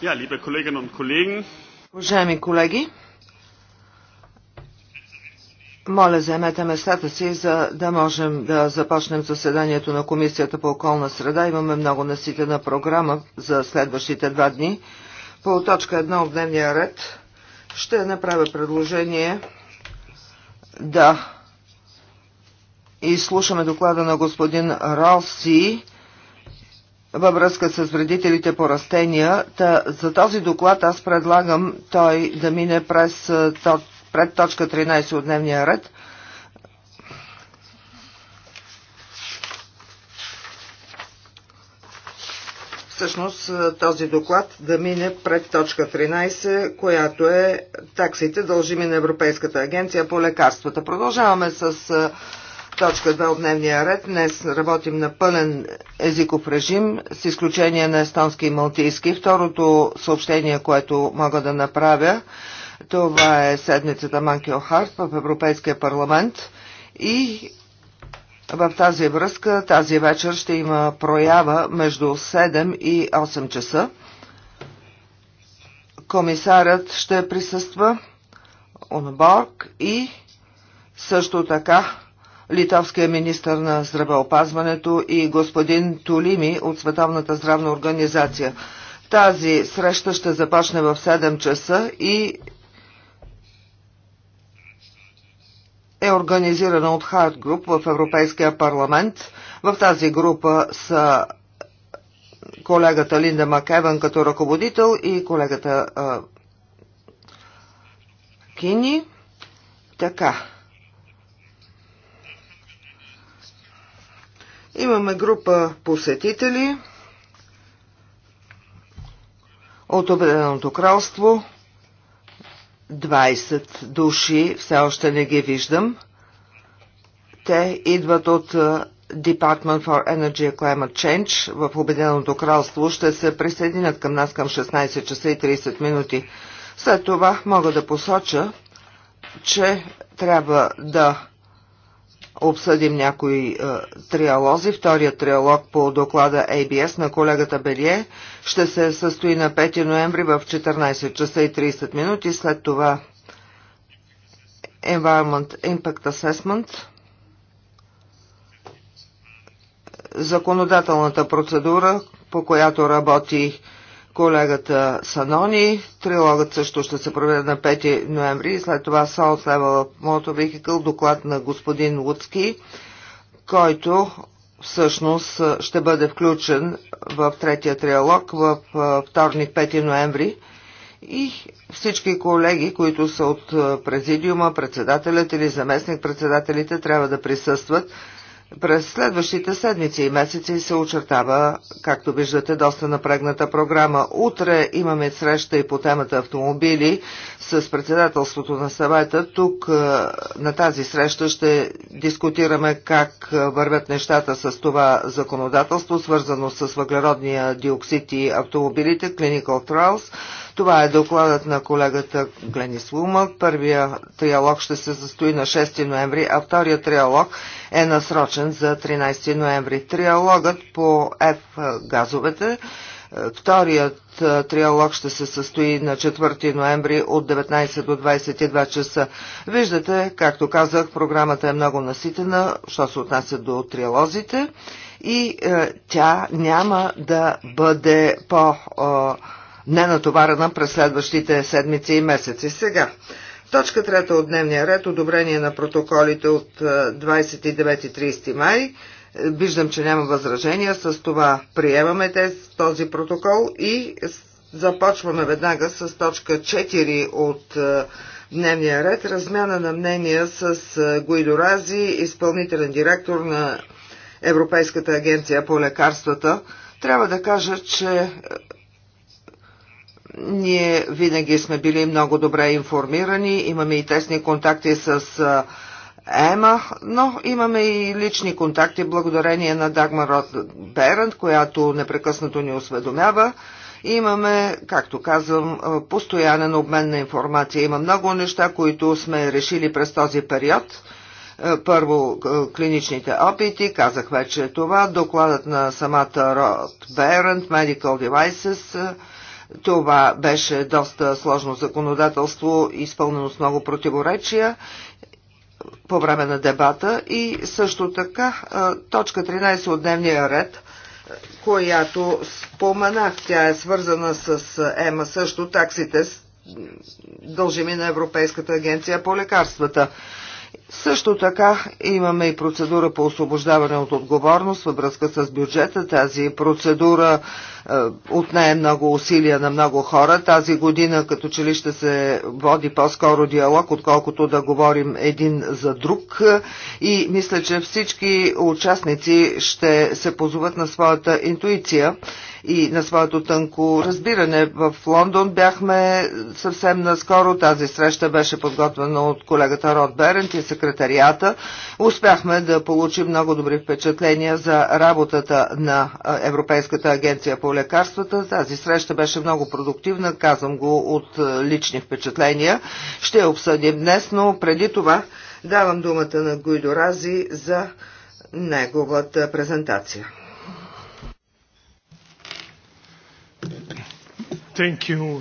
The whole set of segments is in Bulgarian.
Ja, liebe Kolleginnen und Kollegen. Уважаеми колеги, моля заемете местата си, за да можем да започнем заседанието на Комисията по околна среда. Имаме много наситена програма за следващите два дни. По точка 1 от дневния ред ще направя предложение да изслушаме доклада на господин Ралси във връзка с вредителите по растения. Та, за този доклад аз предлагам той да мине през, пред точка 13 от дневния ред. всъщност този доклад да мине пред точка 13, която е таксите дължими на Европейската агенция по лекарствата. Продължаваме с точка 2 от дневния ред. Днес работим на пълен езиков режим, с изключение на естонски и малтийски. Второто съобщение, което мога да направя, това е седмицата Манкио Харт в Европейския парламент и в тази връзка тази вечер ще има проява между 7 и 8 часа. Комисарът ще присъства Онборг и също така литовския министр на здравеопазването и господин Тулими от Световната здравна организация. Тази среща ще започне в 7 часа и е организирана от Hard Group в Европейския парламент. В тази група са колегата Линда Макевен като ръководител и колегата а, Кини. Така. Имаме група посетители от Обеденото кралство. 20 души, все още не ги виждам. Те идват от Department for Energy and Climate Change в Обеденото кралство. Ще се присъединят към нас към 16 часа и 30 минути. След това мога да посоча, че трябва да обсъдим някои е, триалози. Вторият триалог по доклада ABS на колегата Белие ще се състои на 5 ноември в 14 часа и 30 минути. След това Environment Impact Assessment законодателната процедура, по която работи колегата Санони. Трилогът също ще се проведе на 5 ноември и след това South Level Мото вихикъл. доклад на господин Луцки, който всъщност ще бъде включен в третия триалог в вторник 5 ноември и всички колеги, които са от президиума, председателят или заместник председателите трябва да присъстват през следващите седмици и месеци се очертава, както виждате, доста напрегната програма. Утре имаме среща и по темата автомобили с председателството на съвета. Тук е, на тази среща ще дискутираме как вървят нещата с това законодателство, свързано с въглеродния диоксид и автомобилите, Clinical Trials. Това е докладът на колегата Гленис Слума. Първия триалог ще се състои на 6 ноември, а втория триалог е насрочен за 13 ноември. Триалогът по F-газовете е, Вторият е, триалог ще се състои на 4 ноември от 19 до 22 часа. Виждате, както казах, програмата е много наситена, що се отнася до триалозите и е, тя няма да бъде по- е, ненатоварена през следващите седмици и месеци. Сега, точка трета от дневния ред, одобрение на протоколите от 29-30 е, май. Е, виждам, че няма възражения. С това приемаме тези, този протокол и започваме веднага с точка 4 от е, дневния ред. Размяна на мнения с Гуидо Рази, изпълнителен директор на Европейската агенция по лекарствата. Трябва да кажа, че ние винаги сме били много добре информирани, имаме и тесни контакти с Ема, но имаме и лични контакти благодарение на Дагмар Рот Берент, която непрекъснато ни осведомява. И имаме, както казвам, постоянен обмен на информация. Има много неща, които сме решили през този период. Първо, клиничните опити, казах вече това, докладът на самата Рот Берент, Medical Devices, това беше доста сложно законодателство, изпълнено с много противоречия по време на дебата и също така точка 13 от дневния ред, която споменах, тя е свързана с ЕМА също, таксите дължими на Европейската агенция по лекарствата. Също така имаме и процедура по освобождаване от отговорност във връзка с бюджета. Тази процедура е, от нея много усилия на много хора. Тази година като че ли ще се води по-скоро диалог, отколкото да говорим един за друг. И мисля, че всички участници ще се позоват на своята интуиция и на своето тънко разбиране. В Лондон бяхме съвсем наскоро. Тази среща беше подготвена от колегата Род Берент и секретарията успяхме да получим много добри впечатления за работата на Европейската агенция по лекарствата. Тази среща беше много продуктивна, казвам го от лични впечатления. Ще я обсъдим днес, но преди това давам думата на Гуйдо Рази за неговата презентация. You,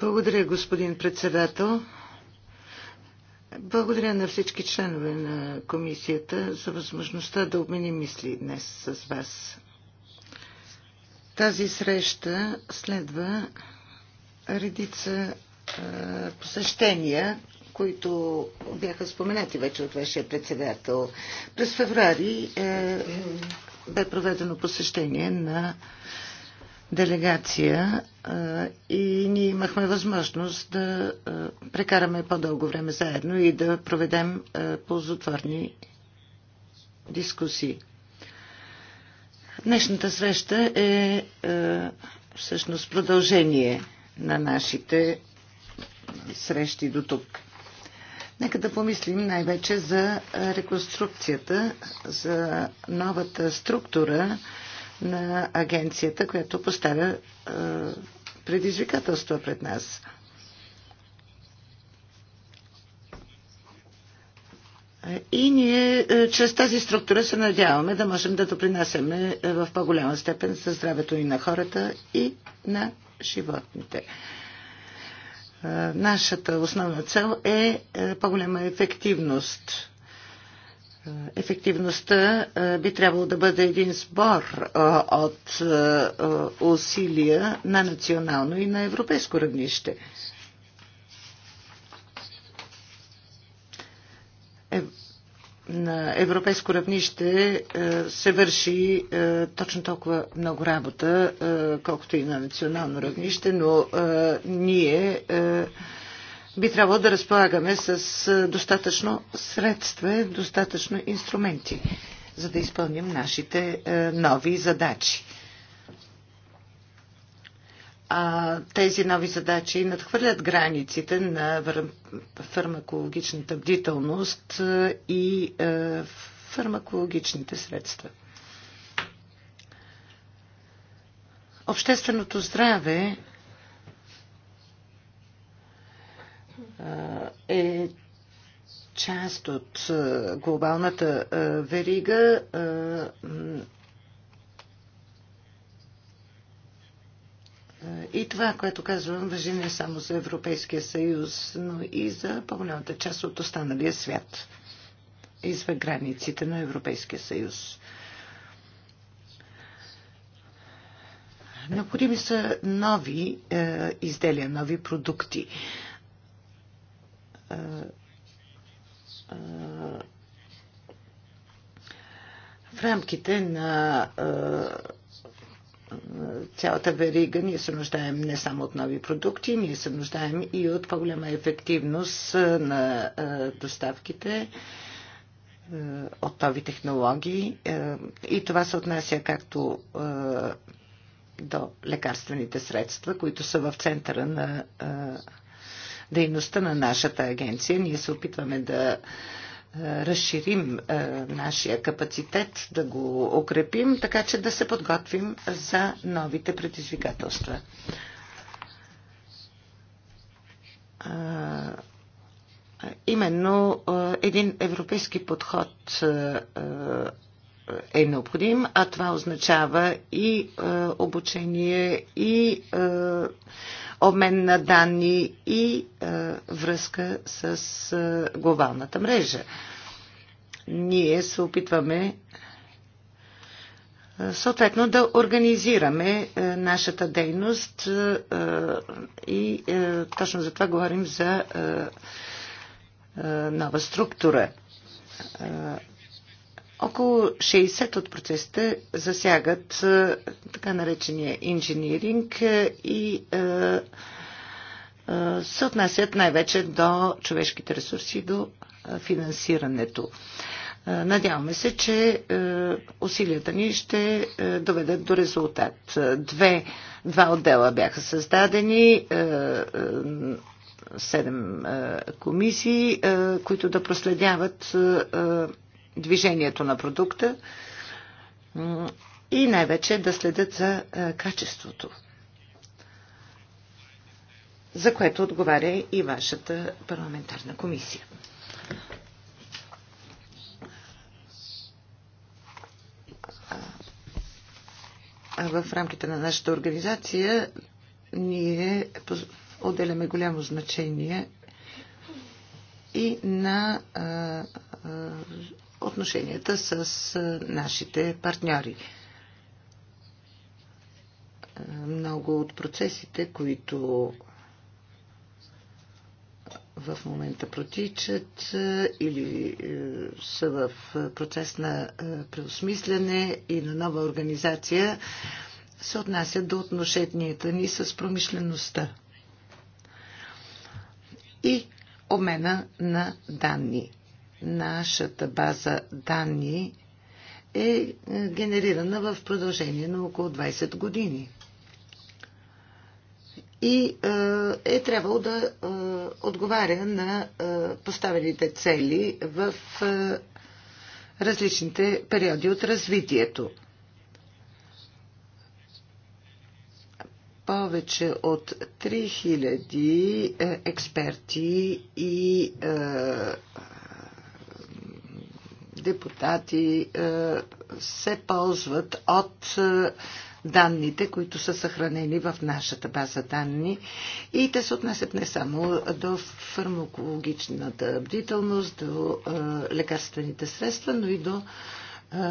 Благодаря, господин председател. Благодаря на всички членове на комисията за възможността да обменим мисли днес с вас. Тази среща следва редица посещения, които бяха споменати вече от вашия председател. През февруари е, бе проведено посещение на делегация и ние имахме възможност да прекараме по-дълго време заедно и да проведем ползотворни дискусии. Днешната среща е всъщност продължение на нашите срещи до тук. Нека да помислим най-вече за реконструкцията, за новата структура на агенцията, която поставя е, предизвикателства пред нас. И ние е, чрез тази структура се надяваме да можем да допринасяме е, в по-голяма степен за здравето и на хората, и на животните. Нашата основна цел е по-голяма ефективност Ефективността би трябвало да бъде един сбор от усилия на национално и на европейско равнище. на европейско равнище се върши точно толкова много работа, колкото и на национално равнище, но ние би трябвало да разполагаме с достатъчно средства, достатъчно инструменти, за да изпълним нашите нови задачи. А тези нови задачи надхвърлят границите на фармакологичната бдителност и фармакологичните средства. Общественото здраве е част от е, глобалната е, верига. Е, и това, което казвам, въжи не само за Европейския съюз, но и за по-голямата част от останалия свят, извън границите на Европейския съюз. Необходими са нови е, изделия, нови продукти. Е, в рамките на цялата верига ние се нуждаем не само от нови продукти, ние се нуждаем и от по-голяма ефективност на доставките от нови технологии. И това се отнася както до лекарствените средства, които са в центъра на дейността на нашата агенция. Ние се опитваме да е, разширим е, нашия капацитет, да го укрепим, така че да се подготвим за новите предизвикателства. Е, именно един европейски подход е необходим, а това означава и е, обучение, и е, обмен на данни, и е, връзка с глобалната мрежа. Ние се опитваме съответно да организираме нашата дейност и точно за това говорим за нова структура около 60 от процесите засягат е, така наречения инжиниринг е, и е, се отнасят най-вече до човешките ресурси и до финансирането. Надяваме се, че усилията ни ще доведат до резултат. Две, два отдела бяха създадени, седем комисии, които да проследяват движението на продукта и най-вече да следят за е, качеството, за което отговаря и вашата парламентарна комисия. в рамките на нашата организация ние отделяме голямо значение и на а, а, отношенията с нашите партньори. Много от процесите, които в момента протичат или са в процес на преосмислене и на нова организация, се отнасят до отношенията ни с промишлеността и обмена на данни нашата база данни е, е генерирана в продължение на около 20 години. И е, е трябвало да е, отговаря на поставените цели в различните периоди от развитието. повече от 3000 експерти и депутати е, се ползват от е, данните, които са съхранени в нашата база данни и те се отнасят не само до фармакологичната бдителност, до е, лекарствените средства, но и до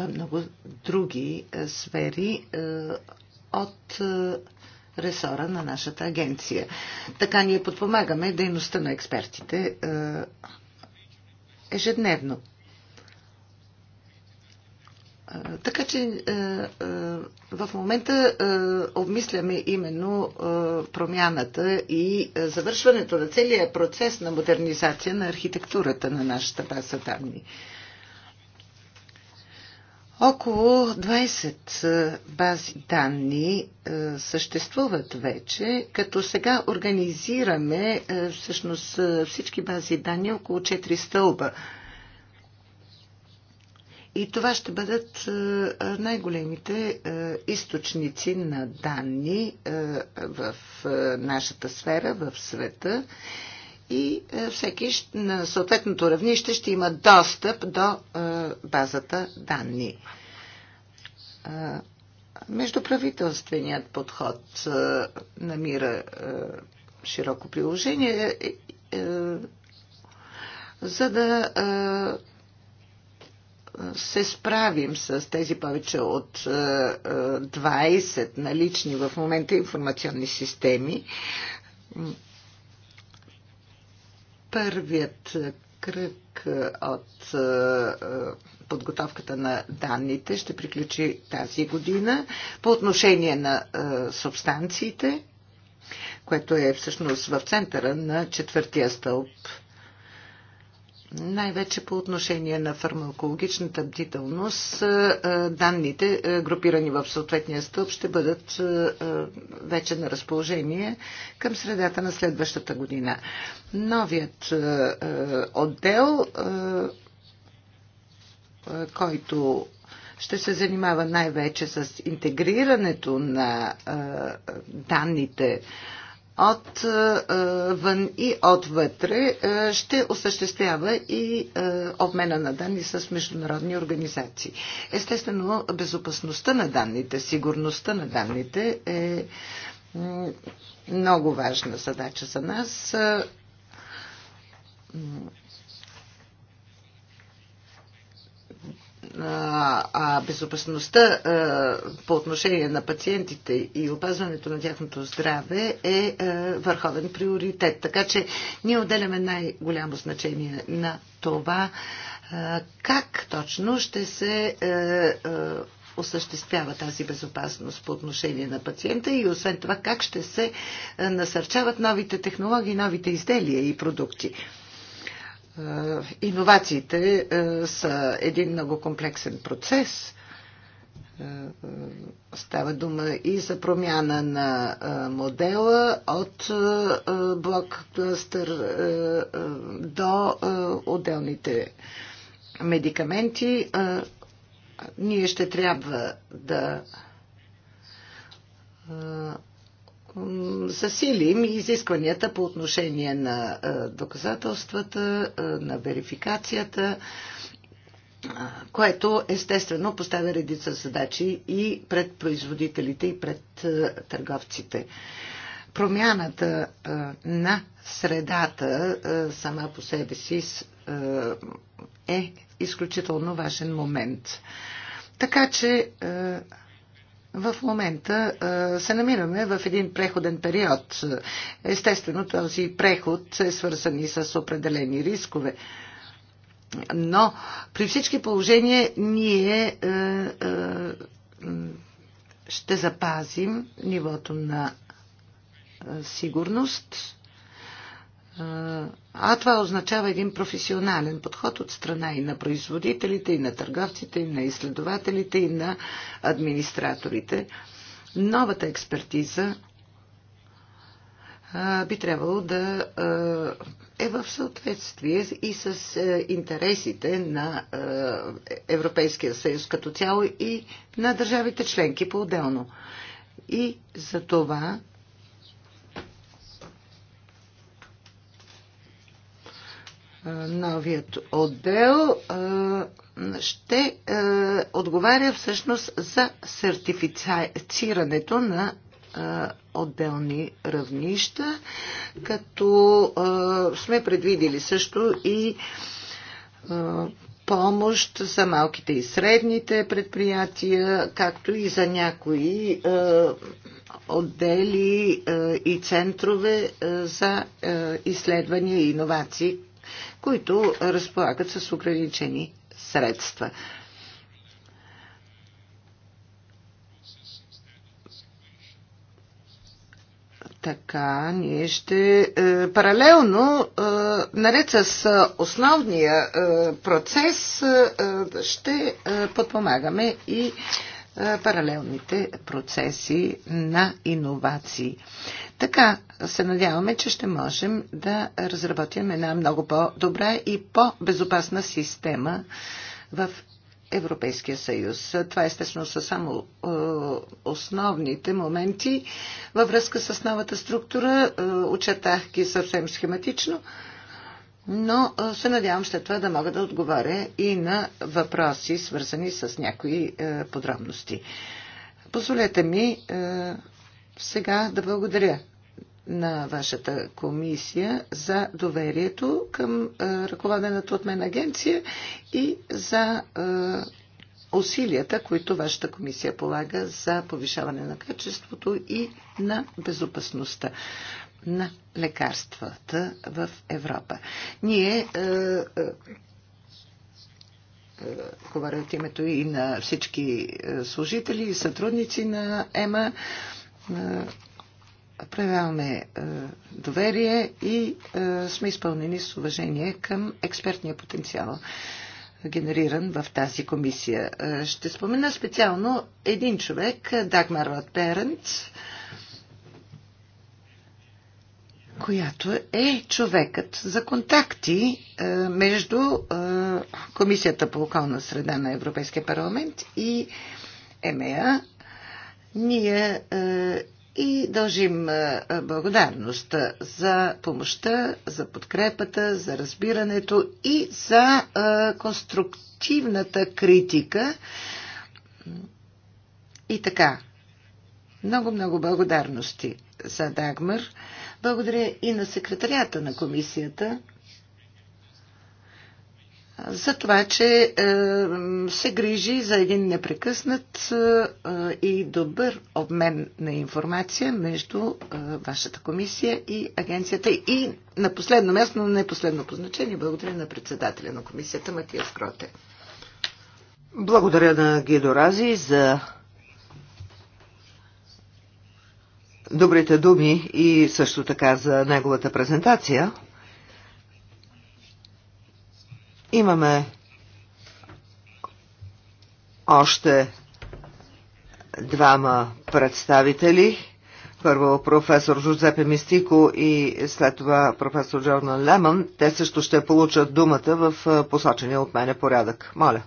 много други сфери от ресора на нашата агенция. Така ние подпомагаме дейността на експертите ежедневно. Така че в момента обмисляме именно промяната и завършването на целия процес на модернизация на архитектурата на нашата база данни. Около 20 бази данни съществуват вече, като сега организираме всъщност всички бази данни около 4 стълба – и това ще бъдат е, най-големите е, източници на данни е, в нашата сфера, в света. И всеки на съответното равнище ще има достъп до базата данни. Междуправителственият подход намира широко приложение, за да се справим с тези повече от 20 е, налични в момента информационни системи. Първият кръг от е, подготовката на данните ще приключи тази година по отношение на е, субстанциите, което е всъщност в центъра на четвъртия стълб най-вече по отношение на фармакологичната бдителност, е, е, данните, е, групирани в съответния стълб, ще бъдат вече на разположение към средата на следващата година. Новият отдел, който ще се занимава най-вече с интегрирането на данните, от е, е, вън и отвътре е, ще осъществява и обмена на данни с международни организации. Естествено, безопасността на данните, сигурността на данните е много важна задача за нас. а безопасността по отношение на пациентите и опазването на тяхното здраве е върховен приоритет. Така че ние отделяме най-голямо значение на това как точно ще се осъществява тази безопасност по отношение на пациента и освен това как ще се насърчават новите технологии, новите изделия и продукти. Е, иновациите е, са един много комплексен процес. Е, става дума и за промяна на модела от блокбъстър до отделните медикаменти. Ние ще трябва да засилим и изискванията по отношение на доказателствата, на верификацията, което естествено поставя редица задачи и пред производителите, и пред търговците. Промяната на средата сама по себе си е изключително важен момент. Така че в момента се намираме в един преходен период. Естествено, този преход е свързан и с определени рискове. Но при всички положения ние ще запазим нивото на сигурност а това означава един професионален подход от страна и на производителите, и на търговците, и на изследователите, и на администраторите. Новата експертиза би трябвало да е в съответствие и с интересите на Европейския съюз като цяло и на държавите членки по-отделно. И за това новият отдел ще отговаря всъщност за сертифицирането на отделни равнища, като сме предвидили също и помощ за малките и средните предприятия, както и за някои отдели и центрове за изследвания и иновации, които разполагат с ограничени средства. Така, ние ще е, паралелно, е, наред с е, основния е, процес, е, е, ще е, подпомагаме и е, паралелните процеси на иновации. Така се надяваме, че ще можем да разработим една много по-добра и по-безопасна система в Европейския съюз. Това естествено са само основните моменти във връзка с новата структура. Е, очертах ги съвсем схематично но се надявам след това да мога да отговаря и на въпроси, свързани с някои е, подробности. Позволете ми е, сега да благодаря на вашата комисия за доверието към е, ръководената от мен агенция и за усилията, които вашата комисия полага за повишаване на качеството и на безопасността на лекарствата в Европа. Ние е, е, е, говоря от името и на всички е, служители и сътрудници на ЕМА. Е, проявяваме доверие и сме изпълнени с уважение към експертния потенциал, генериран в тази комисия. Ще спомена специално един човек, Дагмар Ватперенц, която е човекът за контакти е, между е, Комисията по околна среда на Европейския парламент и ЕМЕА. Ние е, и дължим благодарност за помощта, за подкрепата, за разбирането и за конструктивната критика. И така, много-много благодарности за Дагмар. Благодаря и на секретарията на комисията за това, че е, се грижи за един непрекъснат е, и добър обмен на информация между е, вашата комисия и агенцията. И на последно място, но не последно по значение, благодаря на председателя на комисията Матия Скроте. Благодаря на Гидорази за добрите думи и също така за неговата презентация. Имаме още двама представители. Първо професор Жозепе Мистико и след това професор Джордан Лемън. Те също ще получат думата в посочения от мене порядък. Моля.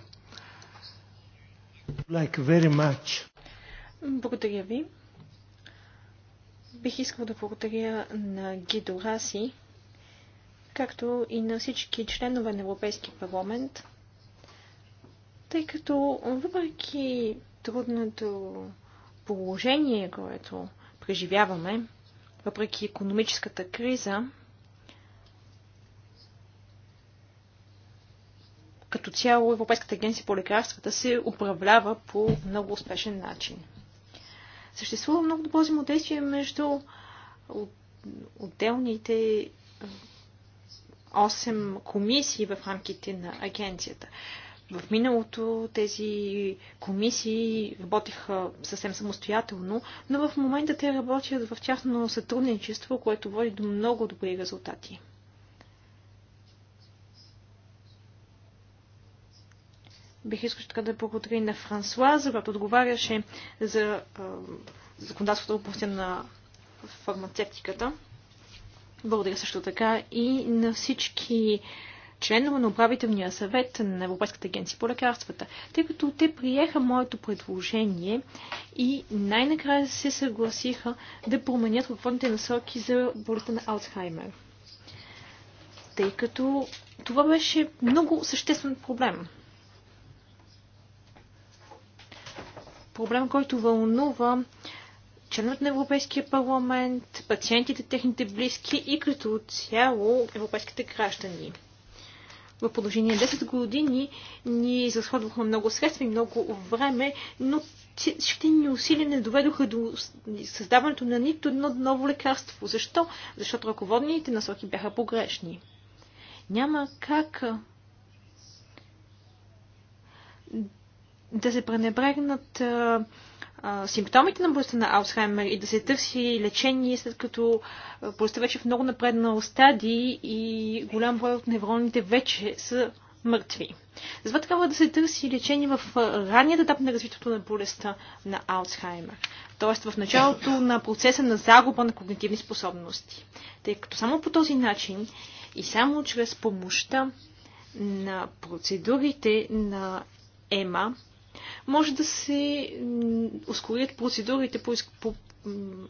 Благодаря ви. Бих искал да благодаря на Гидо Раси, както и на всички членове на Европейски парламент, тъй като въпреки трудното положение, което преживяваме, въпреки економическата криза, като цяло Европейската агенция по лекарствата се управлява по много успешен начин. Съществува много добро взаимодействие между отделните 8 комисии в рамките на агенцията. В миналото тези комисии работиха съвсем самостоятелно, но в момента те работят в тяхно сътрудничество, което води до много добри резултати. Бих искал така да благодаря и на Франсуаза, която отговаряше за законодателството областта на фармацевтиката. Благодаря също така и на всички членове на управителния съвет на Европейската агенция по лекарствата, тъй като те приеха моето предложение и най-накрая се съгласиха да променят ръководните насоки за болестта на Алцхаймер. Тъй като това беше много съществен проблем. проблем, който вълнува членовете на Европейския парламент, пациентите, техните близки и като цяло европейските граждани. В продължение 10 години ни изразходвахме много средства и много време, но всичките ни усилия не доведоха до създаването на нито едно ново лекарство. Защо? Защото ръководните насоки бяха погрешни. Няма как да се пренебрегнат а, а, симптомите на болестта на Алцхаймер и да се търси лечение, след като болестта вече е в много напреднал стадий и голям брой от невроните вече са мъртви. Затова трябва да се търси лечение в ранният етап на развитието на болестта на Алцхаймер, т.е. в началото на процеса на загуба на когнитивни способности. Тъй като само по този начин и само чрез помощта на процедурите на ЕМА може да се ускорят процедурите по, по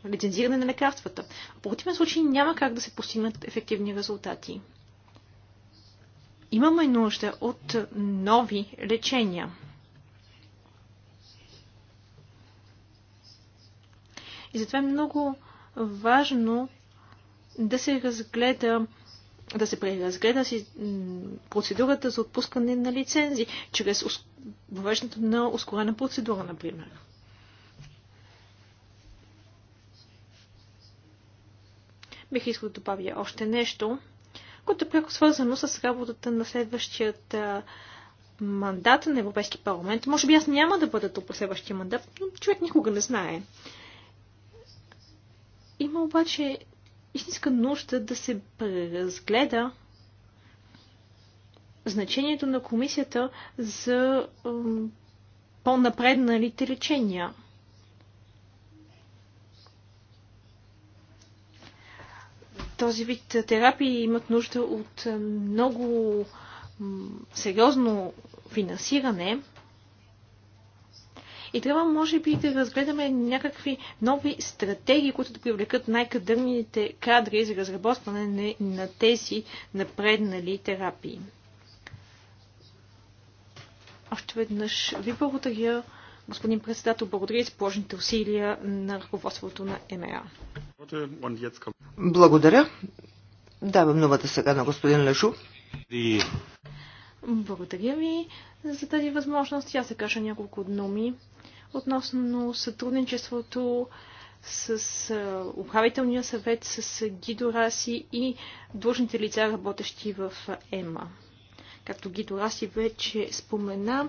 лицензиране на лекарствата. В противен случай няма как да се постигнат ефективни резултати. Имаме нужда от нови лечения. И затова е много важно да се разгледа да се преразгледа си процедурата за отпускане на лицензи, чрез въвеждането на ускорена процедура, например. Бих искал да добавя още нещо, което е пряко свързано с работата на следващият мандат на Европейски парламент. Може би аз няма да бъда тук следващия мандат, но човек никога не знае. Има обаче истинска нужда да се преразгледа значението на комисията за по-напредналите лечения. Този вид терапии имат нужда от много сериозно финансиране и трябва, може би, да разгледаме някакви нови стратегии, които да привлекат най-кадърните кадри за разработване на тези напреднали терапии. Още веднъж ви благодаря, господин председател, благодаря за положените усилия на ръководството на МРА. Благодаря. Давам новата сега на господин Лешу. Благодаря ви за тази възможност. Я се кажа няколко думи относно сътрудничеството с управителния съвет, с Гидо Раси и длъжните лица, работещи в ЕМА. Както Гидо Раси вече спомена,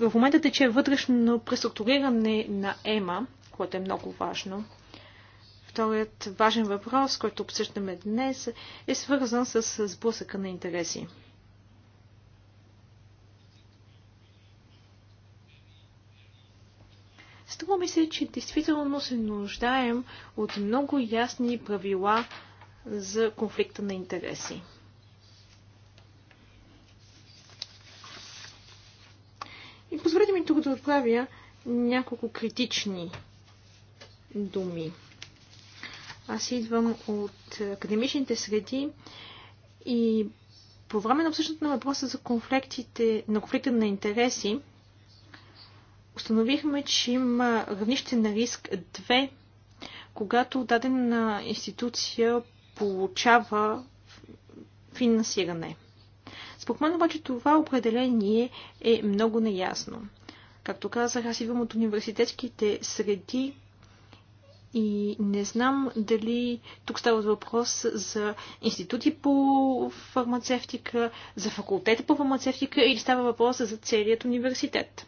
в момента тече вътрешно преструктуриране на ЕМА, което е много важно. Вторият важен въпрос, който обсъждаме днес, е свързан с сблъсъка на интереси. Струва ми се, че действително се нуждаем от много ясни правила за конфликта на интереси. И позволете ми тук да отправя няколко критични думи. Аз идвам от академичните среди и по време на обсъждането на въпроса за конфликтите, на конфликта на интереси, установихме, че има равнище на риск 2, когато дадена институция получава финансиране. Според мен обаче това определение е много неясно. Както казах, аз идвам от университетските среди, и не знам дали тук става въпрос за институти по фармацевтика, за факултета по фармацевтика или става въпрос за целият университет.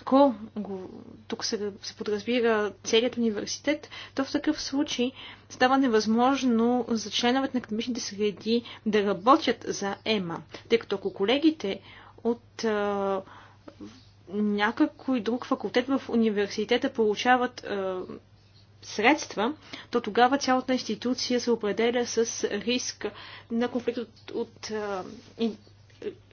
Ако го, тук се, се подразбира целият университет, то в такъв случай става невъзможно за членовете на академичните среди да работят за ЕМА, тъй като ако колегите от някакой друг факултет в университета получават е, средства, то тогава цялата институция се определя с риск на конфликт от, от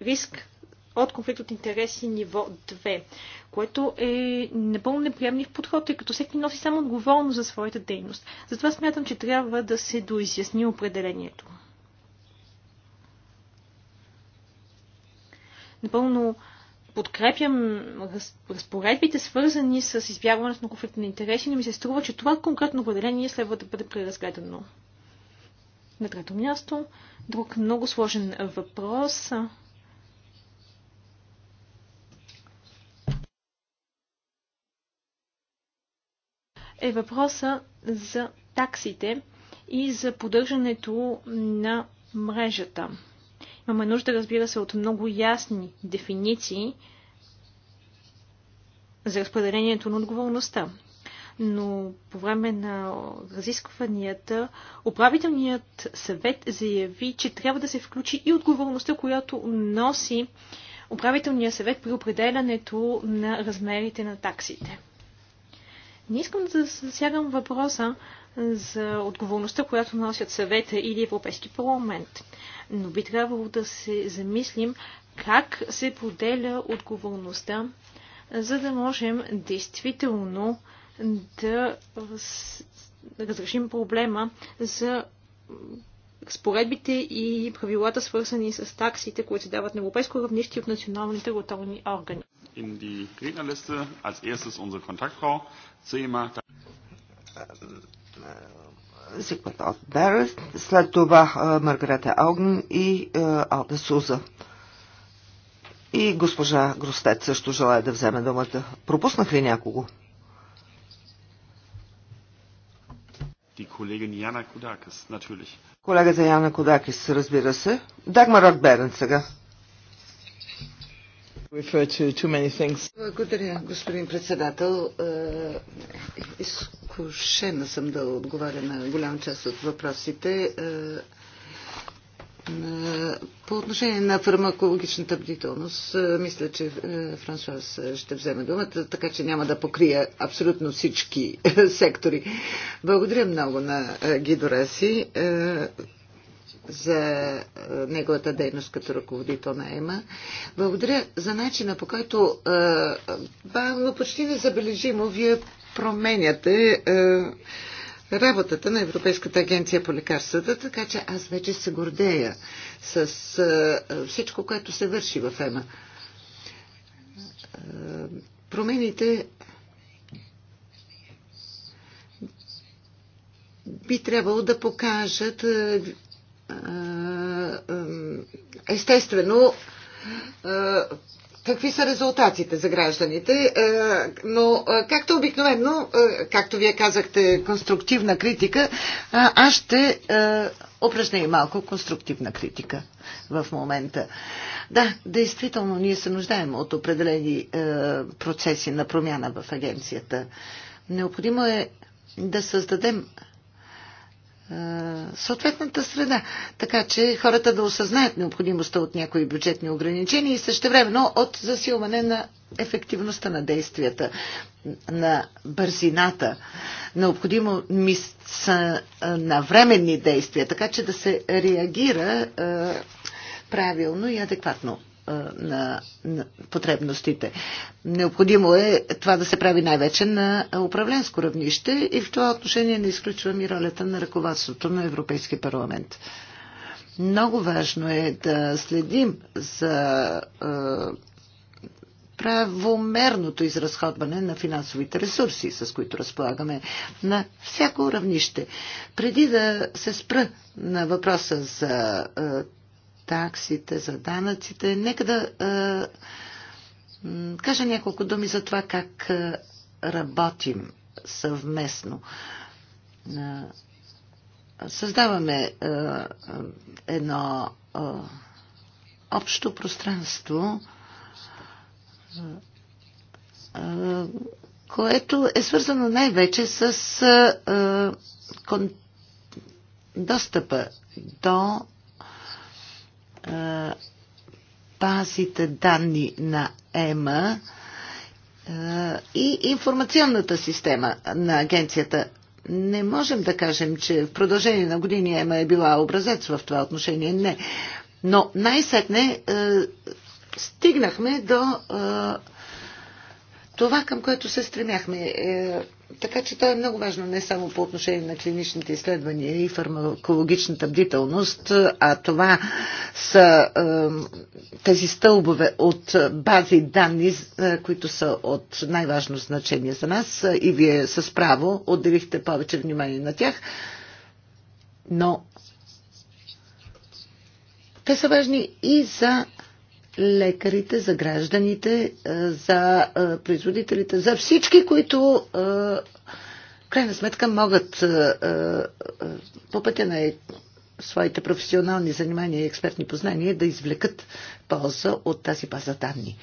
риск от конфликт от интереси ниво 2, което е напълно неприемлив подход, тъй като всеки носи само отговорност за своята дейност. Затова смятам, че трябва да се доизясни определението. Напълно подкрепям разпоредбите, свързани с избягването на конфликт на интереси, но ми се струва, че това конкретно определение следва да бъде преразгледано. На трето място, друг много сложен въпрос. е въпроса за таксите и за поддържането на мрежата. Имаме нужда, разбира се, от много ясни дефиниции за разпределението на отговорността. Но по време на разискванията управителният съвет заяви, че трябва да се включи и отговорността, която носи управителният съвет при определянето на размерите на таксите. Не искам да засягам въпроса за отговорността, която носят съвета или Европейски парламент. Но би трябвало да се замислим как се поделя отговорността, за да можем действително да разрешим проблема за споредбите и правилата, свързани с таксите, които се дават на европейско равнище от националните готовни органи. Зигмунд Берес, след това Маргарета Алгн и Алда Суза. И госпожа Гростет също желая да вземе думата. Пропуснах ли някого? Колегата Яна Кодакис, разбира се. Дагмар Рокберен сега. Благодаря, господин председател. Е, изкушена съм да отговаря на голям част от въпросите. Е, по отношение на фармакологичната бдителност, е, мисля, че Франсуаз ще вземе думата, така че няма да покрия абсолютно всички сектори. Благодаря много на Гидораси за е, неговата дейност като ръководител на ЕМА. Благодаря за начина по който е, бавно, почти незабележимо вие променяте е, работата на Европейската агенция по лекарствата, така че аз вече се гордея с е, всичко, което се върши в ЕМА. Е, промените би трябвало да покажат е, е, е, естествено е, какви са резултатите за гражданите, но както обикновено, както вие казахте, конструктивна критика, аз ще упражня и малко конструктивна критика в момента. Да, действително, ние се нуждаем от определени процеси на промяна в агенцията. Необходимо е да създадем съответната среда, така че хората да осъзнаят необходимостта от някои бюджетни ограничения и същевременно от засилване на ефективността на действията, на бързината. Необходимо ми са навременни действия, така че да се реагира правилно и адекватно на, на потребностите. Необходимо е това да се прави най-вече на управленско равнище и в това отношение не изключвам и ролята на ръководството на Европейския парламент. Много важно е да следим за правомерното изразходване на финансовите ресурси, с които разполагаме на всяко равнище. Преди да се спра на въпроса за таксите, за данъците. Нека да е, кажа няколко думи за това как работим съвместно. Създаваме е, едно е, общо пространство, е, което е свързано най-вече с е, кон, достъпа до базите данни на ЕМА и информационната система на агенцията. Не можем да кажем, че в продължение на години ЕМА е била образец в това отношение. Не. Но най-сетне стигнахме до това, към което се стремяхме. Е, така че това е много важно не само по отношение на клиничните изследвания и фармакологичната бдителност, а това са тези стълбове от бази данни, е, които са от най-важно значение за нас е, и вие с право отделихте повече внимание на тях. Но те са важни и за лекарите, за гражданите, за производителите, за всички, които в крайна сметка могат по пътя на своите професионални занимания и експертни познания да извлекат полза от тази база данни.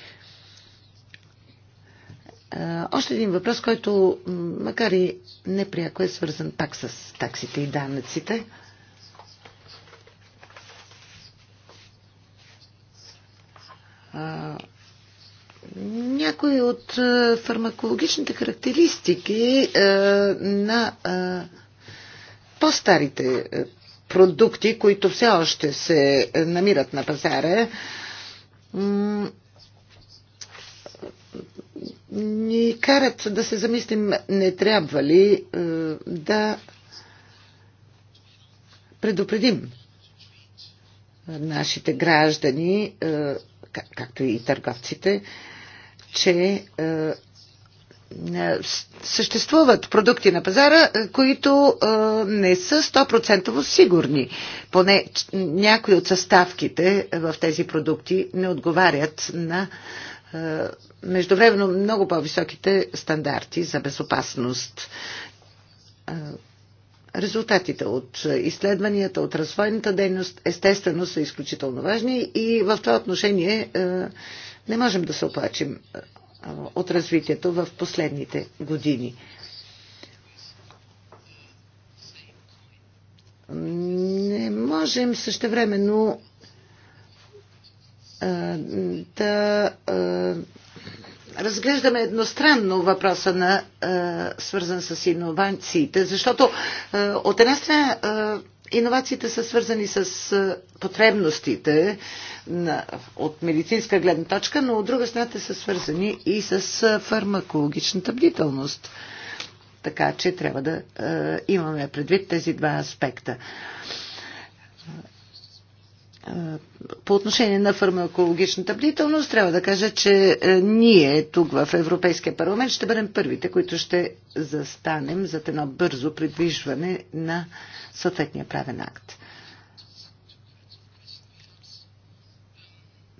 Още един въпрос, който макар и непряко е свързан пак с таксите и данъците – някои от фармакологичните характеристики на по-старите продукти, които все още се намират на пазара, ни карат да се замислим не трябва ли да предупредим нашите граждани както и търговците, че е, е, съществуват продукти на пазара, е, които не са 100% сигурни. Поне някои от съставките в тези продукти не отговарят на междувременно много по-високите стандарти за безопасност Резултатите от изследванията, от развойната дейност, естествено са изключително важни и в това отношение е, не можем да се оплачим е, от развитието в последните години. Не можем същевременно е, да разглеждаме едностранно въпроса на а, е, свързан с иновациите, защото а, е, от една страна е, иновациите са свързани с а, потребностите на, от медицинска гледна точка, но от друга страна те са свързани и с а, фармакологичната бдителност. Така че трябва да а, имаме предвид тези два аспекта. А, по отношение на фармакологичната бдителност, трябва да кажа, че е, ние тук в Европейския парламент ще бъдем първите, които ще застанем за едно бързо придвижване на съответния правен акт.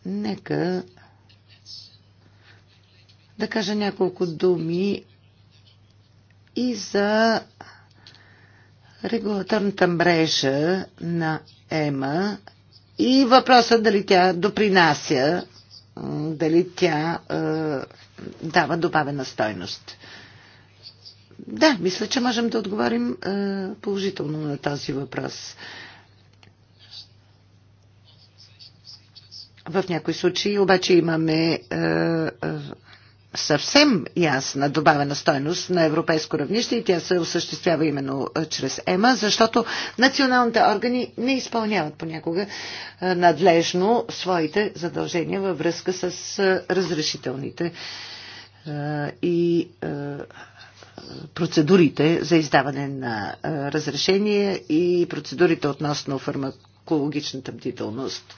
Нека да кажа няколко думи и за регулаторната мрежа на ЕМА и въпросът дали тя допринася, дали тя е, дава добавена стойност. Да, мисля, че можем да отговорим е, положително на този въпрос. В някои случаи обаче имаме е, е, съвсем ясна добавена стойност на европейско равнище и тя се осъществява именно чрез ЕМА, защото националните органи не изпълняват понякога надлежно своите задължения във връзка с разрешителните и процедурите за издаване на разрешение и процедурите относно фармакологичната бдителност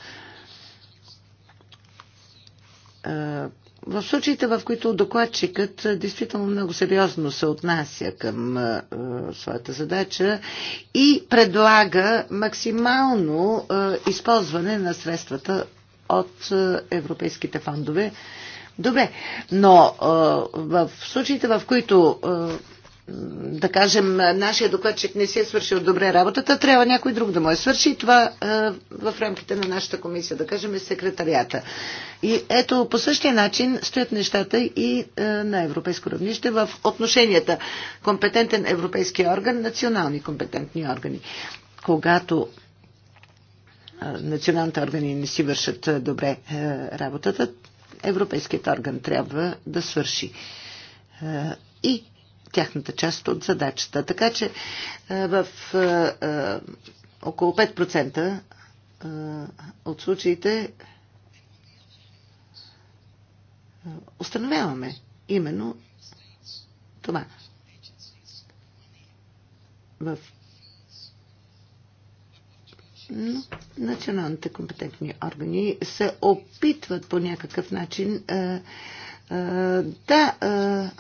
в случаите, в които докладчикът действително много сериозно се отнася към е, своята задача и предлага максимално е, използване на средствата от е, европейските фондове, добре. Но е, в случаите, в които да кажем, нашия докладчик не си е свършил добре работата, трябва някой друг да му е свърши и това е, в рамките на нашата комисия, да кажем, е секретарията. И ето, по същия начин стоят нещата и е, на европейско равнище в отношенията компетентен европейски орган, национални компетентни органи. Когато е, националните органи не си вършат добре работата, европейският орган трябва да свърши. и тяхната част от задачата. Така че е, в е, е, около 5% от случаите установяваме именно това. В но националните компетентни органи се опитват по някакъв начин а, а, да а,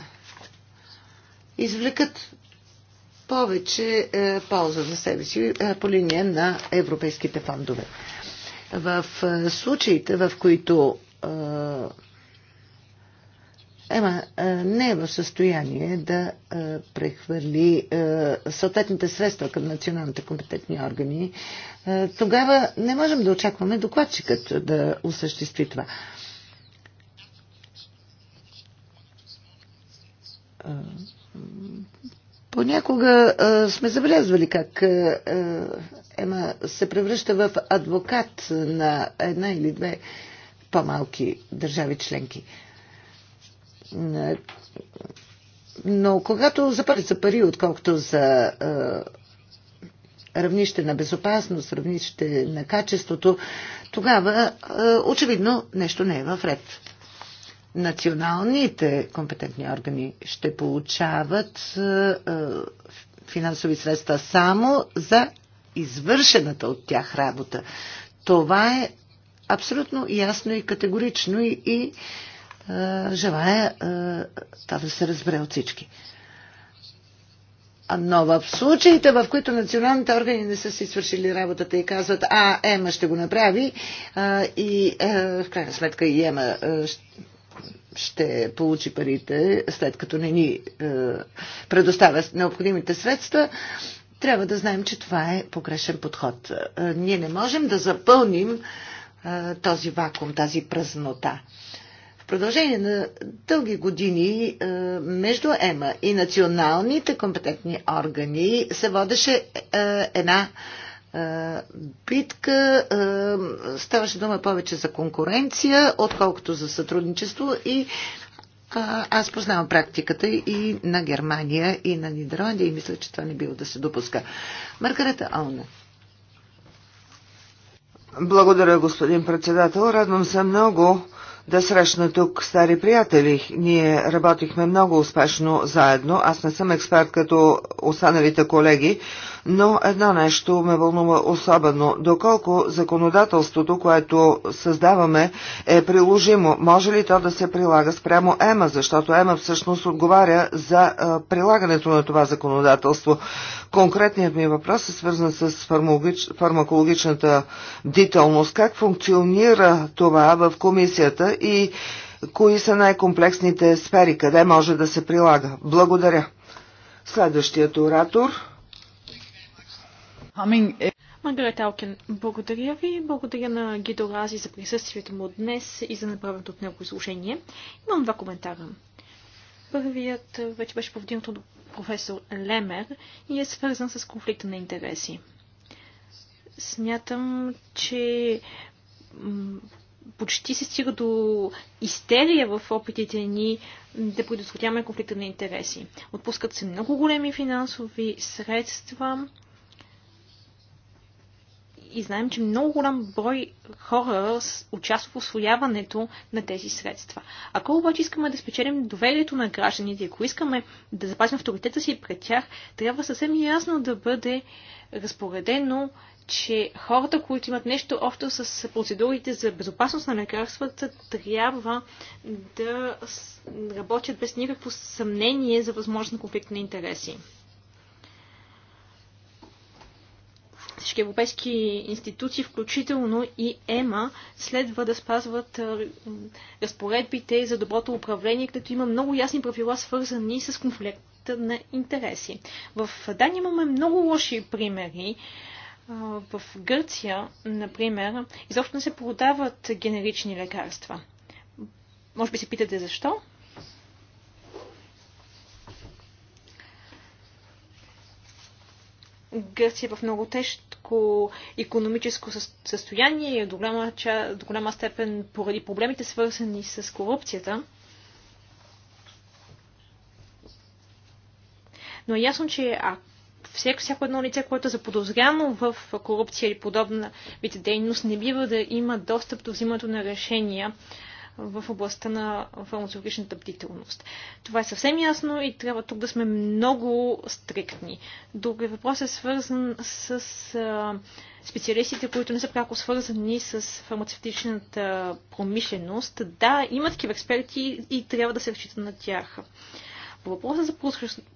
извлекат повече е, полза за себе си е, по линия на европейските фондове. В е, случаите, в които е, Ема е, не е в състояние да е, прехвърли съответните средства към националните компетентни органи, тогава не можем да очакваме докладчикът да осъществи това. Uh Понякога а, сме забелязвали как а, Ема се превръща в адвокат на една или две по-малки държави членки. Но когато запарят за пари, отколкото за а, равнище на безопасност, равнище на качеството, тогава а, очевидно нещо не е в ред националните компетентни органи ще получават е, е, финансови средства само за извършената от тях работа. Това е абсолютно ясно и категорично и, и е, желая е, това да се разбере от всички. Но в случаите, в които националните органи не са си свършили работата и казват, а, Ема ще го направи е, и е, в крайна сметка и Ема е, ще получи парите, след като не ни е, предоставя необходимите средства, трябва да знаем, че това е погрешен подход. Е, ние не можем да запълним е, този вакуум, тази празнота. В продължение на дълги години между ЕМА и националните компетентни органи се водеше една битка. Ставаше дума повече за конкуренция, отколкото за сътрудничество и аз познавам практиката и на Германия, и на Нидерландия и мисля, че това не било да се допуска. Маргарета Ауна. Благодаря, господин председател. Радвам се много да срещна тук стари приятели. Ние работихме много успешно заедно. Аз не съм експерт като останалите колеги, но едно нещо ме вълнува особено. Доколко законодателството, което създаваме, е приложимо? Може ли то да се прилага спрямо ЕМА? Защото ЕМА всъщност отговаря за прилагането на това законодателство. Конкретният ми въпрос е свързан с фармакологичната бдителност. Как функционира това в комисията и кои са най-комплексните сфери, къде може да се прилага? Благодаря. Следващият оратор е, Маргарет Алкен, благодаря ви. Благодаря на Гидо Рази за присъствието му днес и за направеното от него изложение. Имам два коментара. Първият вече беше повдигнат от професор Лемер и е свързан с конфликта на интереси. Смятам, че почти се стига до истерия в опитите ни да предотвратяваме конфликта на интереси. Отпускат се много големи финансови средства и знаем, че много голям брой хора участва в освояването на тези средства. Ако обаче искаме да спечелим доверието на гражданите, ако искаме да запазим авторитета си пред тях, трябва съвсем ясно да бъде разпоредено, че хората, които имат нещо общо с процедурите за безопасност на лекарствата, трябва да работят без никакво съмнение за възможен конфликт на интереси. всички европейски институции, включително и ЕМА, следва да спазват разпоредбите за доброто управление, като има много ясни правила, свързани с конфликт на интереси. В Дания имаме много лоши примери. В Гърция, например, изобщо не се продават генерични лекарства. Може би се питате защо? Гърция е в много тежко економическо състояние и е до голяма, до голяма степен поради проблемите свързани с корупцията. Но е ясно, че ако всяко, всяко едно лице, което е заподозряно в корупция или подобна вид дейност, не бива да има достъп до взимането на решения в областта на фармацевтичната бдителност. Това е съвсем ясно и трябва тук да сме много стриктни. Друг е въпрос е свързан с специалистите, които не са пряко свързани с фармацевтичната промишленост. Да, има такива експерти и трябва да се разчита на тях. По въпроса за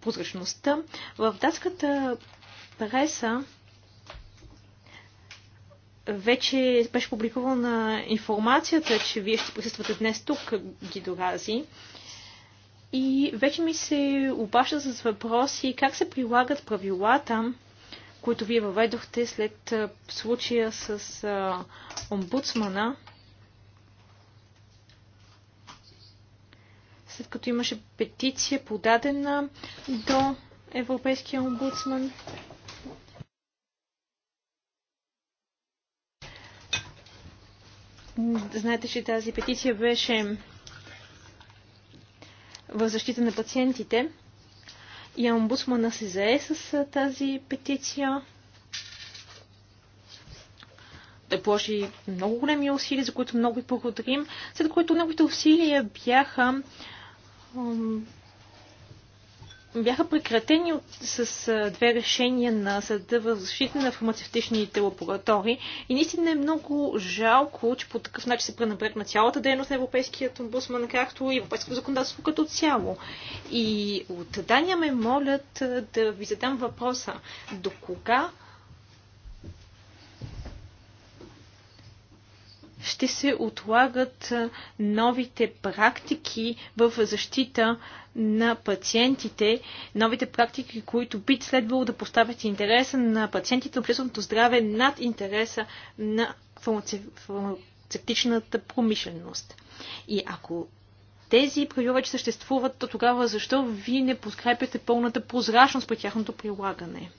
прозрачността, в датската преса вече беше публикувана информацията, че вие ще присъствате днес тук, Гидорази. И вече ми се обаща с въпроси как се прилагат правилата, които вие въведохте след случая с а, омбудсмана, след като имаше петиция подадена до Европейския омбудсман. Знаете, че тази петиция беше в защита на пациентите и омбудсмана се зае с тази петиция. Той положи много големи усилия, за които много и благодарим, след което неговите усилия бяха бяха прекратени от, с а, две решения на съда в защита на фармацевтичните лаборатории. И наистина е много жалко, че по такъв начин се пренебрегна цялата дейност на Европейският омбудсман, както и европейското законодателство като цяло. И от Дания ме молят да ви задам въпроса. До кога ще се отлагат новите практики в защита на пациентите, новите практики, които би следвало да поставят интереса на пациентите, общественото здраве над интереса на фармацевтичната промишленост. И ако тези правила вече съществуват, то тогава защо вие не подкрепяте пълната прозрачност при тяхното прилагане?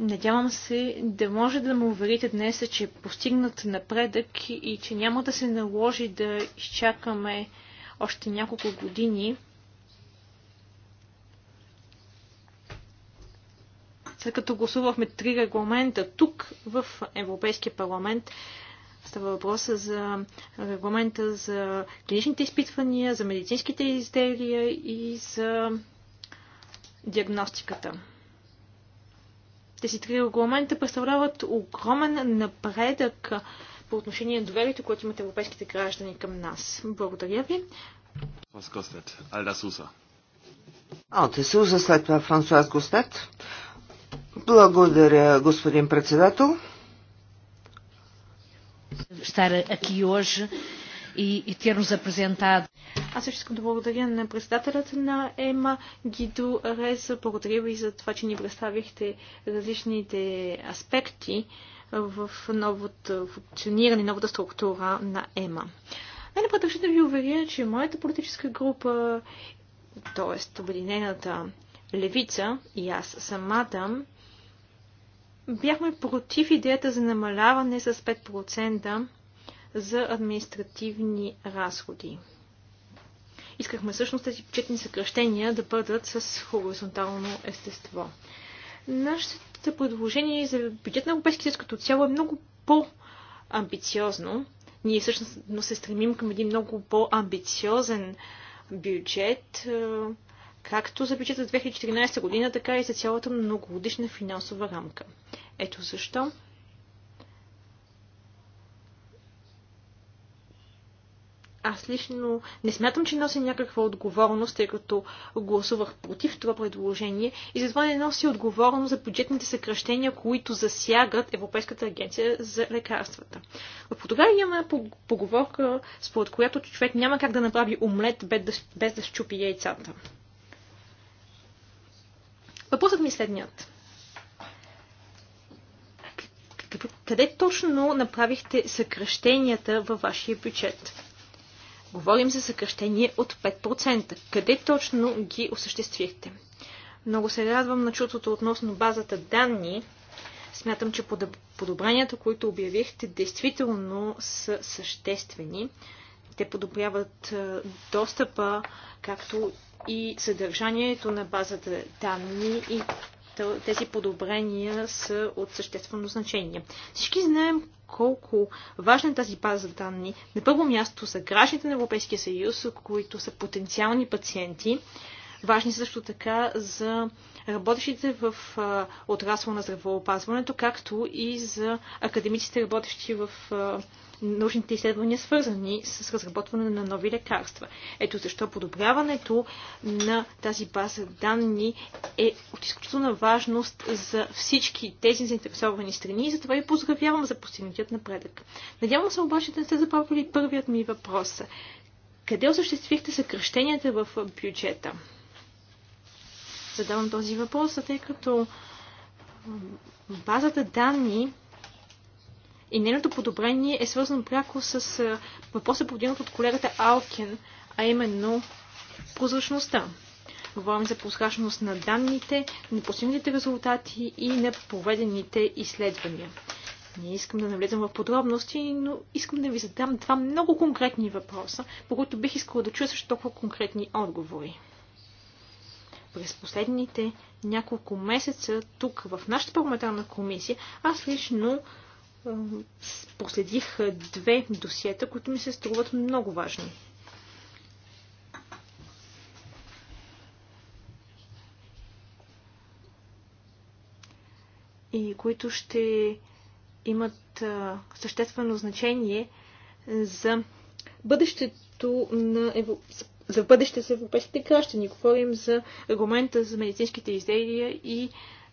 Надявам се да може да му уверите днес, че е постигнат напредък и че няма да се наложи да изчакаме още няколко години, след като гласувахме три регламента тук в Европейския парламент, става въпроса за регламента за клиничните изпитвания, за медицинските изделия и за диагностиката. Тези три регламента представляват огромен напредък по отношение на доверието, което имат европейските граждани към нас. Благодаря ви. Алда Суса. Алте Суса, след това Франсуаз Гостет. Благодаря, господин председател. Estar aqui hoje и, и за apresentado. Аз също искам да благодаря на председателят на ЕМА, Гидо Реза. Благодаря ви за това, че ни представихте различните аспекти в новото функциониране, новата структура на ЕМА. Най-напред ще да ви уверя, че моята политическа група, т.е. Обединената левица и аз самата, бяхме против идеята за намаляване с 5% за административни разходи. Искахме всъщност тези бюджетни съкръщения да бъдат с хоризонтално естество. Нашето предложение за бюджет на Европейския съюз като цяло е много по-амбициозно. Ние всъщност се стремим към един много по-амбициозен бюджет, е, както за бюджета за 2014 година, така и за цялата многогодишна финансова рамка. Ето защо Аз лично не смятам, че нося някаква отговорност, тъй като гласувах против това предложение и затова не носи отговорност за бюджетните съкръщения, които засягат Европейската агенция за лекарствата. В Португалия има поговорка, според която човек няма как да направи омлет без да, без да щупи яйцата. Въпросът ми е следният. Къде точно направихте съкръщенията във вашия бюджет? Говорим за съкръщение от 5%. Къде точно ги осъществихте? Много се радвам на чутото относно базата данни. Смятам, че подобранията, които обявихте, действително са съществени. Те подобряват е, достъпа, както и съдържанието на базата данни и тези подобрения са от съществено значение. Всички знаем колко важна е тази база данни. На първо място са гражданите на Европейския съюз, които са потенциални пациенти. Важни също така за работещите в отрасъл на здравеопазването, както и за академиците, работещи в научните изследвания, свързани с разработване на нови лекарства. Ето защо подобряването на тази база данни е от изключителна важност за всички тези заинтересовани страни и затова и поздравявам за постигнатият напредък. Надявам се обаче да не сте забравили първият ми въпрос. Къде осъществихте съкръщенията в бюджета? Задавам този въпрос, тъй като базата данни и нейното подобрение е свързано пряко с въпроса повдигнат от колегата Алкен, а именно прозрачността. Говорим за прозрачност на данните, на постигнатите резултати и на проведените изследвания. Не искам да навлезам в подробности, но искам да ви задам два много конкретни въпроса, по които бих искала да чуя също толкова конкретни отговори. През последните няколко месеца тук в нашата парламентарна комисия аз лично проследих две досиета, които ми се струват много важни. И които ще имат съществено значение за бъдещето на Евро... за бъдеще с европейските граждани. Говорим за регламента за медицинските изделия и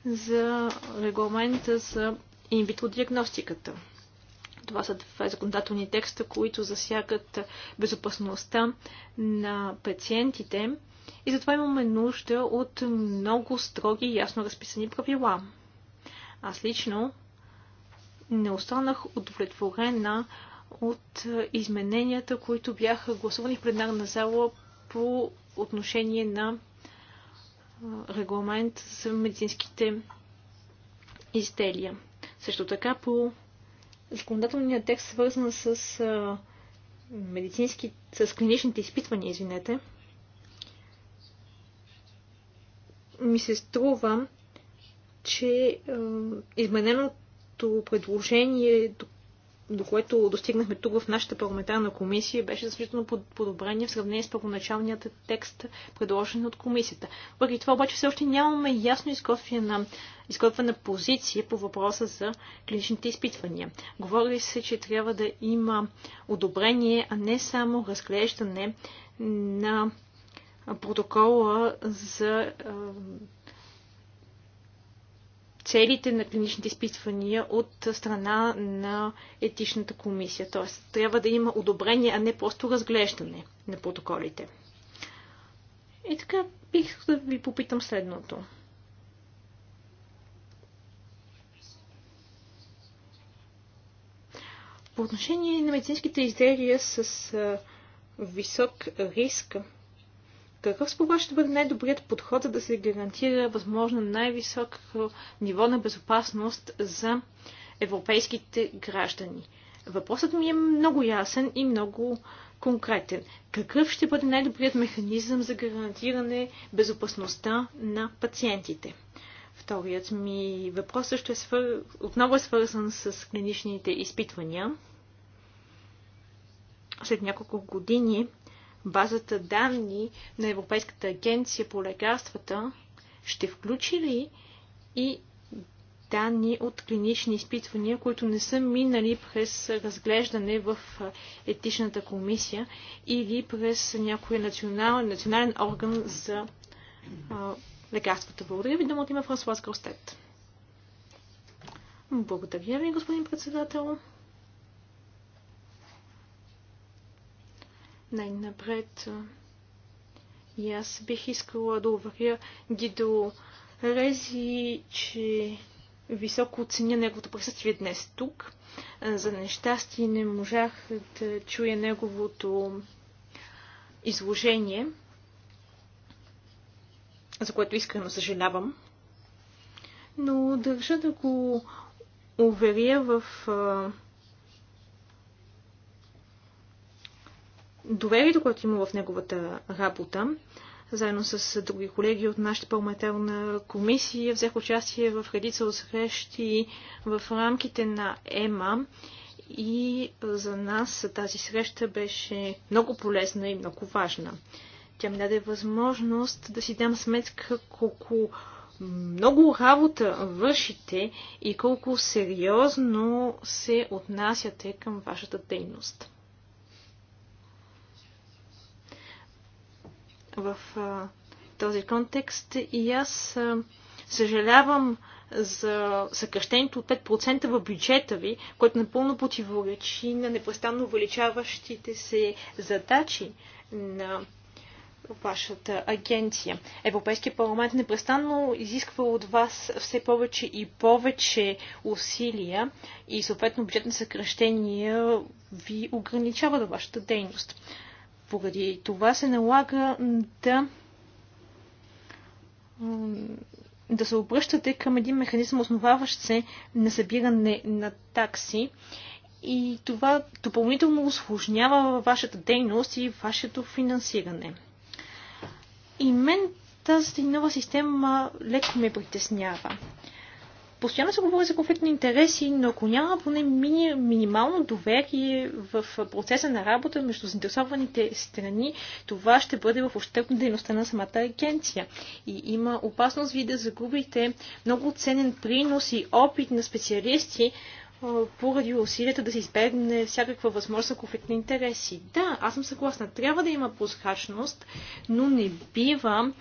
за регламента за инвитро диагностиката. Това са две законодателни текста, които засягат безопасността на пациентите и затова имаме нужда от много строги и ясно разписани правила. Аз лично не останах удовлетворена от измененията, които бяха гласувани в пленарна зала по отношение на регламент за медицинските изделия. Също така по законодателния текст, свързан с а, медицински, с клиничните изпитвания, извинете, ми се струва, че измененото предложение до което достигнахме тук в нашата парламентарна комисия, беше значително подобрение в сравнение с първоначалният текст, предложен от комисията. Въпреки това обаче все още нямаме ясно изкотвена позиция по въпроса за клиничните изпитвания. Говори се, че трябва да има одобрение, а не само разглеждане на протокола за целите на клиничните изпитвания от страна на етичната комисия. Т.е. трябва да има одобрение, а не просто разглеждане на протоколите. И така бих да ви попитам следното. По отношение на медицинските изделия с висок риск, какъв според ще бъде най-добрият подход, за да се гарантира възможно най-високо ниво на безопасност за европейските граждани? Въпросът ми е много ясен и много конкретен. Какъв ще бъде най-добрият механизъм за гарантиране безопасността на пациентите? Вторият ми въпрос също е свър... отново е свързан с клиничните изпитвания. След няколко години базата данни на Европейската агенция по лекарствата ще включи ли и данни от клинични изпитвания, които не са минали през разглеждане в етичната комисия или през някой национален, национален орган за а, лекарствата. Благодаря ви, думата има Франсуаз Гростет. Благодаря ви, господин председател. Най-напред и аз бих искала да уверя Гидо Рези, че високо оценя неговото присъствие днес тук. За нещастие не можах да чуя неговото изложение, за което искрено съжалявам. Но държа да го уверя в доверието, което има в неговата работа. Заедно с други колеги от нашата парламентарна комисия взех участие в редица от срещи в рамките на ЕМА и за нас тази среща беше много полезна и много важна. Тя ми даде възможност да си дам сметка колко много работа вършите и колко сериозно се отнасяте към вашата дейност. в а, този контекст и аз а, съжалявам за съкръщението от 5% в бюджета ви, което напълно противоречи на непрестанно увеличаващите се задачи на вашата агенция. Европейския парламент непрестанно изисква от вас все повече и повече усилия и съответно бюджетни съкръщения ви ограничават вашата дейност. Поради това се налага да да се обръщате към един механизъм, основаващ се на събиране на такси. И това допълнително осложнява вашата дейност и вашето финансиране. И мен тази нова система леко ме притеснява. Постоянно се говори за конфликт на интереси, но ако няма поне мини, минимално доверие в процеса на работа между заинтересованите страни, това ще бъде в ущърп на дейността на самата агенция. И има опасност ви да загубите много ценен принос и опит на специалисти, поради усилията да се избегне всякаква възможност за конфликт на интереси. Да, аз съм съгласна. Трябва да има прозрачност, но не бива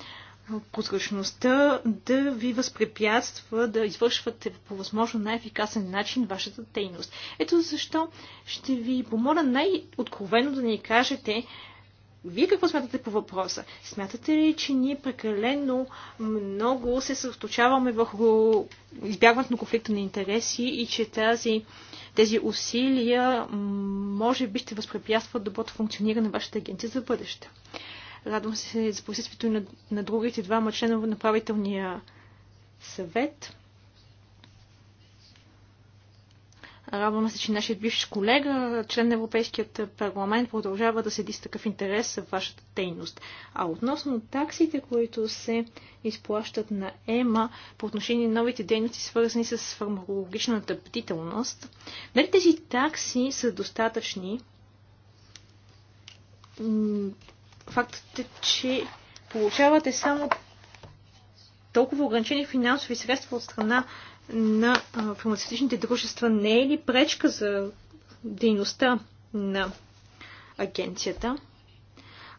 прозрачността да ви възпрепятства да извършвате по възможно най-ефикасен начин вашата дейност. Ето защо ще ви помоля най-откровено да ни кажете вие какво смятате по въпроса? Смятате ли, че ние прекалено много се съсредоточаваме върху избягването на конфликта на интереси и че тази, тези усилия може би ще възпрепятстват доброто функциониране на вашата агенция за бъдеще? Радвам се за присъствието на, на другите двама членове на правителния съвет. Радвам се, че нашият бивш колега, член на Европейският парламент, продължава да седи с такъв интерес в вашата дейност. А относно таксите, които се изплащат на ЕМА по отношение на новите дейности, свързани с фармакологичната бдителност, дали тези такси са достатъчни? фактът е, че получавате само толкова ограничени финансови средства от страна на фармацевтичните дружества не е ли пречка за дейността на агенцията?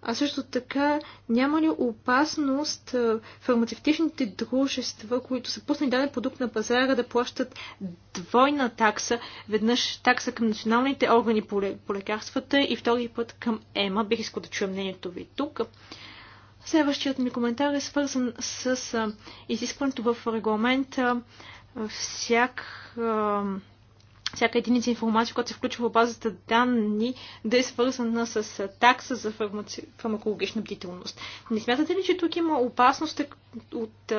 А също така, няма ли опасност фармацевтичните дружества, които са пуснали даден продукт на пазара, да плащат двойна такса, веднъж такса към националните органи по, по лекарствата и втори път към ЕМА? Бих искал да чуя мнението ви тук. Следващият ми коментар е свързан с изискването в регламента всяк всяка единица информация, която се включва в базата данни, да е свързана с такса за фармаци... фармакологична бдителност. Не смятате ли, че тук има опасност е от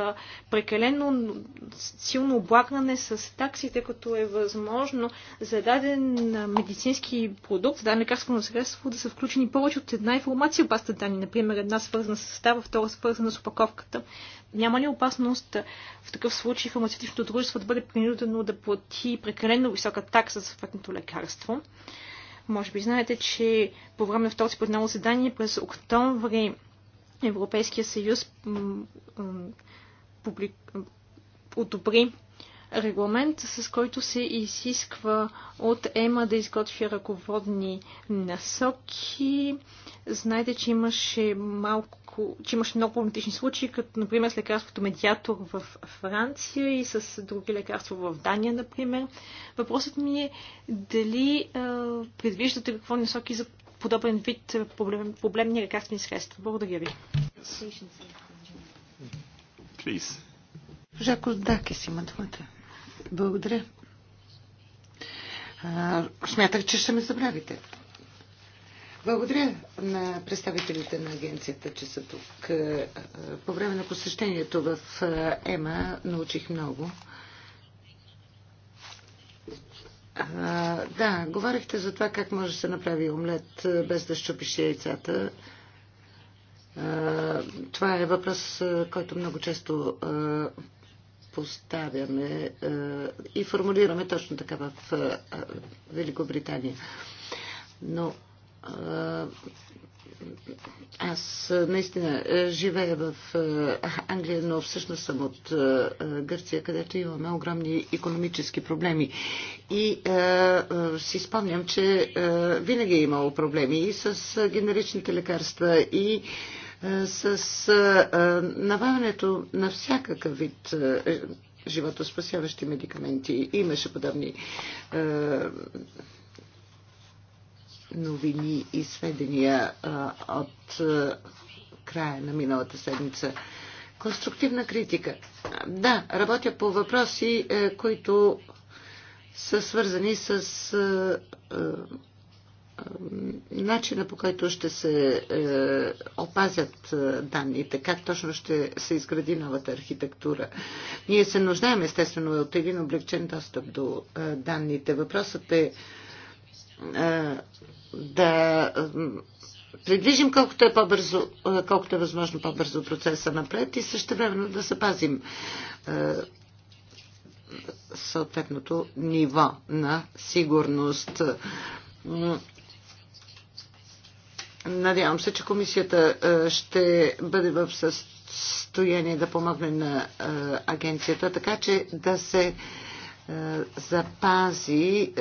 прекалено силно облагане с таксите, като е възможно за даден медицински продукт, за даден лекарствено средство да са включени повече от една информация в базата данни, например една свързана с състава, втора свързана с упаковката, няма ли опасност в такъв случай фармацевтичното дружество да бъде принудено да плати прекалено висока такса за съответното лекарство? Може би знаете, че по време на второто пленарно заседание през октомври Европейския съюз одобри регламент, с който се изисква от ЕМА да изготви ръководни насоки. Знаете, че имаше малко, че имаше много политични случаи, като например с лекарството медиатор в Франция и с други лекарства в Дания, например. Въпросът ми е дали е, предвиждате какво насоки за подобен вид проблем, проблемни лекарствени средства. Благодаря ви. Жако Дакес има думата. Благодаря. Смятах, че ще ме забравите. Благодаря на представителите на агенцията, че са тук. По време на посещението в ЕМА научих много. Да, говорихте за това как може да се направи омлет без да щупиш яйцата. Това е въпрос, който много често поставяме е, и формулираме точно така в е, е, Великобритания. Но аз наистина живея в Англия, но всъщност съм от Гърция, където имаме огромни економически проблеми. И а, а, си спомням, че а, винаги е имало проблеми и с генеричните лекарства, и а, е, с е, е, нававането на всякакъв вид животоспасяващи медикаменти. Имаше подобни новини и сведения от края на миналата седмица. Конструктивна критика. Да, работя по въпроси, които са свързани с начина по който ще се е, опазят е, данните, как точно ще се изгради новата архитектура. Ние се нуждаем естествено от един облегчен достъп до е, данните. Въпросът е да придвижим колкото е, по-бързо, колкото е възможно по-бързо процеса напред и също времено да се пазим съответното ниво на сигурност. Надявам се, че комисията е, ще бъде в състояние да помогне на е, агенцията, така че да се е, запази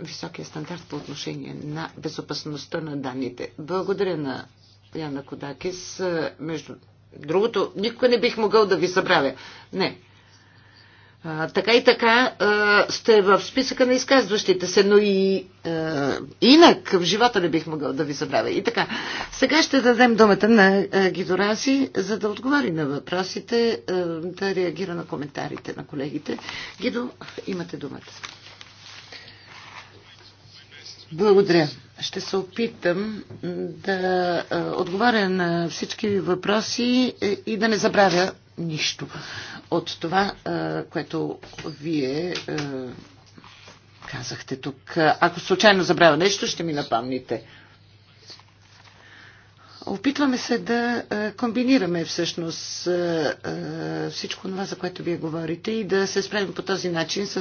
високия стандарт по отношение на безопасността на данните. Благодаря на Яна Кодакис. Между другото, никога не бих могъл да ви забравя. Не, а, така и така а, сте в списъка на изказващите се, но и а, инак в живота не бих могъл да ви забравя. И така, сега ще дадем думата на Гидораси, за да отговори на въпросите, а, да реагира на коментарите на колегите. Гидо, имате думата. Благодаря. Ще се опитам да отговаря на всички въпроси е, и да не забравя нищо от това, което вие казахте тук. Ако случайно забравя нещо, ще ми напомните. Опитваме се да комбинираме всъщност всичко това, за което вие говорите и да се справим по този начин с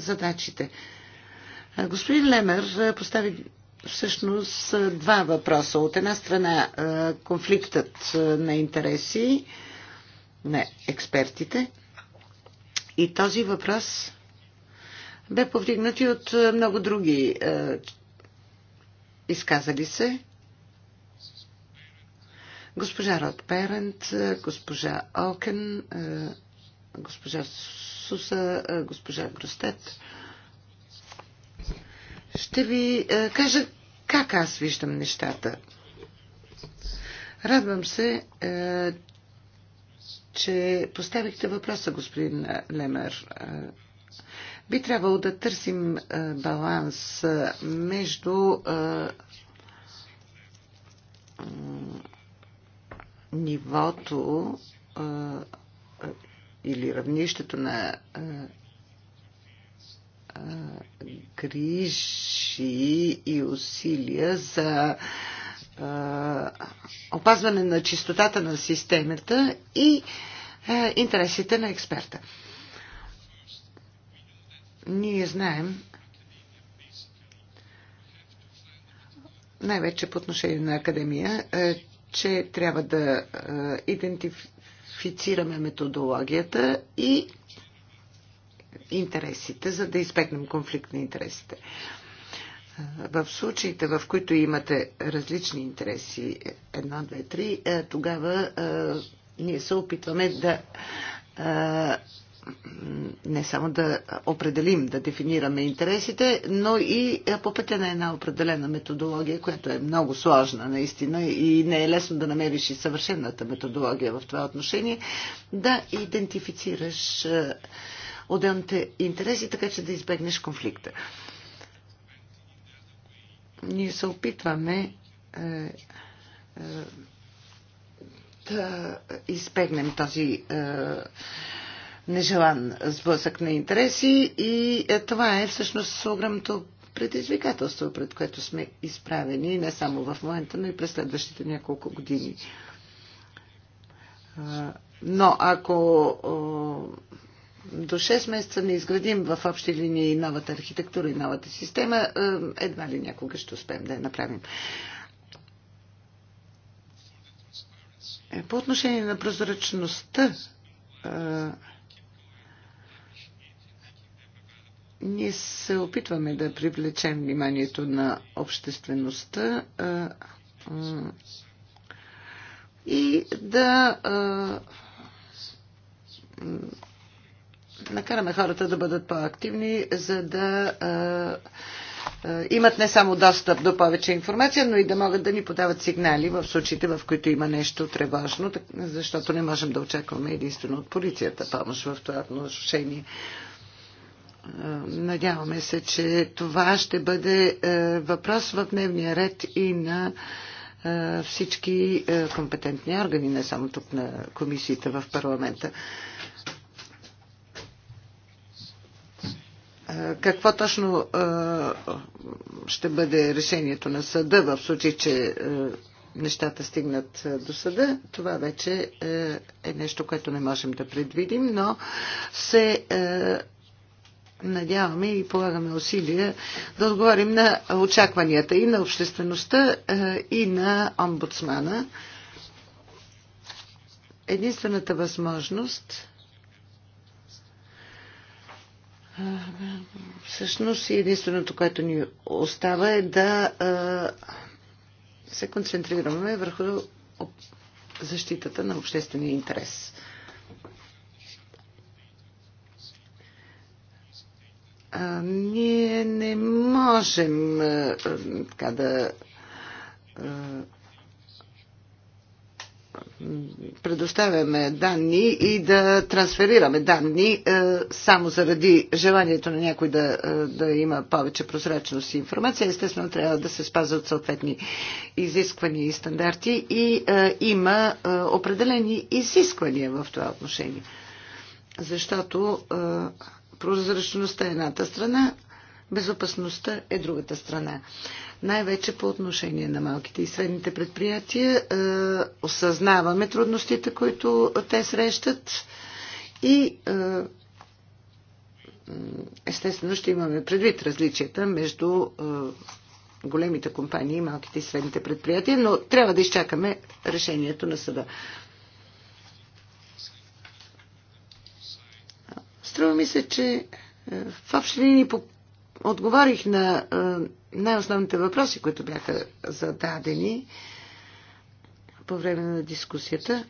задачите. Господин Лемер постави всъщност два въпроса. От една страна конфликтът на интереси на експертите. И този въпрос бе повдигнат и от е, много други е, изказали се. Госпожа Род Перент, е, госпожа Окен, е, госпожа Суса, е, госпожа Гростет. Ще ви е, кажа как аз виждам нещата. Радвам се, е, че поставихте въпроса, господин Лемер. Би трябвало да търсим баланс между нивото или равнището на грижи и усилия за опазване на чистотата на системата и интересите на експерта. Ние знаем, най-вече по отношение на академия, че трябва да идентифицираме методологията и интересите, за да избегнем конфликт на интересите в случаите, в които имате различни интереси, едно, две, три, е, тогава е, ние се опитваме да е, не само да определим, да дефинираме интересите, но и по пътя на една определена методология, която е много сложна наистина и не е лесно да намериш и съвършената методология в това отношение, да идентифицираш отделните интереси, така че да избегнеш конфликта ние се опитваме е, е, да избегнем този е, нежелан сблъсък на интереси и това е всъщност огромното предизвикателство, пред което сме изправени не само в момента, но и през следващите няколко години. Но ако до 6 месеца не изградим в общи линии новата архитектура и новата система, е, едва ли някога ще успеем да я направим. Е, по отношение на прозрачността, е, ние се опитваме да привлечем вниманието на обществеността и да накараме хората да бъдат по-активни, за да а, а, имат не само достъп до повече информация, но и да могат да ни подават сигнали в случаите, в които има нещо тревожно, защото не можем да очакваме единствено от полицията помощ в това отношение. Надяваме се, че това ще бъде въпрос в дневния ред и на всички компетентни органи, не само тук на комисията в парламента. Е, какво точно е, ще бъде решението на съда в случай, че е, нещата стигнат до съда, това вече е нещо, което не можем да предвидим, но се надяваме и полагаме усилия да отговорим на очакванията и на обществеността, и на омбудсмана. Единствената възможност Всъщност единственото, което ни остава е да се концентрираме върху защитата на обществения интерес. А, ние не можем а, така да а, предоставяме данни и да трансферираме данни е, само заради желанието на някой да, е, да има повече прозрачност и информация, естествено трябва да се спазват съответни изисквания и стандарти и е, има определени изисквания в това отношение. Защото прозрачността е едната страна, Безопасността е другата страна. Най-вече по отношение на малките и средните предприятия е, осъзнаваме трудностите, които те срещат и е, естествено ще имаме предвид различията между е, големите компании и малките и средните предприятия, но трябва да изчакаме решението на съда. Струва ми се, че е, в общи линии по отговорих на е, най-основните въпроси, които бяха зададени по време на дискусията.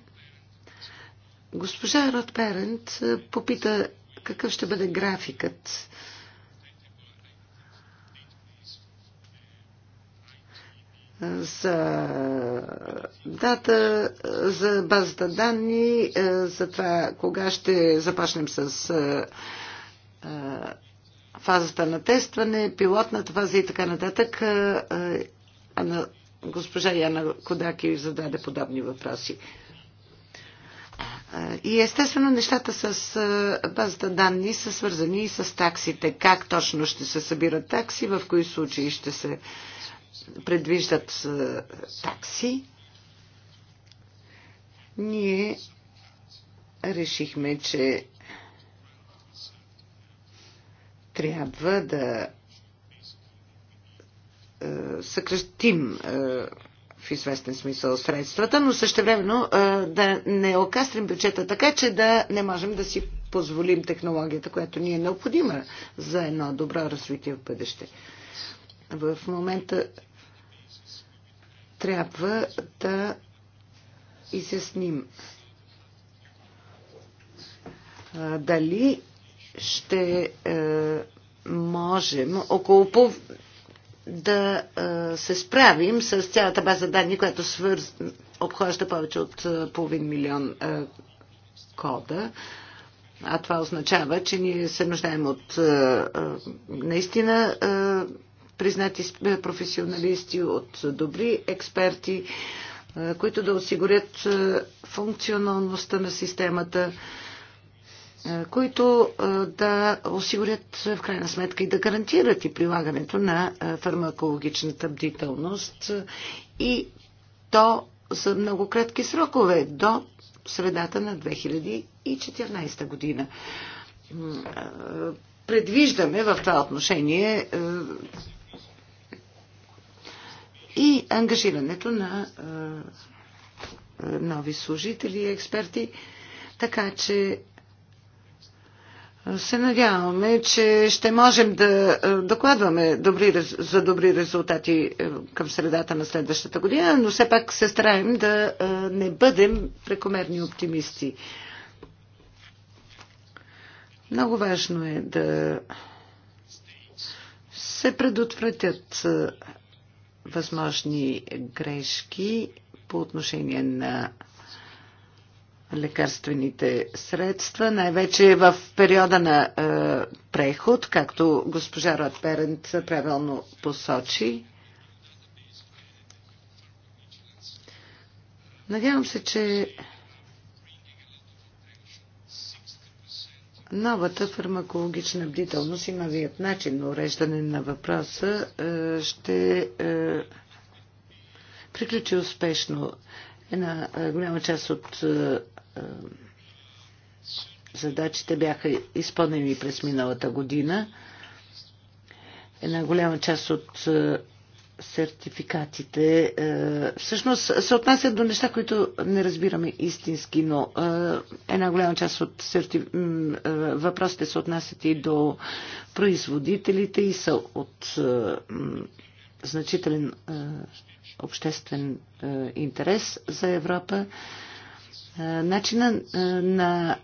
Госпожа Род Перент е, попита какъв ще бъде графикът. за дата, за базата данни, е, за това кога ще започнем с фазата на тестване, пилотната фаза и така нататък. а на госпожа Яна Кодаки зададе подобни въпроси. И естествено нещата с базата данни са свързани и с таксите. Как точно ще се събират такси, в кои случаи ще се предвиждат такси. Ние решихме, че трябва да е, съкръстим е, в известен смисъл средствата, но същевременно е, да не окастрим бюджета така, че да не можем да си позволим технологията, която ни е необходима за едно добро развитие в бъдеще. В момента трябва да изясним дали ще е, можем около пов... да е, се справим с цялата база данни, която свърз... обхваща повече от е, половин милион кода. А това означава, че ние се нуждаем от наистина признати професионалисти, от добри експерти, които да осигурят функционалността на системата, които да осигурят в крайна сметка и да гарантират и прилагането на фармакологичната бдителност и то за много кратки срокове до средата на 2014 година. Предвиждаме в това отношение и ангажирането на нови служители и експерти, така че се надяваме, че ще можем да е, докладваме добри, за добри резултати е, към средата на следващата година, но все пак се стараем да е, не бъдем прекомерни оптимисти. Много важно е да се предотвратят възможни грешки по отношение на лекарствените средства, най-вече в периода на е, преход, както госпожа Род Перент правилно посочи. Надявам се, че новата фармакологична бдителност и новият начин на уреждане на въпроса е, ще е, приключи успешно. Една е, голяма част от е, е, задачите бяха изпълнени през миналата година. Една голяма част от е, сертификатите е, всъщност се отнасят до неща, които не разбираме истински, но една голяма част от серти... въпросите се отнасят и до производителите и са от значителен обществен интерес за Европа начина на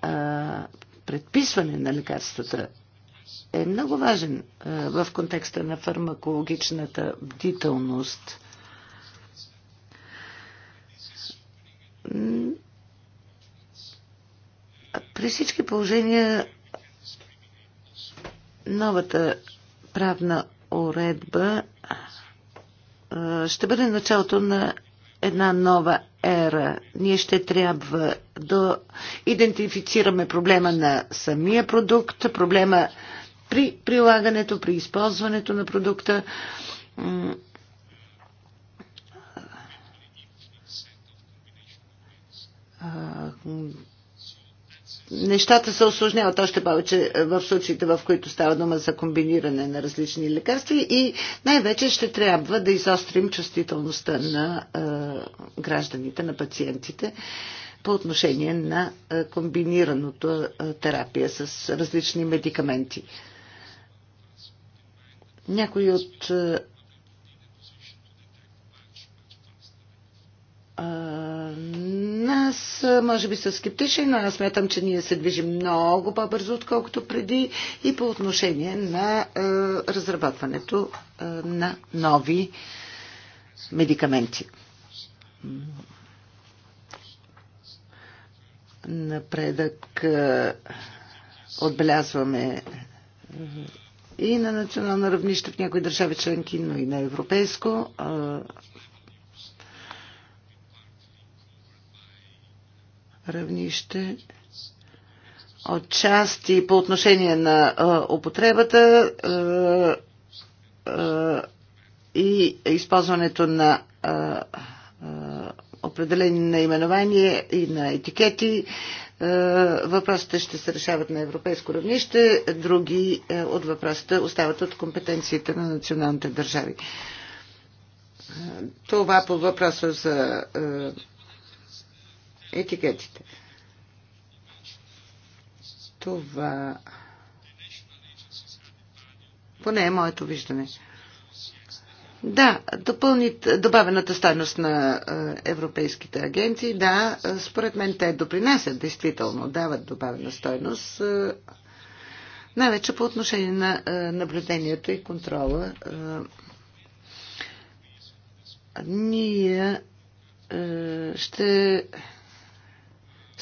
предписване на лекарствата е много важен в контекста на фармакологичната бдителност. При всички положения новата правна уредба ще бъде началото на една нова ера. Ние ще трябва да идентифицираме проблема на самия продукт, проблема при прилагането, при използването на продукта нещата се осложняват още повече е, в случаите, в които става дума за комбиниране на различни лекарства и най-вече ще трябва да изострим чувствителността на е, гражданите, на пациентите по отношение на е, комбинираното е, терапия с различни медикаменти. Някои от е, е нас може би са скептични, но аз смятам, че ние се движим много по-бързо, отколкото преди и по отношение на а, разработването а, на нови медикаменти. Напредък а, отбелязваме и на национално равнище в някои държави членки, но и на европейско. равнище отчасти по отношение на а, употребата а, а, и използването на а, а, определени наименования и на етикети. А, въпросите ще се решават на европейско равнище, други а, от въпросите остават от компетенциите на националните държави. Това по въпроса за етикетите. Това поне е моето виждане. Да, допълнит, добавената стойност на европейските агенции, да, според мен те допринасят, действително дават добавена стойност, най-вече по отношение на наблюдението и контрола. Ние ще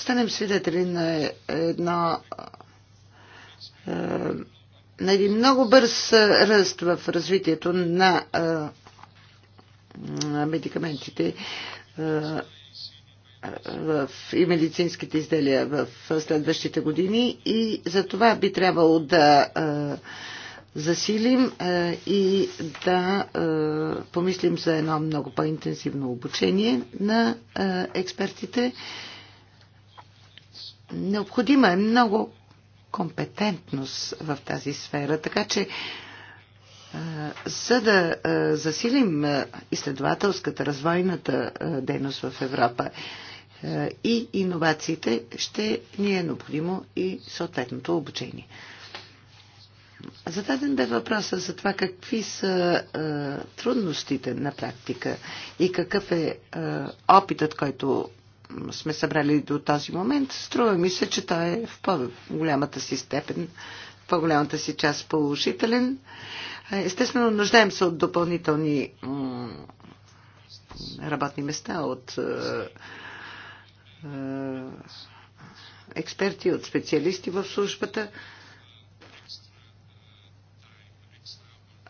станем свидетели на едно е, на един много бърз ръст в развитието на, е, на медикаментите е, в, и медицинските изделия в следващите години и за това би трябвало да засилим и да помислим за едно много по-интенсивно обучение на експертите Необходима е много компетентност в тази сфера, така че за да засилим изследователската, развойната дейност в Европа и иновациите, ще ни е необходимо и съответното обучение. Зададен бе въпроса за това какви са е, трудностите на практика и какъв е, е опитът, който сме събрали до този момент, струва ми се, че той е в по-голямата си степен, в по-голямата си част положителен. Естествено, нуждаем се от допълнителни работни места, от е, е, експерти, от специалисти в службата.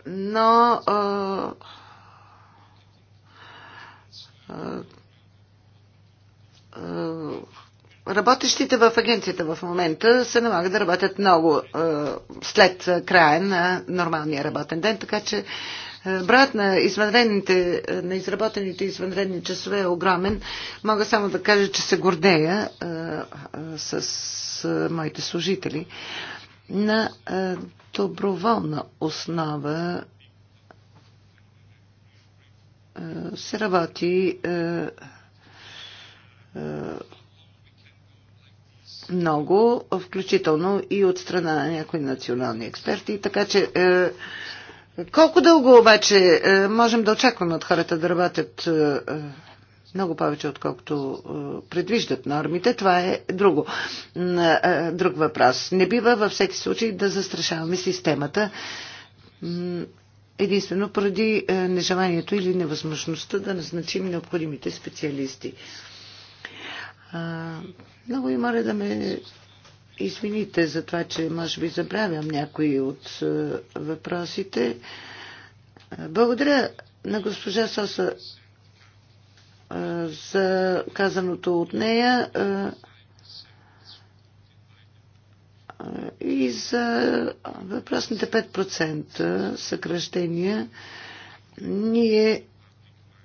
Но е, е, работещите в агенцията в момента се налага да работят много е, след края на нормалния работен ден, така че е, Брат на извънредните, на изработените извънредни часове е огромен. Мога само да кажа, че се гордея а, а, с а, моите служители на а, доброволна основа а, се работи а, е, много, включително и от страна на някои национални експерти. Така че, е, колко дълго обаче е, можем да очакваме от хората да работят много повече, отколкото предвиждат нормите, това е друго. Друг въпрос. Не бива във всеки случай да застрашаваме системата единствено поради нежеланието или невъзможността да назначим необходимите специалисти. А, много ви моля да ме извините за това, че може би забравям някои от а, е, въпросите. А, благодаря на госпожа Соса а, е, за казаното от нея а, е, и за въпросните 5% съкръщения. Ние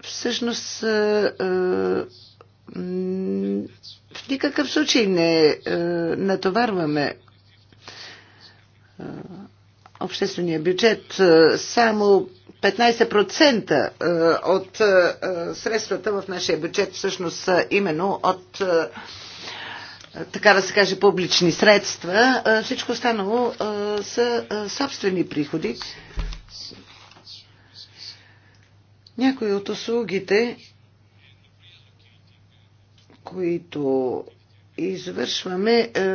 всъщност а, в никакъв случай не е, натоварваме е, обществения бюджет. Е, само 15% от средствата в нашия бюджет всъщност са именно от така да се каже, публични средства. Всичко останало са собствени приходи. Някои от услугите които извършваме, е,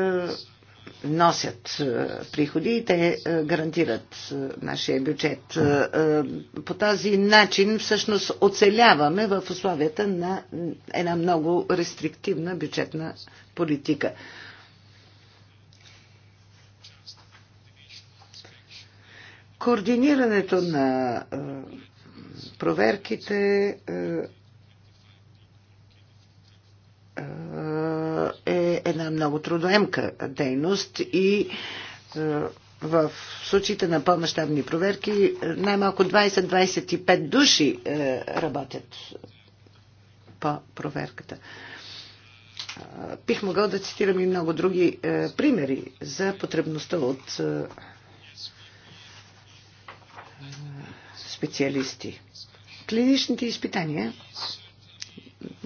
носят е, приходи и те е, гарантират нашия бюджет. По тази начин всъщност оцеляваме в условията на една много рестриктивна бюджетна политика. Координирането на проверките е една много трудоемка дейност и е, в случаите на по-масштабни проверки е, най-малко 20-25 души е, работят по проверката. Бих могъл да цитирам и много други примери за потребността от специалисти. Клиничните изпитания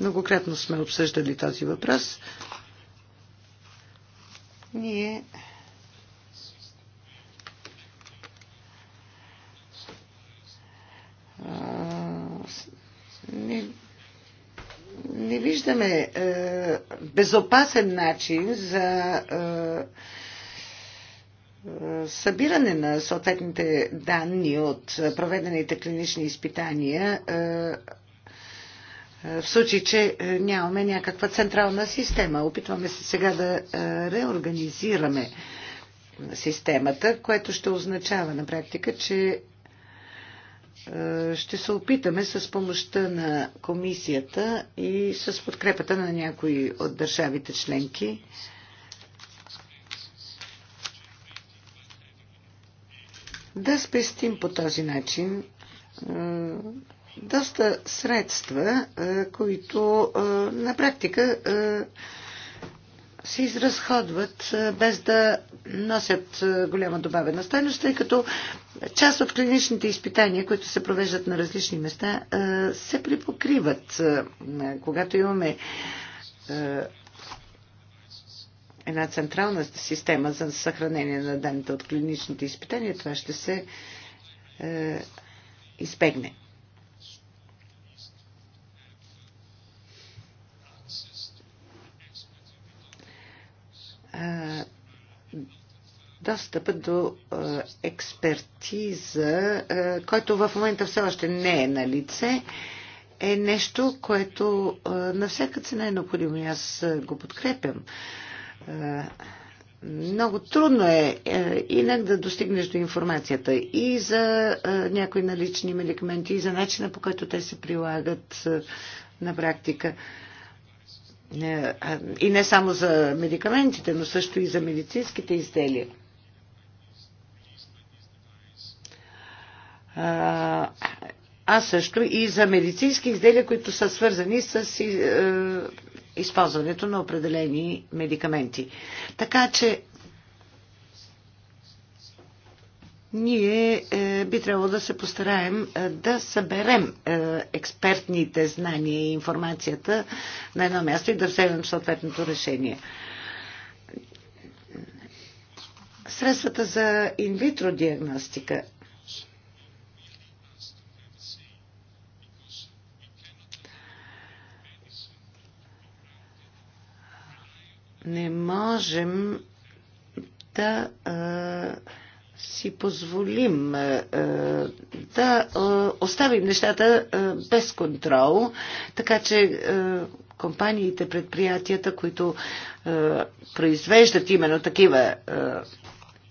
Многократно сме обсъждали този въпрос. Ние не, не виждаме е, безопасен начин за е, е събиране на съответните данни от проведените клинични изпитания е, в случай, че е, нямаме някаква централна система. Опитваме се сега да е, реорганизираме системата, което ще означава на практика, че е, ще се опитаме с помощта на комисията и с подкрепата на някои от държавите членки да спестим по този начин доста средства, които на практика се изразходват без да носят голяма добавена стойност, тъй като част от клиничните изпитания, които се провеждат на различни места, се припокриват. Когато имаме една централна система за съхранение на данните от клиничните изпитания, това ще се избегне. достъпа до експертиза, който в момента все още не е на лице, е нещо, което на всяка цена е необходимо и аз го подкрепям. Много трудно е, е инак да достигнеш до информацията и за някои налични медикаменти, и за начина по който те се прилагат на практика. Е, и не само за медикаментите, но също и за медицинските изделия. А също и за медицински изделия, които са свързани с е, е, използването на определени медикаменти. Така че ние е, би трябвало да се постараем е, да съберем е, експертните знания и информацията на едно място и да вземем съответното решение. Средствата за инвитро диагностика. Не можем да. Е, си позволим е, е, да е, оставим нещата без контрол, така че компаниите, предприятията, които произвеждат именно такива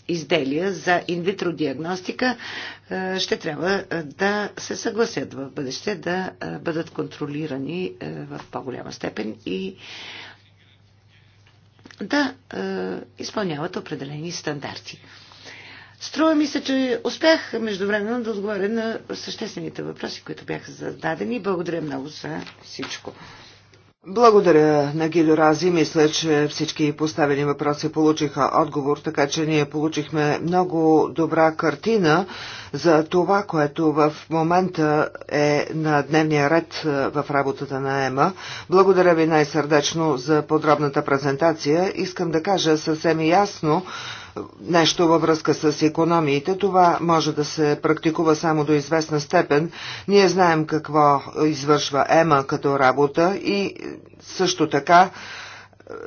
изделия за инвитро диагностика, ще трябва да се съгласят в бъдеще да бъдат контролирани в по-голяма степен и да изпълняват определени стандарти. Струва ми се, че успях междувременно да отговоря на съществените въпроси, които бяха зададени. Благодаря много за всичко. Благодаря на Гидорази, Мисля, че всички поставени въпроси получиха отговор, така че ние получихме много добра картина за това, което в момента е на дневния ред е, в работата на ЕМА. Благодаря ви най-сърдечно за подробната презентация. Искам да кажа съвсем ясно, нещо във връзка с економиите. Това може да се практикува само до известна степен. Ние знаем какво извършва ЕМА като работа и също така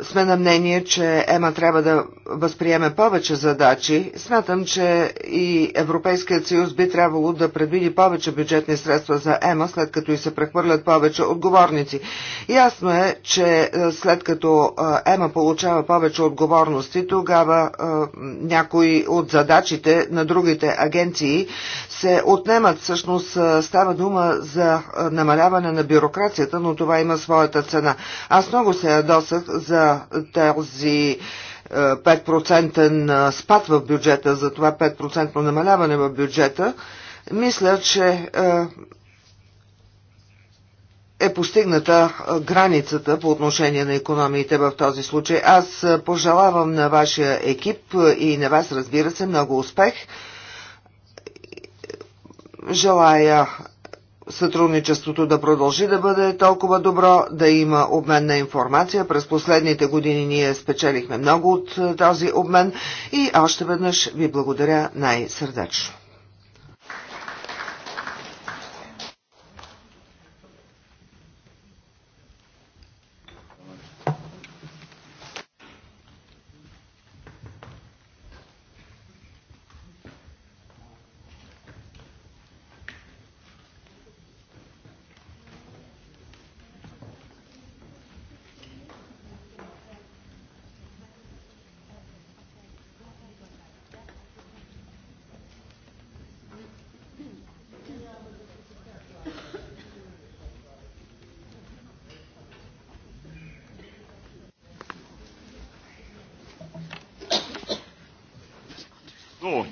сме на мнение, че ЕМА трябва да възприеме повече задачи. Смятам, че и Европейският съюз би трябвало да предвиди повече бюджетни средства за ЕМА, след като и се прехвърлят повече отговорници. Ясно е, че е, след като е, ЕМА получава повече отговорности, тогава е, някои от задачите на другите агенции се отнемат. Всъщност става дума за намаляване на бюрокрацията, но това има своята цена. Аз много се ядосах за за този 5% е, спад в бюджета, за това 5% намаляване в бюджета, мисля, че е, е постигната границата по отношение на економиите в този случай. Аз пожелавам на вашия екип и на вас, разбира се, много успех. Желая сътрудничеството да продължи да бъде толкова добро, да има обмен на информация. През последните години ние спечелихме много от този обмен и още веднъж ви благодаря най-сърдечно.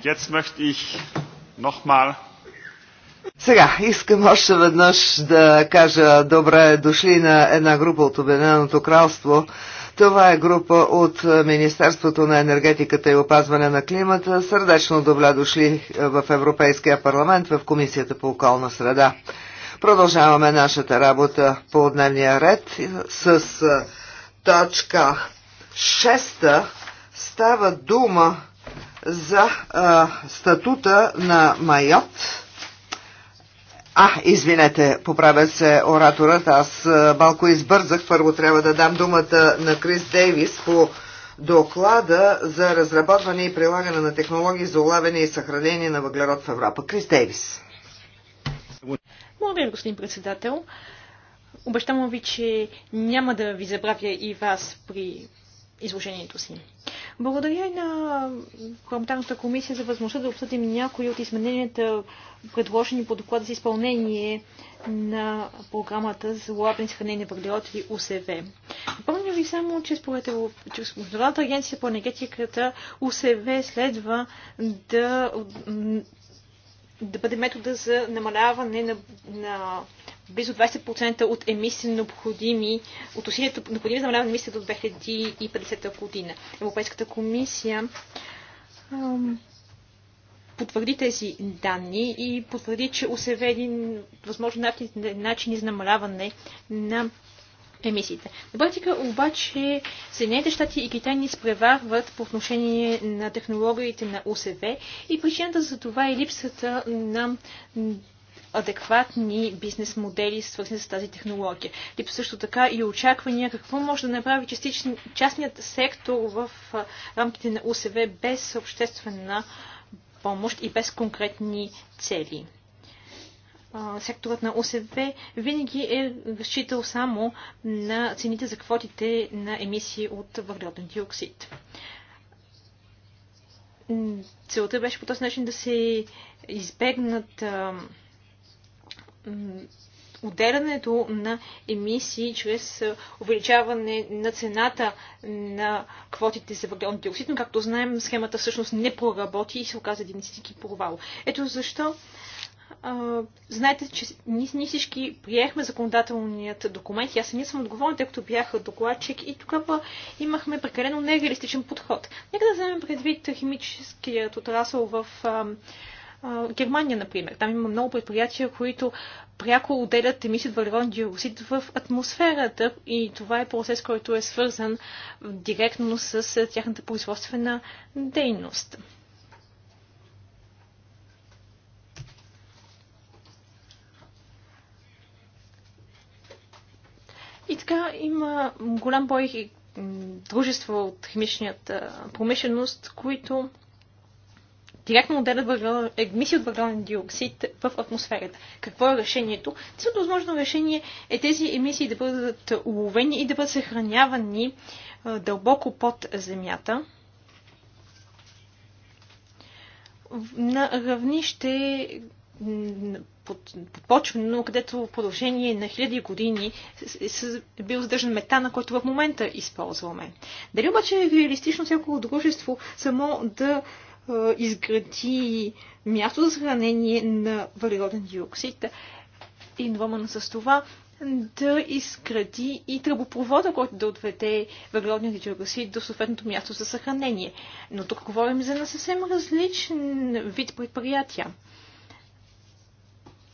Jetzt möchte ich сега, искам още веднъж да кажа добре дошли на една група от Обединеното кралство. Това е група от Министерството на енергетиката и опазване на климата. Сърдечно добре дошли в Европейския парламент, в Комисията по околна среда. Продължаваме нашата работа по дневния ред с точка 6 става дума за а, статута на Майот. А, извинете, поправя се ораторът, аз а, малко избързах. Първо трябва да дам думата на Крис Дейвис по доклада за разработване и прилагане на технологии за улавяне и съхранение на въглерод в Европа. Крис Дейвис. Благодаря, господин председател. Обещавам ви, че няма да ви забравя и вас при изложението си. Благодаря и на парламентарната комисия за възможността да обсъдим някои от измененията, предложени по доклад за изпълнение на програмата за лабен съхранение на въглерод УСВ. Напомня ви само, че според Международната агенция по енергетиката УСВ следва да да бъде метода за намаляване на, на близо 20% от емисии необходими, от усилията необходими за намаляване на емисиите до 2050 година. Европейската комисия ам, потвърди тези данни и потвърди, че осеве един възможно начини за намаляване на емисиите. На практика обаче Съединените щати и Китай ни спреварват по отношение на технологиите на ОСВ и причината за това е липсата на адекватни бизнес модели, свързани с тази технология. Тип също така и очаквания какво може да направи частичен, частният сектор в рамките на УСВ без обществена помощ и без конкретни цели секторът на ОСВ винаги е разчитал само на цените за квотите на емисии от въглероден диоксид. Целта беше по този начин да се избегнат отделянето на емисии чрез увеличаване на цената на квотите за въглероден диоксид, но както знаем, схемата всъщност не проработи и се оказа един истински провал. Ето защо знаете, че ние, ние всички приехме законодателният документ. Аз не съм отговорен, тъй като бях докладчик и тогава имахме прекалено нереалистичен подход. Нека да вземем предвид химическият отрасъл в а, а, Германия, например. Там има много предприятия, които пряко отделят емисият въглероден диоксид в атмосферата и това е процес, който е свързан директно с тяхната производствена дейност. И така има голям бой дружества от химичната промишленост, които директно отделят емисии от въглероден диоксид в атмосферата. Какво е решението? Цялото възможно решение е тези емисии да бъдат уловени и да бъдат съхранявани дълбоко под земята на равнище под, но където в продължение на хиляди години е бил задържан метана, който в момента използваме. Дали обаче е реалистично всяко дружество само да е, изгради място за съхранение на въглероден диоксид и двамана с това да изгради и тръбопровода, който да отведе въглеродния диоксид до съответното място за съхранение. Но тук говорим за на съвсем различен вид предприятия.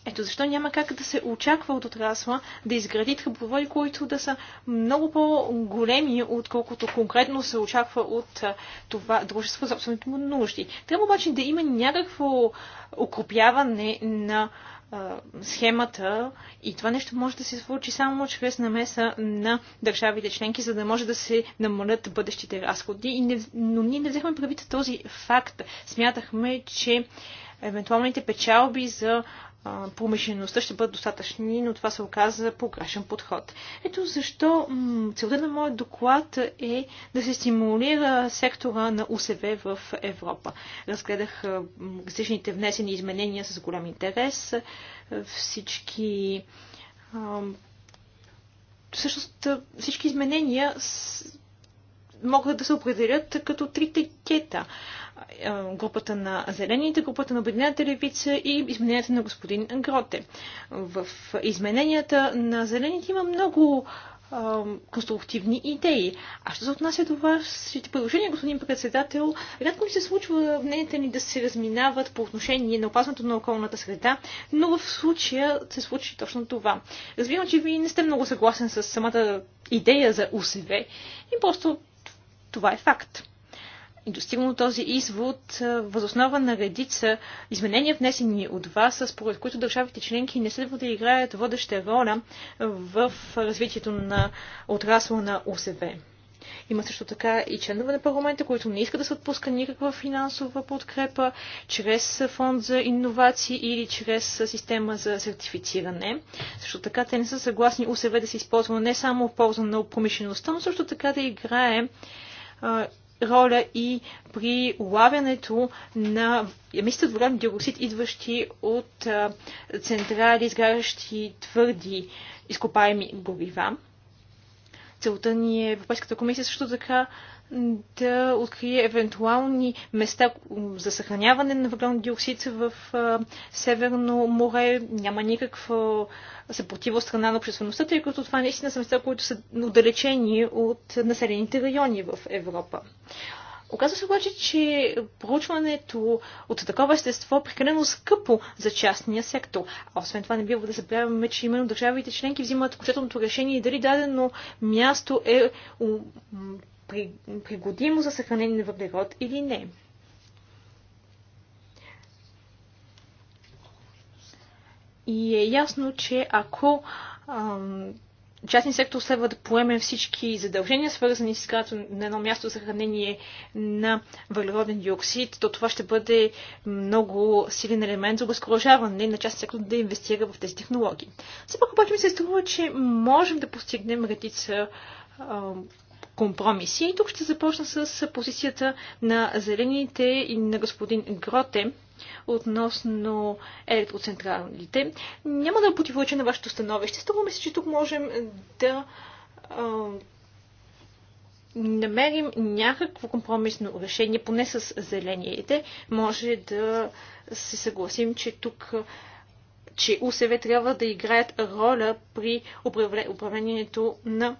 Ето защо няма как да се очаква от отрасла да изгради тръбопроводи, които да са много по-големи, отколкото конкретно се очаква от това дружество за собствените му нужди. Трябва обаче да има някакво окупяване на схемата и това нещо може да се случи само чрез намеса на държавите членки, за да може да се намалят бъдещите разходи. И не, но ние не взехме правите този факт. Смятахме, че евентуалните печалби за промишлеността ще бъдат достатъчни, но това се оказа погрешен подход. Ето защо целта на моят доклад е да се стимулира сектора на УСВ в Европа. Разгледах различните внесени изменения с голям интерес. Всички всъщност всички изменения могат да се определят като трите кета. Групата на зелените, групата на Обединената левица и измененията на господин Гроте. В измененията на зелените има много конструктивни идеи. А що се отнася до вашите предложения, господин председател, рядко ми се случва мненията ни да се разминават по отношение на опазването на околната среда, но в случая се случи точно това. Разбирам, че вие не сте много съгласен с самата идея за УСВ и просто това е факт. И достигнал този извод възоснова на редица изменения, внесени от вас, според които държавите членки не следва да играят водеща роля в развитието на отрасла на ОСВ. Има също така и членове на парламента, които не искат да се отпуска никаква финансова подкрепа чрез фонд за инновации или чрез система за сертифициране. Също така те не са съгласни УСВ да се използва не само в полза на промишлеността, но също така да играе роля и при улавянето на емисията от въглероден диоксид, идващи от централи, изгарящи твърди изкопаеми горива. Целта ни е Европейската комисия също така да открие евентуални места за съхраняване на въглен диоксид в Северно море. Няма никаква съпротива от страна на обществеността, тъй като това наистина са места, които са отдалечени от населените райони в Европа. Оказва се обаче, че проучването от такова естество е прекалено скъпо за частния сектор. А освен това не бива да забравяме, че именно държавите членки взимат окончателното решение и дали дадено място е пригодимо за съхранение на въглерод или не. И е ясно, че ако частния сектор следва да поеме всички задължения, свързани с изграждането на едно място за хранение на въглероден диоксид, то това ще бъде много силен елемент за обезкуражаване на частния сектор да инвестира в тези технологии. Все пак обаче ми се струва, че можем да постигнем редица компромиси. И тук ще започна с позицията на зелените и на господин Гроте относно електроцентралите. Няма да противореча на вашето становище. Струва мисля, че тук можем да а, намерим някакво компромисно решение, поне с зелените. Може да се съгласим, че тук че УСВ трябва да играят роля при управлението на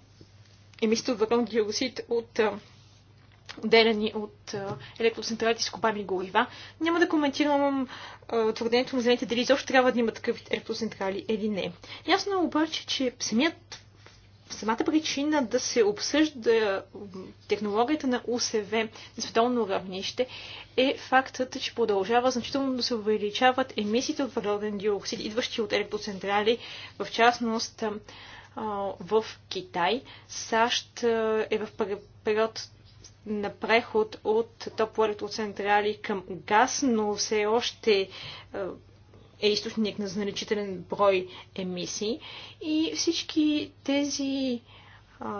емисията от въглен диоксид от отделени от електроцентралите с копами горива. Няма да коментирам твърдението на зелените дали изобщо трябва да има такъв електроцентрали или не. Ясно е обаче, че самият самата причина да се обсъжда технологията на УСВ на световно равнище е фактът, че продължава значително да се увеличават емисиите от въглероден диоксид, идващи от електроцентрали, в частност в Китай. САЩ е в период на преход от топлоелектроцентрали към газ, но все още е източник на значителен брой емисии. И всички тези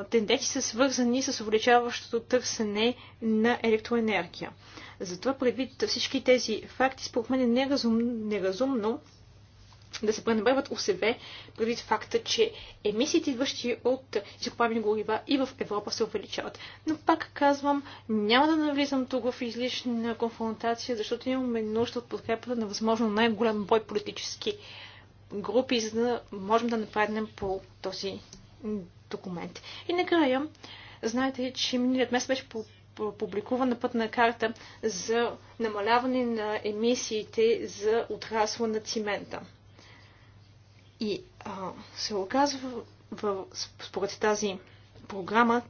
тенденции са свързани с увеличаващото търсене на електроенергия. Затова предвид всички тези факти, според мен е неразумно, неразумно да се пренебрегват себе, предвид факта, че емисиите, идващи от изкопаеми горива и в Европа се увеличават. Но пак казвам, няма да навлизам тук в излишна конфронтация, защото имаме нужда от подкрепата на възможно най-голям бой политически групи, за да можем да напреднем по този документ. И накрая, знаете, че миналият месец беше по публикувана пътна карта за намаляване на емисиите за отрасла на цимента. И а, се оказва, в, според тази програма,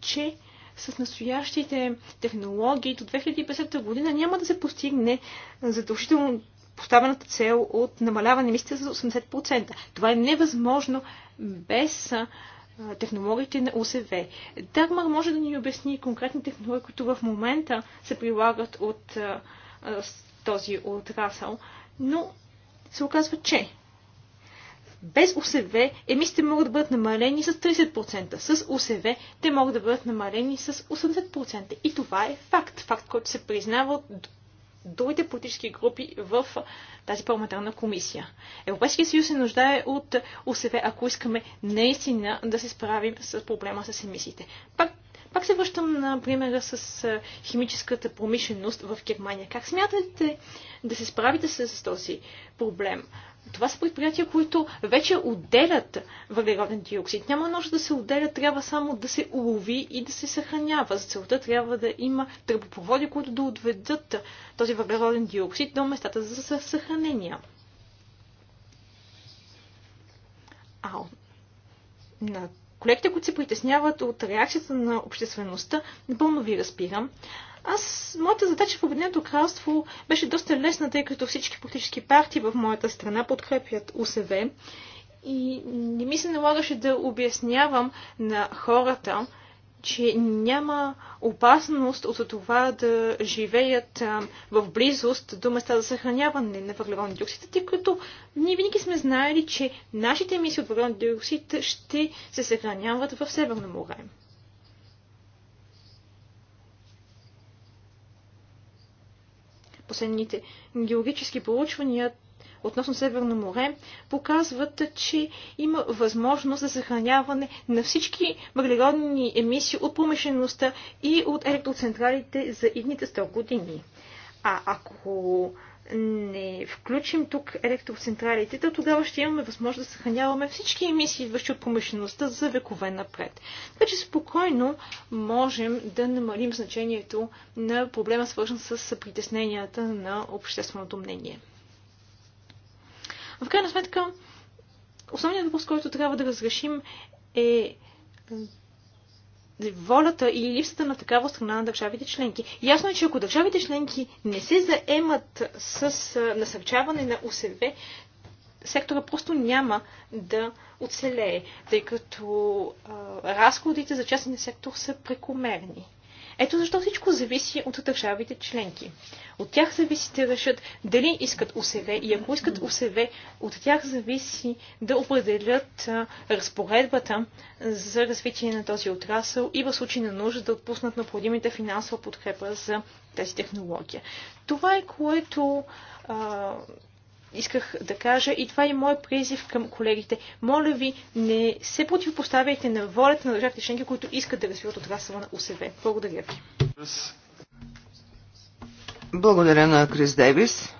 че с настоящите технологии до 2050 година няма да се постигне задължително поставената цел от намаляване емисиите за 80%. Това е невъзможно без технологиите на ОСВ. Дагмар може да ни обясни конкретни технологии, които в момента се прилагат от а, този отрасъл, но се оказва, че без ОСВ емисиите могат да бъдат намалени с 30%. С ОСВ те могат да бъдат намалени с 80%. И това е факт. Факт, който се признава от другите политически групи в тази парламентарна комисия. Европейския съюз се нуждае от ОСВ, ако искаме наистина да се справим с проблема с емисиите. Пак пак се връщам на примера с химическата промишленост в Германия. Как смятате да се справите с този проблем? това са предприятия, които вече отделят въглероден диоксид. Няма нужда да се отделя, трябва само да се улови и да се съхранява. За целта трябва да има тръбопроводи, които да отведат този въглероден диоксид до местата за съхранение. А на колегите, които се притесняват от реакцията на обществеността, напълно ви разбирам. Аз, моята задача в Обединеното кралство беше доста лесна, тъй като всички политически партии в моята страна подкрепят УСВ и не ми се налагаше да обяснявам на хората, че няма опасност от това да живеят в близост до места за съхраняване на въглероден диоксид, тъй като ние винаги сме знаели, че нашите емисии от въглероден диоксид ще се съхраняват в Северно море. последните геологически проучвания относно Северно море, показват, че има възможност за съхраняване на всички въглеродни емисии от промишлеността и от електроцентралите за идните 100 години. А ако не включим тук електроцентралите, то тогава ще имаме възможност да съхраняваме всички емисии, идващи от промишлеността за векове напред. Така че спокойно можем да намалим значението на проблема, свързан с притесненията на общественото мнение. В крайна сметка, основният въпрос, който трябва да разрешим е волята или липсата на такава страна на държавите членки. Ясно е, че ако държавите членки не се заемат с насърчаване на ОСВ, сектора просто няма да оцелее, тъй като а, разходите за частния сектор са прекомерни. Ето защо всичко зависи от държавите членки. От тях зависи да решат дали искат ОСВ и ако искат ОСВ, от тях зависи да определят разпоредбата за развитие на този отрасъл и в случай на нужда да отпуснат необходимите финансова подкрепа за тази технология. Това е което а, исках да кажа и това е моят призив към колегите. Моля ви, не се противопоставяйте на волята на държавите членки, които искат да развиват отрасъла на УСВ. Благодаря ви. Благодаря на Крис Дейвис.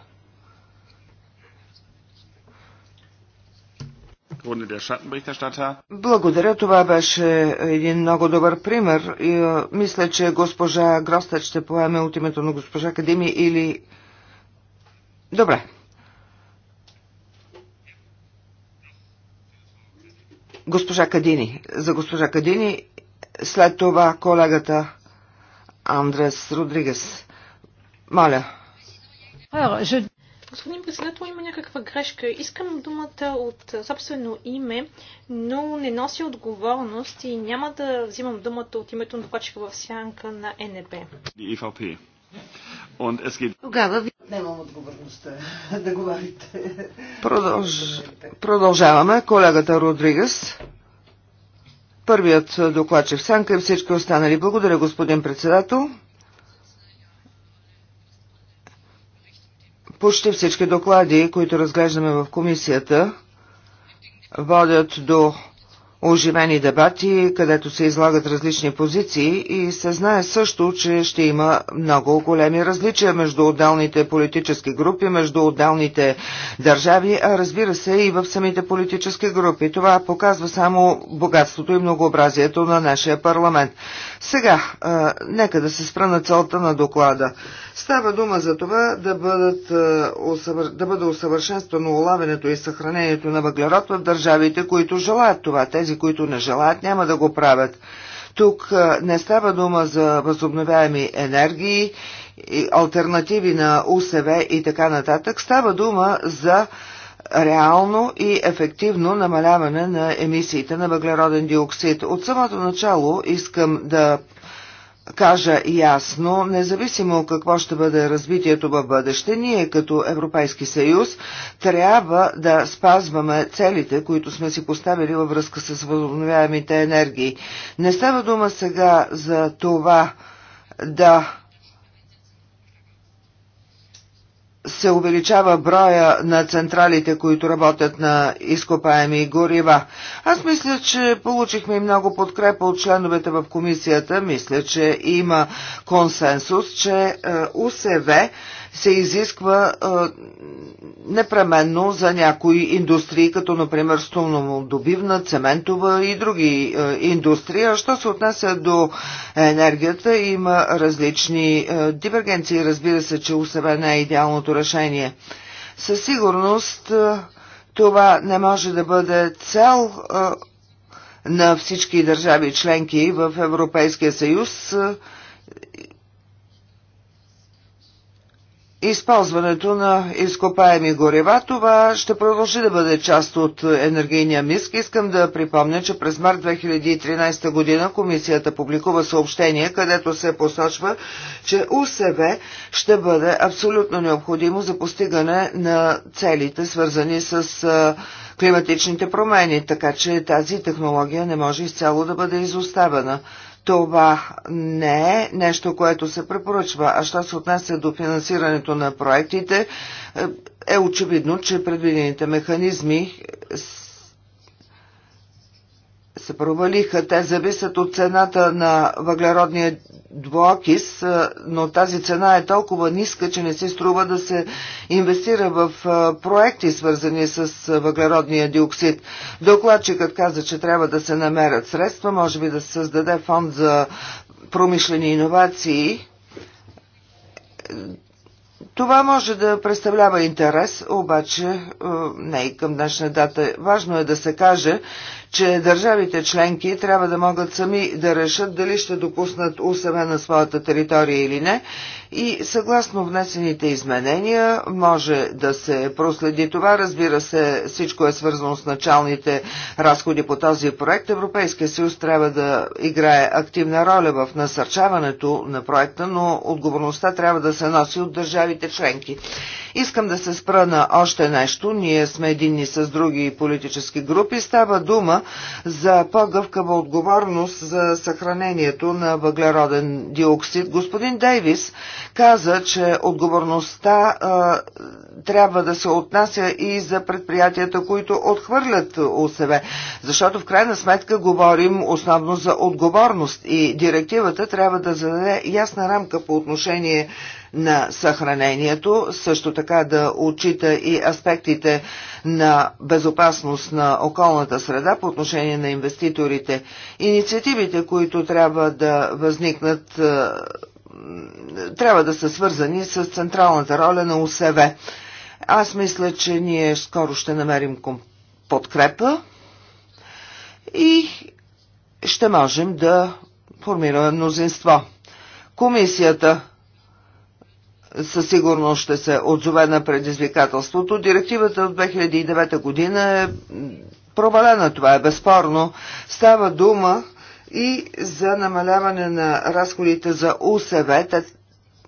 Благодаря, това беше един много добър пример. И, мисля, че госпожа Гростът ще поеме от името на госпожа Академи или... Добре. Госпожа Кадини. За госпожа Кадини, след това колегата Андрес Родригес. Маля. Господин председател, има някаква грешка. Искам думата от собствено име, но не нося отговорност и няма да взимам думата от името на докладчика в сянка на НП. Тогава ви отнемам отговорността да говорите. Продълж... Продължаваме. Колегата Родригес. Първият докладчик Санка и всички останали. Благодаря, господин председател. Почти всички доклади, които разглеждаме в комисията, водят до оживени дебати, където се излагат различни позиции и се знае също, че ще има много големи различия между отделните политически групи, между отделните държави, а разбира се и в самите политически групи. Това показва само богатството и многообразието на нашия парламент. Сега, а, нека да се спра на целта на доклада. Става дума за това да, бъдат, е, да бъде усъвършенствано улавянето и съхранението на въглерод в държавите, които желаят това. Тези, които не желаят, няма да го правят. Тук е, не става дума за възобновяеми енергии, альтернативи на УСВ и така нататък. Става дума за реално и ефективно намаляване на емисиите на въглероден диоксид. От самото начало искам да кажа ясно, независимо какво ще бъде развитието в бъдеще, ние като Европейски съюз трябва да спазваме целите, които сме си поставили във връзка с възобновяемите енергии. Не става дума сега за това да се увеличава броя на централите, които работят на изкопаеми горива. Аз мисля, че получихме много подкрепа от членовете в комисията. Мисля, че има консенсус, че е, УСВ се изисква непременно за някои индустрии, като например стомнодобивна, цементова и други индустрии. Що се отнася до енергията, има различни дивергенции. Разбира се, че УСВ не е идеалното решение. Със сигурност това не може да бъде цел на всички държави членки в Европейския съюз. използването на изкопаеми горева. Това ще продължи да бъде част от енергийния миск. Искам да припомня, че през март 2013 година комисията публикува съобщение, където се посочва, че УСВ ще бъде абсолютно необходимо за постигане на целите, свързани с климатичните промени, така че тази технология не може изцяло да бъде изоставена. Това не е нещо, което се препоръчва. А що се отнася до финансирането на проектите, е, е очевидно, че предвидените механизми се провалиха. Те зависят от цената на въглеродния двуокис, но тази цена е толкова ниска, че не си струва да се инвестира в проекти, свързани с въглеродния диоксид. Докладчикът каза, че трябва да се намерят средства, може би да се създаде фонд за промишлени иновации. Това може да представлява интерес, обаче не и към днешна дата. Важно е да се каже, че държавите членки трябва да могат сами да решат дали ще допуснат УСВ на своята територия или не и съгласно внесените изменения може да се проследи това. Разбира се, всичко е свързано с началните разходи по този проект. Европейския съюз трябва да играе активна роля в насърчаването на проекта, но отговорността трябва да се носи от държавите членки. Искам да се спра на още нещо. Ние сме единни с други политически групи. Става дума за по-гъвкава отговорност за съхранението на въглероден диоксид. Господин Дейвис каза, че отговорността а, трябва да се отнася и за предприятията, които отхвърлят ОСВ, защото в крайна сметка говорим основно за отговорност и директивата трябва да зададе ясна рамка по отношение на съхранението, също така да отчита и аспектите на безопасност на околната среда по отношение на инвеститорите. Инициативите, които трябва да възникнат трябва да са свързани с централната роля на ОСВ. Аз мисля, че ние скоро ще намерим подкрепа и ще можем да формираме мнозинство. Комисията със сигурност ще се отзове на предизвикателството. Директивата от 2009 година е провалена, това е безспорно. Става дума и за намаляване на разходите за УСВ. Те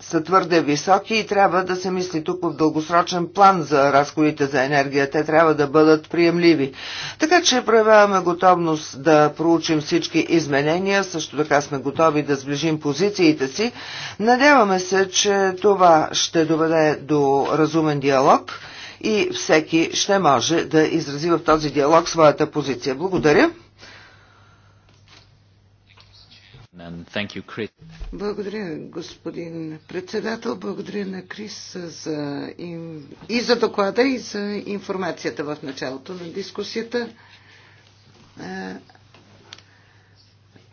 са твърде високи и трябва да се мисли тук в дългосрочен план за разходите за енергия. Те трябва да бъдат приемливи. Така че проявяваме готовност да проучим всички изменения. Също така сме готови да сближим позициите си. Надяваме се, че това ще доведе до разумен диалог и всеки ще може да изрази в този диалог своята позиция. Благодаря. благодаря, господин председател. Благодаря на Крис за, и за доклада, и за информацията в началото на дискусията.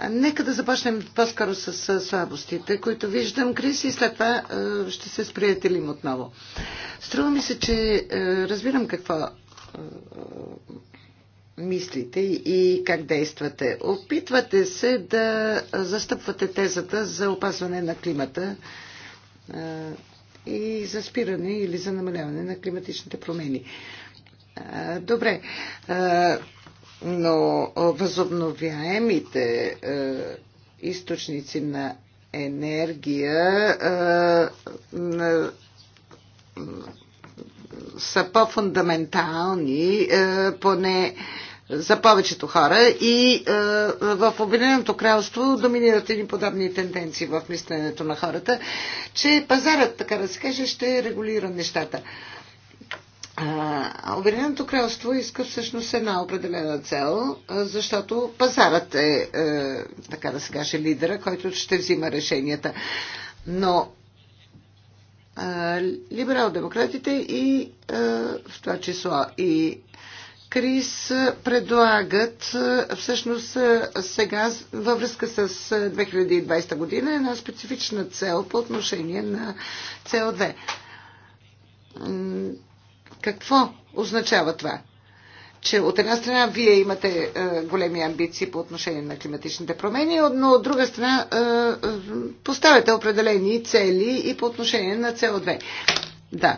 Нека да започнем по-скоро с слабостите, които виждам, Крис, и след това ще се сприятелим отново. Струва ми се, че разбирам какво мислите и как действате. Опитвате се да застъпвате тезата за опазване на климата и за спиране или за намаляване на климатичните промени. Добре, но възобновяемите източници на енергия са по-фундаментални, е, поне за повечето хора и е, в Обединеното кралство доминират едни подобни тенденции в мисленето на хората, че пазарът, така да се каже, ще регулира нещата. Обединеното кралство иска всъщност една определена цел, е, защото пазарът е, е така да се каже, лидера, който ще взима решенията. Но либерал-демократите и в това число и Крис предлагат всъщност сега във връзка с 2020 година една специфична цел по отношение на CO2. Какво означава това? че от една страна вие имате е, големи амбиции по отношение на климатичните промени, но от друга страна е, е поставяте определени цели и по отношение на CO2. Да.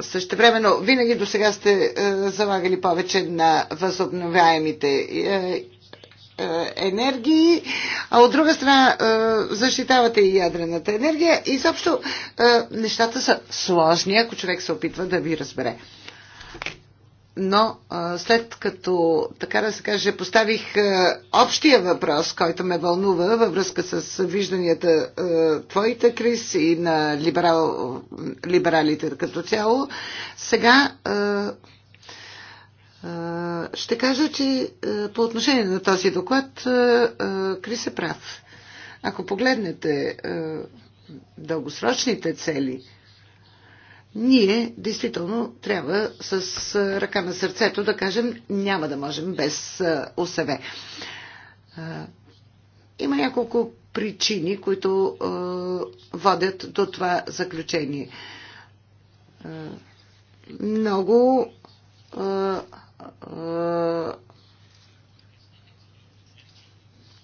Също времено, винаги до сега сте е, залагали повече на възобновяемите е, е енергии, а от друга страна е, защитавате и ядрената енергия. И Изобщо нещата са сложни, ако човек се опитва да ви разбере но след като, така да се каже, поставих общия въпрос, който ме вълнува във връзка с вижданията твоите, Крис, и на либерал, либералите като цяло, сега ще кажа, че по отношение на този доклад Крис е прав. Ако погледнете дългосрочните цели, ние действително трябва с ръка на сърцето да кажем няма да можем без ОСВ. Има няколко причини, които водят до това заключение. Много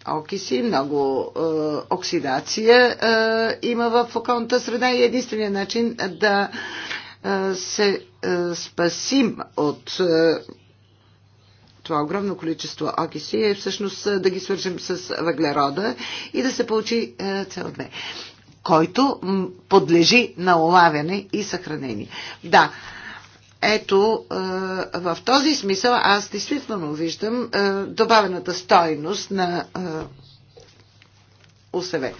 окиси, много е, оксидация е, има в околната среда и единственият начин да е, се е, спасим от е, това огромно количество окиси е всъщност е, да ги свържем с въглерода и да се получи е, CO2, който подлежи на улавяне и съхранение. Да, ето, в този смисъл аз действително виждам добавената стойност на ОСВ.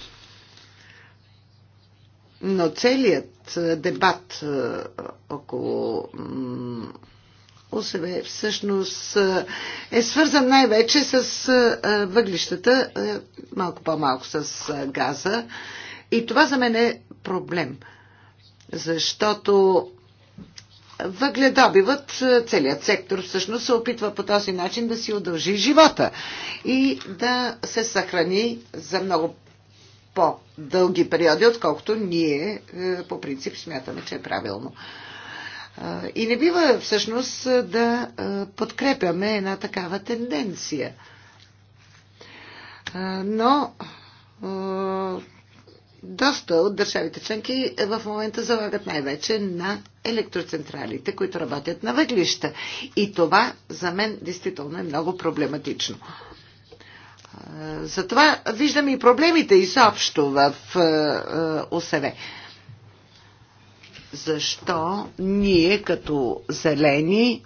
Но целият дебат около ОСВ всъщност е свързан най-вече с въглищата, малко по-малко с газа. И това за мен е проблем. Защото въгледобивът, е, целият сектор всъщност се опитва по този начин да си удължи живота и да се съхрани за много по-дълги периоди, отколкото ние е, по принцип смятаме, че е правилно. Е, и не бива всъщност да подкрепяме една такава тенденция. Но доста от държавите членки в момента залагат най-вече на електроцентралите, които работят на въглища. И това за мен действително е много проблематично. Затова виждаме и проблемите изобщо в ОСВ. Защо ние като зелени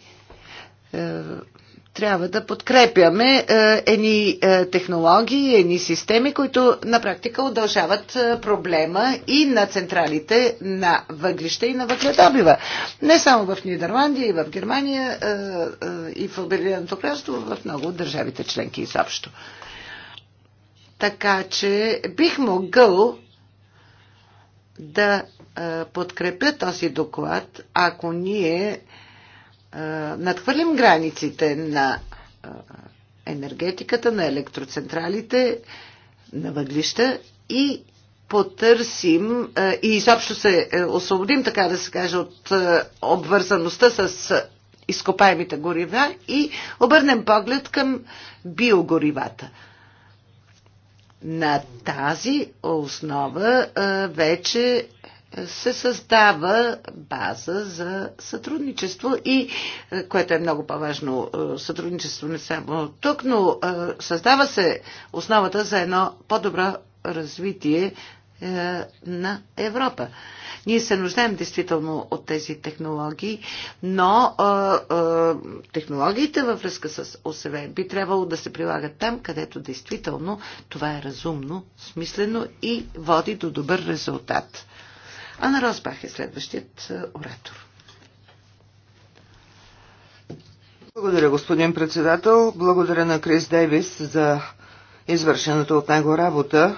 трябва да подкрепяме е, едни е, технологии, едни системи, които на практика удължават е, проблема и на централите на въглища и на въгледобива. Не само в Нидерландия, и в Германия, и в Обединеното кралство, в много от държавите членки изобщо. Така че бих могъл да подкрепя този доклад, ако ние надхвърлим границите на енергетиката, на електроцентралите, на въглища и потърсим и изобщо се е, освободим, така да се каже, от обвързаността с изкопаемите горива и обърнем поглед към биогоривата. На тази основа вече се създава база за сътрудничество и, е, което е много по-важно, е, сътрудничество не само тук, но е, създава се основата за едно по-добро развитие на Европа. Ние се нуждаем действително от тези технологии, но а, а, технологиите във връзка с ОСВ би трябвало да се прилагат там, където действително това е разумно, смислено и води до добър резултат. Ана Росбах е следващият е, оратор. Благодаря, господин председател. Благодаря на Крис Дейвис за извършената от него работа.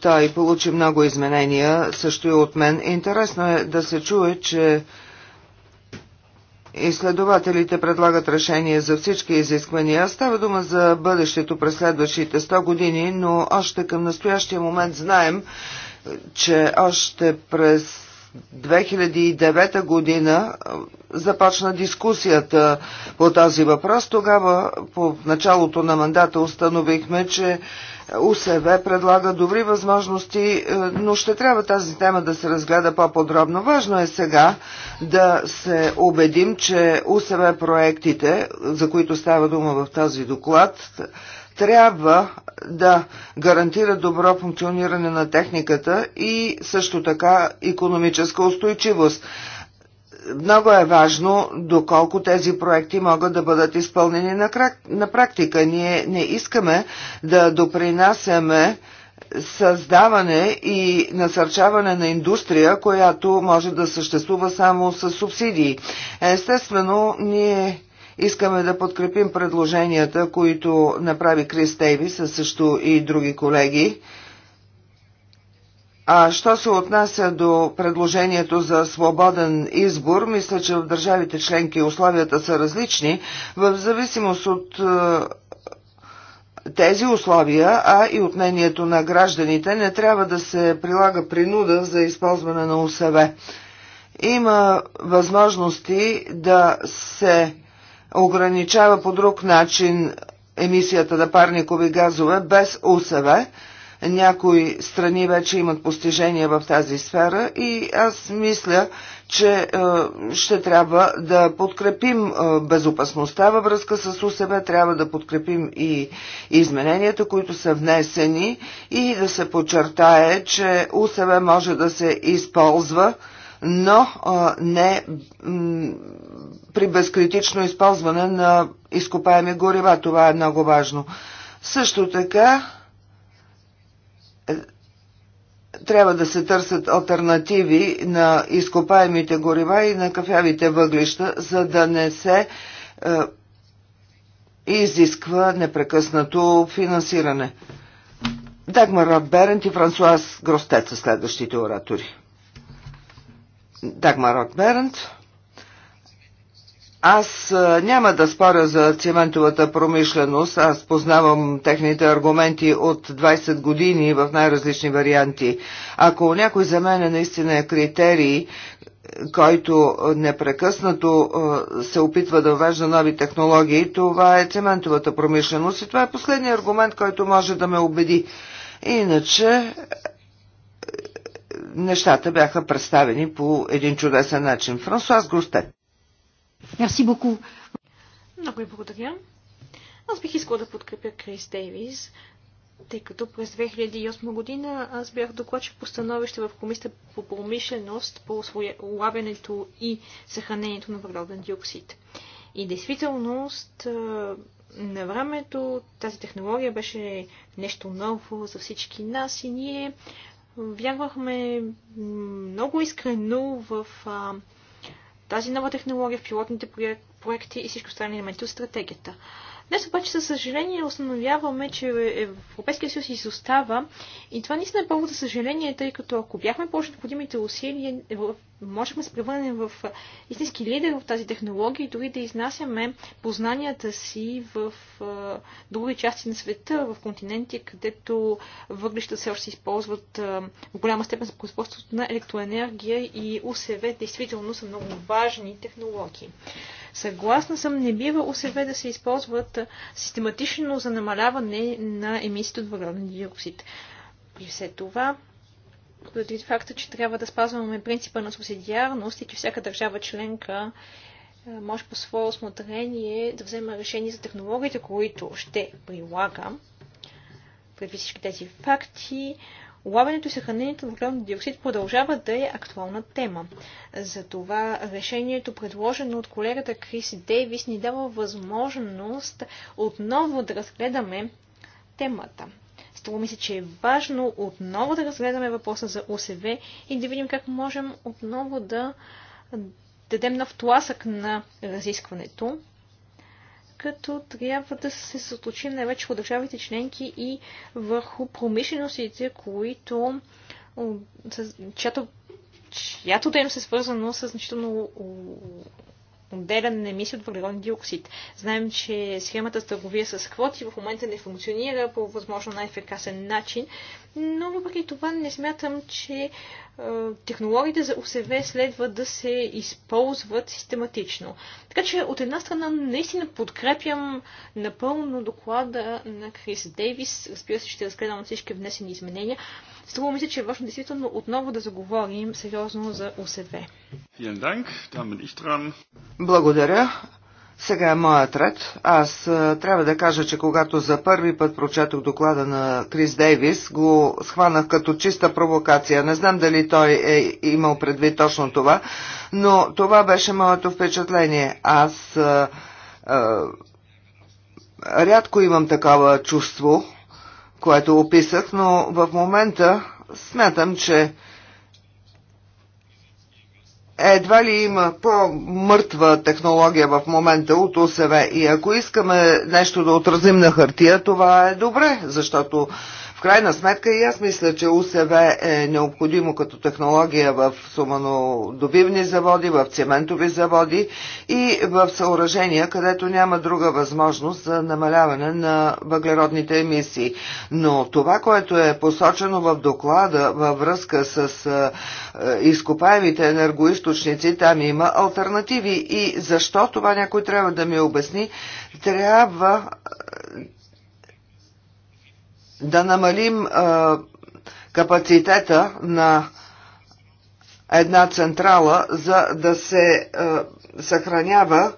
Той получи много изменения, също и от мен. Интересно е да се чуе, че изследователите предлагат решение за всички изисквания. Става дума за бъдещето през следващите 100 години, но още към настоящия момент знаем, че още през 2009 година започна дискусията по този въпрос. Тогава по началото на мандата установихме, че УСВ предлага добри възможности, е, но ще трябва тази тема да се разгледа по-подробно. Важно е сега да се убедим, че УСВ проектите, за които става дума в този доклад, трябва да гарантира добро функциониране на техниката и също така економическа устойчивост. Много е важно доколко тези проекти могат да бъдат изпълнени на, на практика. Ние не искаме да допринасяме създаване и насърчаване на индустрия, която може да съществува само с субсидии. Естествено, ние Искаме да подкрепим предложенията, които направи Крис Тейвис, а също и други колеги. А що се отнася до предложението за свободен избор, мисля, че в държавите членки условията са различни, в зависимост от е, тези условия, а и от мнението на гражданите, не трябва да се прилага принуда за използване на ОСВ. Има възможности да се ограничава по друг начин емисията на парникови газове без УСВ. Някои страни вече имат постижения в тази сфера и аз мисля, че е, ще трябва да подкрепим е, безопасността във връзка с УСВ, трябва да подкрепим и измененията, които са внесени и да се подчертае, че УСВ може да се използва но е, не при безкритично използване на изкопаеми горива. Това е много важно. Също така е, трябва да се търсят альтернативи на изкопаемите горива и на кафявите въглища, за да не се е, изисква непрекъснато финансиране. Дагмар Род и Франсуаз Гростет са следващите оратори. Дагмар Род Берент. Аз няма да споря за циментовата промишленост. Аз познавам техните аргументи от 20 години в най-различни варианти. Ако някой за мен е наистина е критерий, който непрекъснато се опитва да въвежда нови технологии, това е цементовата промишленост и това е последният аргумент, който може да ме убеди. Иначе нещата бяха представени по един чудесен начин. Франсуаз Гростет. Мерси Боку. Много ви благодаря. Аз бих искала да подкрепя Крис Дейвис, тъй като през 2008 година аз бях докладчик по становище в Комисията по промишленост по улавянето и съхранението на въглероден диоксид. И действителност на времето тази технология беше нещо ново за всички нас и ние вярвахме много искрено в тази нова технология в пилотните проекти и всички останали елементи от стратегията. Днес обаче, със съжаление, установяваме, че Европейския съюз изостава и това наистина е повод за съжаление, тъй като ако бяхме положили необходимите усилия, можехме да се превърнем в истински лидер в тази технология и дори да изнасяме познанията си в други части на света, в континенти, където въглища все още се използват в голяма степен за производството на електроенергия и УСВ действително са много важни технологии. Съгласна съм, не бива ОСВ да се използват систематично за намаляване на емисиите от въглероден диоксид. При все това, предвид факта, че трябва да спазваме принципа на субсидиарност и че всяка държава членка може по свое осмотрение да взема решение за технологиите, които ще прилага. Предвид всички тези факти, улавянето и съхранението на въглероден диоксид продължава да е актуална тема. Затова решението, предложено от колегата Крис Дейвис, ни дава възможност отново да разгледаме темата. Струва ми се, че е важно отново да разгледаме въпроса за ОСВ и да видим как можем отново да дадем нов тласък на разискването като трябва да се съточим най-вече от държавите членки и върху промишленостите, които чиято, чиято дейност е свързано с значително отделяне на емисии от въглероден диоксид. Знаем, че схемата с търговия с квоти в момента не функционира по възможно най-ефикасен начин, но въпреки това не смятам, че е, технологиите за ОСВ следва да се използват систематично. Така че от една страна наистина подкрепям напълно доклада на Крис Дейвис. Разбира се, ще разгледам всички внесени изменения. Струва ми се, че е важно действително отново да заговорим сериозно за ОСВ. Благодаря. Сега е моят ред. Аз е, трябва да кажа, че когато за първи път прочетох доклада на Крис Дейвис, го схванах като чиста провокация. Не знам дали той е имал предвид точно това, но това беше моето впечатление. Аз а, е, а, е, рядко имам такова чувство което описах, но в момента смятам, че едва ли има по-мъртва технология в момента от ОСВ и ако искаме нещо да отразим на хартия, това е добре, защото в крайна сметка и аз мисля, че УСВ е необходимо като технология в суманодобивни заводи, в цементови заводи и в съоръжения, където няма друга възможност за намаляване на въглеродните емисии. Но това, което е посочено в доклада във връзка с е, е, изкопаемите енергоисточници, там има альтернативи. И защо това някой трябва да ми обясни, трябва да намалим капацитета на една централа, за да се съхранява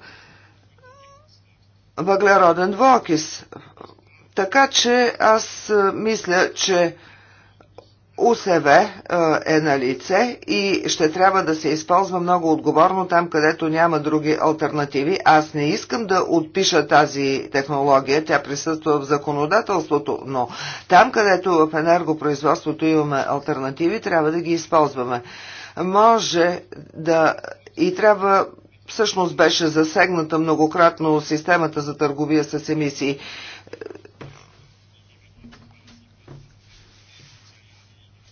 въглероден двуокис. Така че аз мисля, че УСВ е, е на лице и ще трябва да се използва много отговорно там, където няма други альтернативи. Аз не искам да отпиша тази технология, тя присъства в законодателството, но там, където в енергопроизводството имаме альтернативи, трябва да ги използваме. Може да и трябва всъщност беше засегната многократно системата за търговия с емисии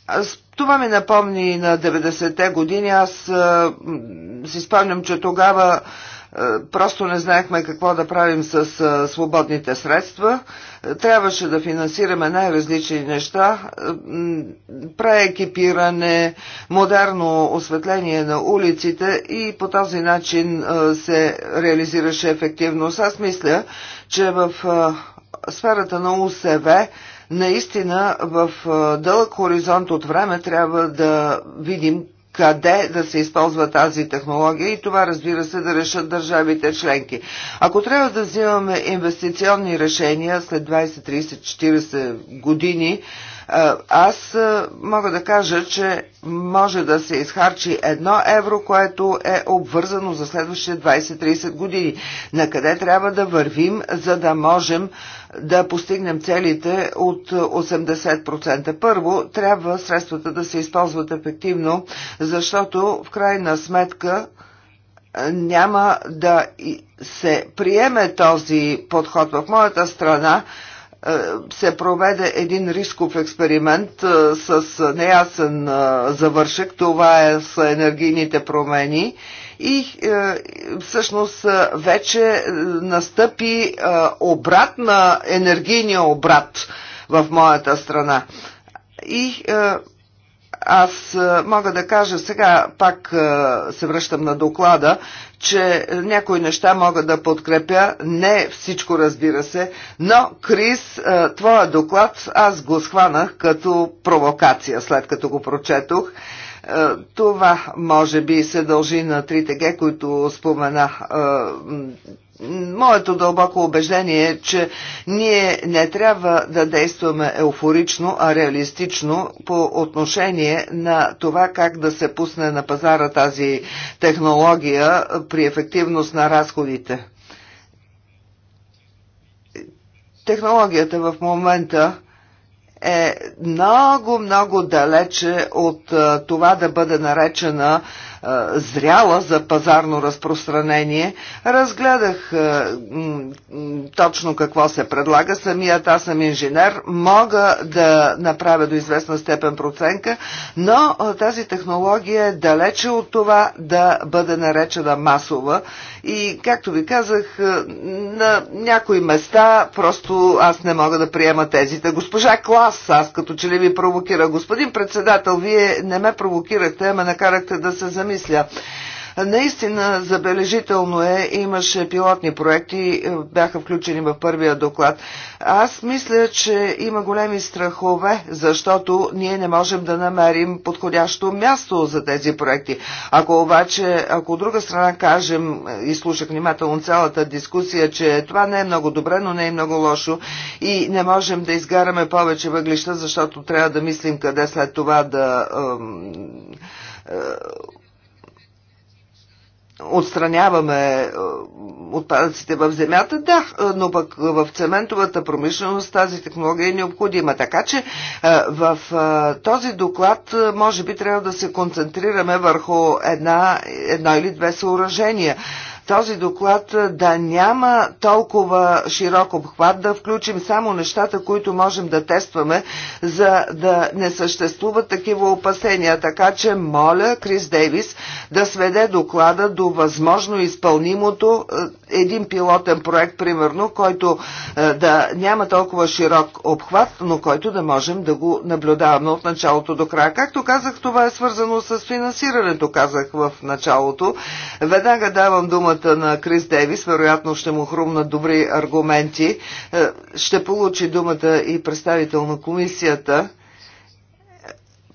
Аз, това ми напомни на 90-те години. Аз а, си спомням, че тогава а, просто не знаехме какво да правим с а, свободните средства. Трябваше да финансираме най-различни неща. Преекипиране, модерно осветление на улиците и по този начин а, се реализираше ефективност. Аз мисля, че в а, сферата на УСВ Наистина в дълъг хоризонт от време трябва да видим къде да се използва тази технология и това разбира се да решат държавите членки. Ако трябва да взимаме инвестиционни решения след 20, 30, 40 години, е, аз е, мога да кажа, че може да се изхарчи едно евро, което е обвързано за следващите 20-30 години. На къде трябва да вървим, за да можем да постигнем целите от 80%. Първо, трябва средствата да се използват ефективно, защото в крайна сметка е, няма да се приеме този подход в моята страна е, се проведе един рисков експеримент е, с неясен е, завършек. Това е с енергийните промени и всъщност вече настъпи обрат на енергийния обрат в моята страна. И аз е, мога да кажа сега, пак е, се връщам на доклада, че някои неща мога да подкрепя, не всичко разбира се, но Крис, е, твоя доклад аз го схванах като провокация, след като го прочетох. Това може би се дължи на трите г които спомена Моето дълбоко убеждение е, че ние не трябва да действаме еуфорично, а реалистично по отношение на това как да се пусне на пазара тази технология при ефективност на разходите. Технологията в момента е много, много далече от това да бъде наречена зряла за пазарно разпространение. Разгледах точно какво се предлага. Самият аз съм инженер, мога да направя до известна степен проценка, но тази технология е далече от това да бъде наречена масова и, както ви казах, е, на някои места просто аз не мога да приема тезите. Госпожа Клас, аз като че ли ви провокира. Господин председател, вие не ме провокирахте, а ме накарахте да се замисля. Наистина забележително е, имаше пилотни проекти, е, бяха включени в първия доклад. Аз мисля, че има големи страхове, защото ние не можем да намерим подходящо място за тези проекти. Ако обаче, ако от друга страна кажем, е, и слушах внимателно цялата дискусия, че това не е много добре, но не е много лошо и не можем да изгараме повече въглища, защото трябва да мислим къде след това да е, отстраняваме отпадъците в земята, да, но пък в цементовата промишленост тази технология е необходима. Така че в този доклад може би трябва да се концентрираме върху една, едно или две съоръжения този доклад да няма толкова широк обхват, да включим само нещата, които можем да тестваме, за да не съществуват такива опасения. Така че моля Крис Дейвис да сведе доклада до възможно изпълнимото един пилотен проект, примерно, който е, да няма толкова широк обхват, но който да можем да го наблюдаваме от началото до края. Както казах, това е свързано с финансирането, казах в началото. Веднага давам думата на Крис Девис, вероятно ще му хрумнат добри аргументи. Е, ще получи думата и представител на комисията.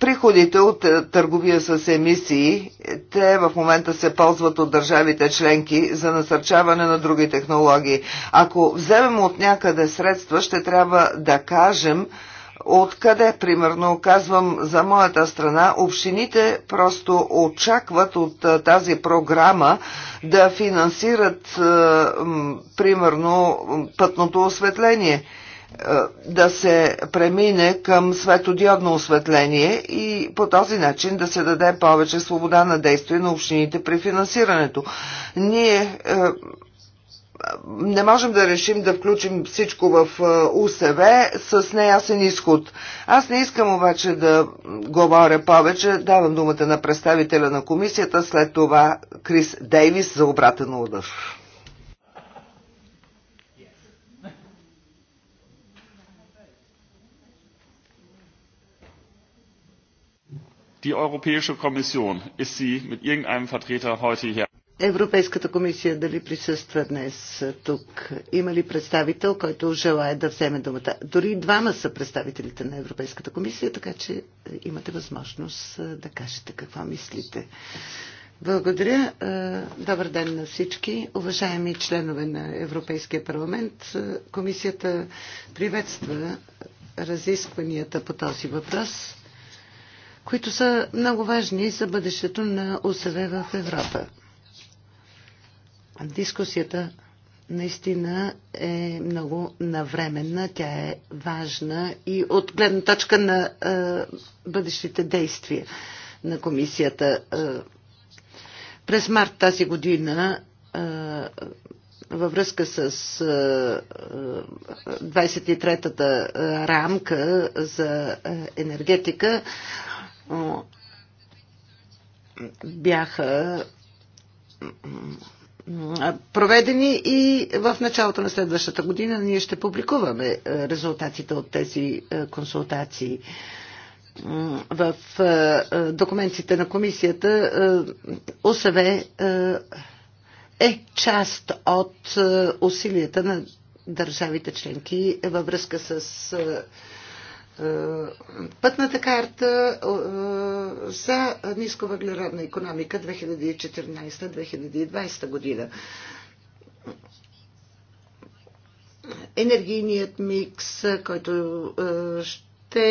Приходите от е, търговия с емисии, е, те в момента се ползват от държавите членки за насърчаване на други технологии. Ако вземем от някъде средства, ще трябва да кажем откъде, примерно, казвам за моята страна, общините просто очакват от е, тази програма да финансират, примерно, пътното осветление – е, да се премине към светодиодно осветление и по този начин да се даде повече свобода на действие на общините при финансирането. Ние е, не можем да решим да включим всичко в е, УСВ с неясен изход. Аз не искам обаче да говоря повече. Давам думата на представителя на комисията, след това Крис Дейвис за обратен удар. Die Europäische Kommission, ist sie mit irgendeinem Vertreter heute hier? Европейската комисия дали присъства днес тук? Има ли представител, който желая да вземе думата? Дори двама са представителите на Европейската комисия, така че е, имате възможност е, да кажете какво мислите. Благодаря. Е, добър ден на всички. Уважаеми членове на Европейския парламент, комисията приветства разискванията по този въпрос които са много важни за бъдещето на ОСВ в Европа. Дискусията наистина е много навременна, тя е важна и от гледна точка на е, бъдещите действия на комисията. Е, през март тази година е, във връзка с е, 23-та е, рамка за е, енергетика бяха проведени и в началото на следващата година ние ще публикуваме е, резултатите от тези е, консултации. В е, документите на комисията ОСВ е част от усилията на държавите членки във връзка с е, пътната карта е, за нисковъглеродна економика 2014-2020 година. Енергийният микс, който е, ще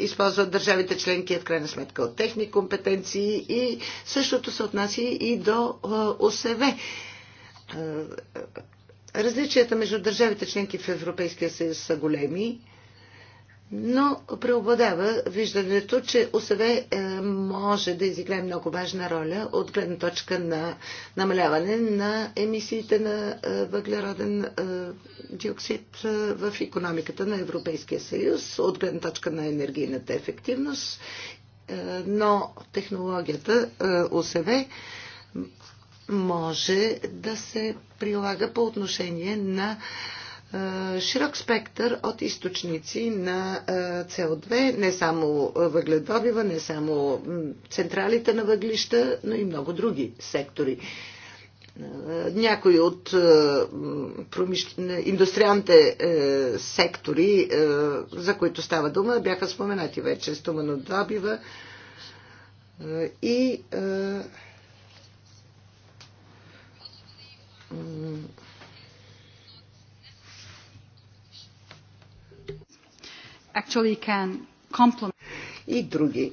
използват държавите членки, е в крайна сметка от техни компетенции и същото се отнася и до ОСВ. Различията между държавите членки в Европейския съюз са големи но преобладава виждането, че ОСВ е, може да изиграе много важна роля от гледна точка на намаляване на емисиите на е, въглероден е, диоксид в економиката на Европейския съюз, от гледна точка на енергийната ефективност, но технологията ОСВ може да се прилага по отношение на е, широк спектър от източници на CO2, е, не само въгледобива, не само централите на въглища, но и много други сектори. Е, някои от индустриалните сектори, за които става дума, бяха споменати вече стоманодобива и actually can complement. И други.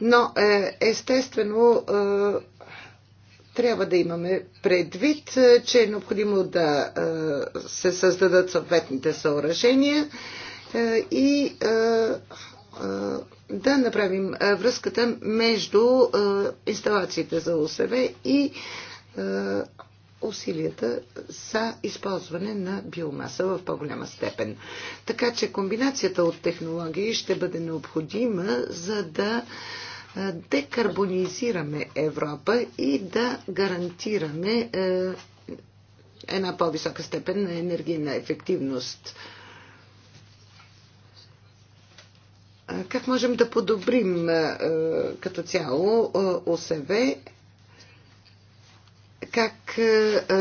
Но е, естествено е, трябва да имаме предвид, е, че е необходимо да се създадат съответните съоръжения и да направим връзката между инсталациите за ОСВ и усилията за използване на биомаса в по-голяма степен. Така че комбинацията от технологии ще бъде необходима, за да декарбонизираме Европа и да гарантираме една по-висока степен на енергийна ефективност. Как можем да подобрим като цяло ОСВ как е, е,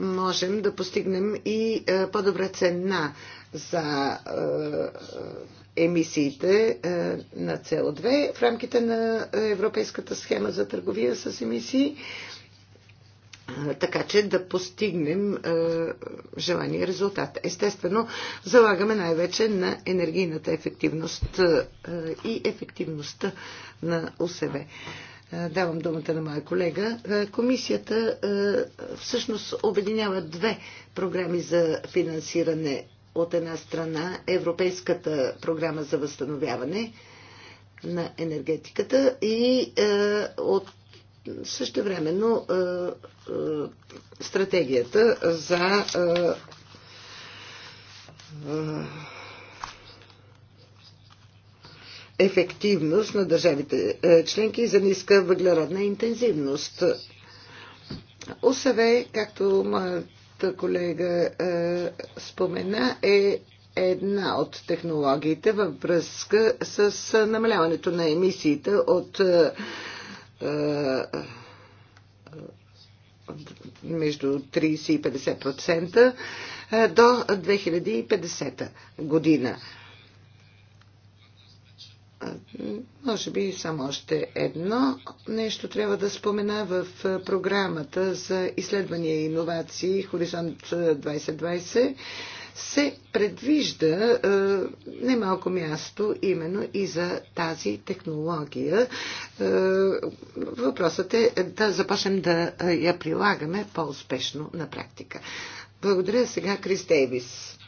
можем да постигнем и е, по-добра цена за емисиите на CO2 в рамките на Европейската схема за търговия с емисии, така че да постигнем желания резултат. Естествено, залагаме най-вече на енергийната ефективност и ефективността на ОСВ. Е, давам думата на моя колега. Е, комисията е, всъщност обединява две програми за финансиране. От една страна Европейската програма за възстановяване на енергетиката и от също времено стратегията за ефективност на държавите е, членки за ниска въглеродна интензивност. ОСВ, както моята колега е, спомена, е една от технологиите във връзка с е, намаляването на емисиите от между 30 и 50% до 2050 година. Може би само още едно нещо трябва да спомена в програмата за изследвания и иновации Хоризонт 2020 се предвижда е, немалко място именно и за тази технология. Е, въпросът е да започнем да я прилагаме по-успешно на практика. Благодаря сега Крис Дейвис.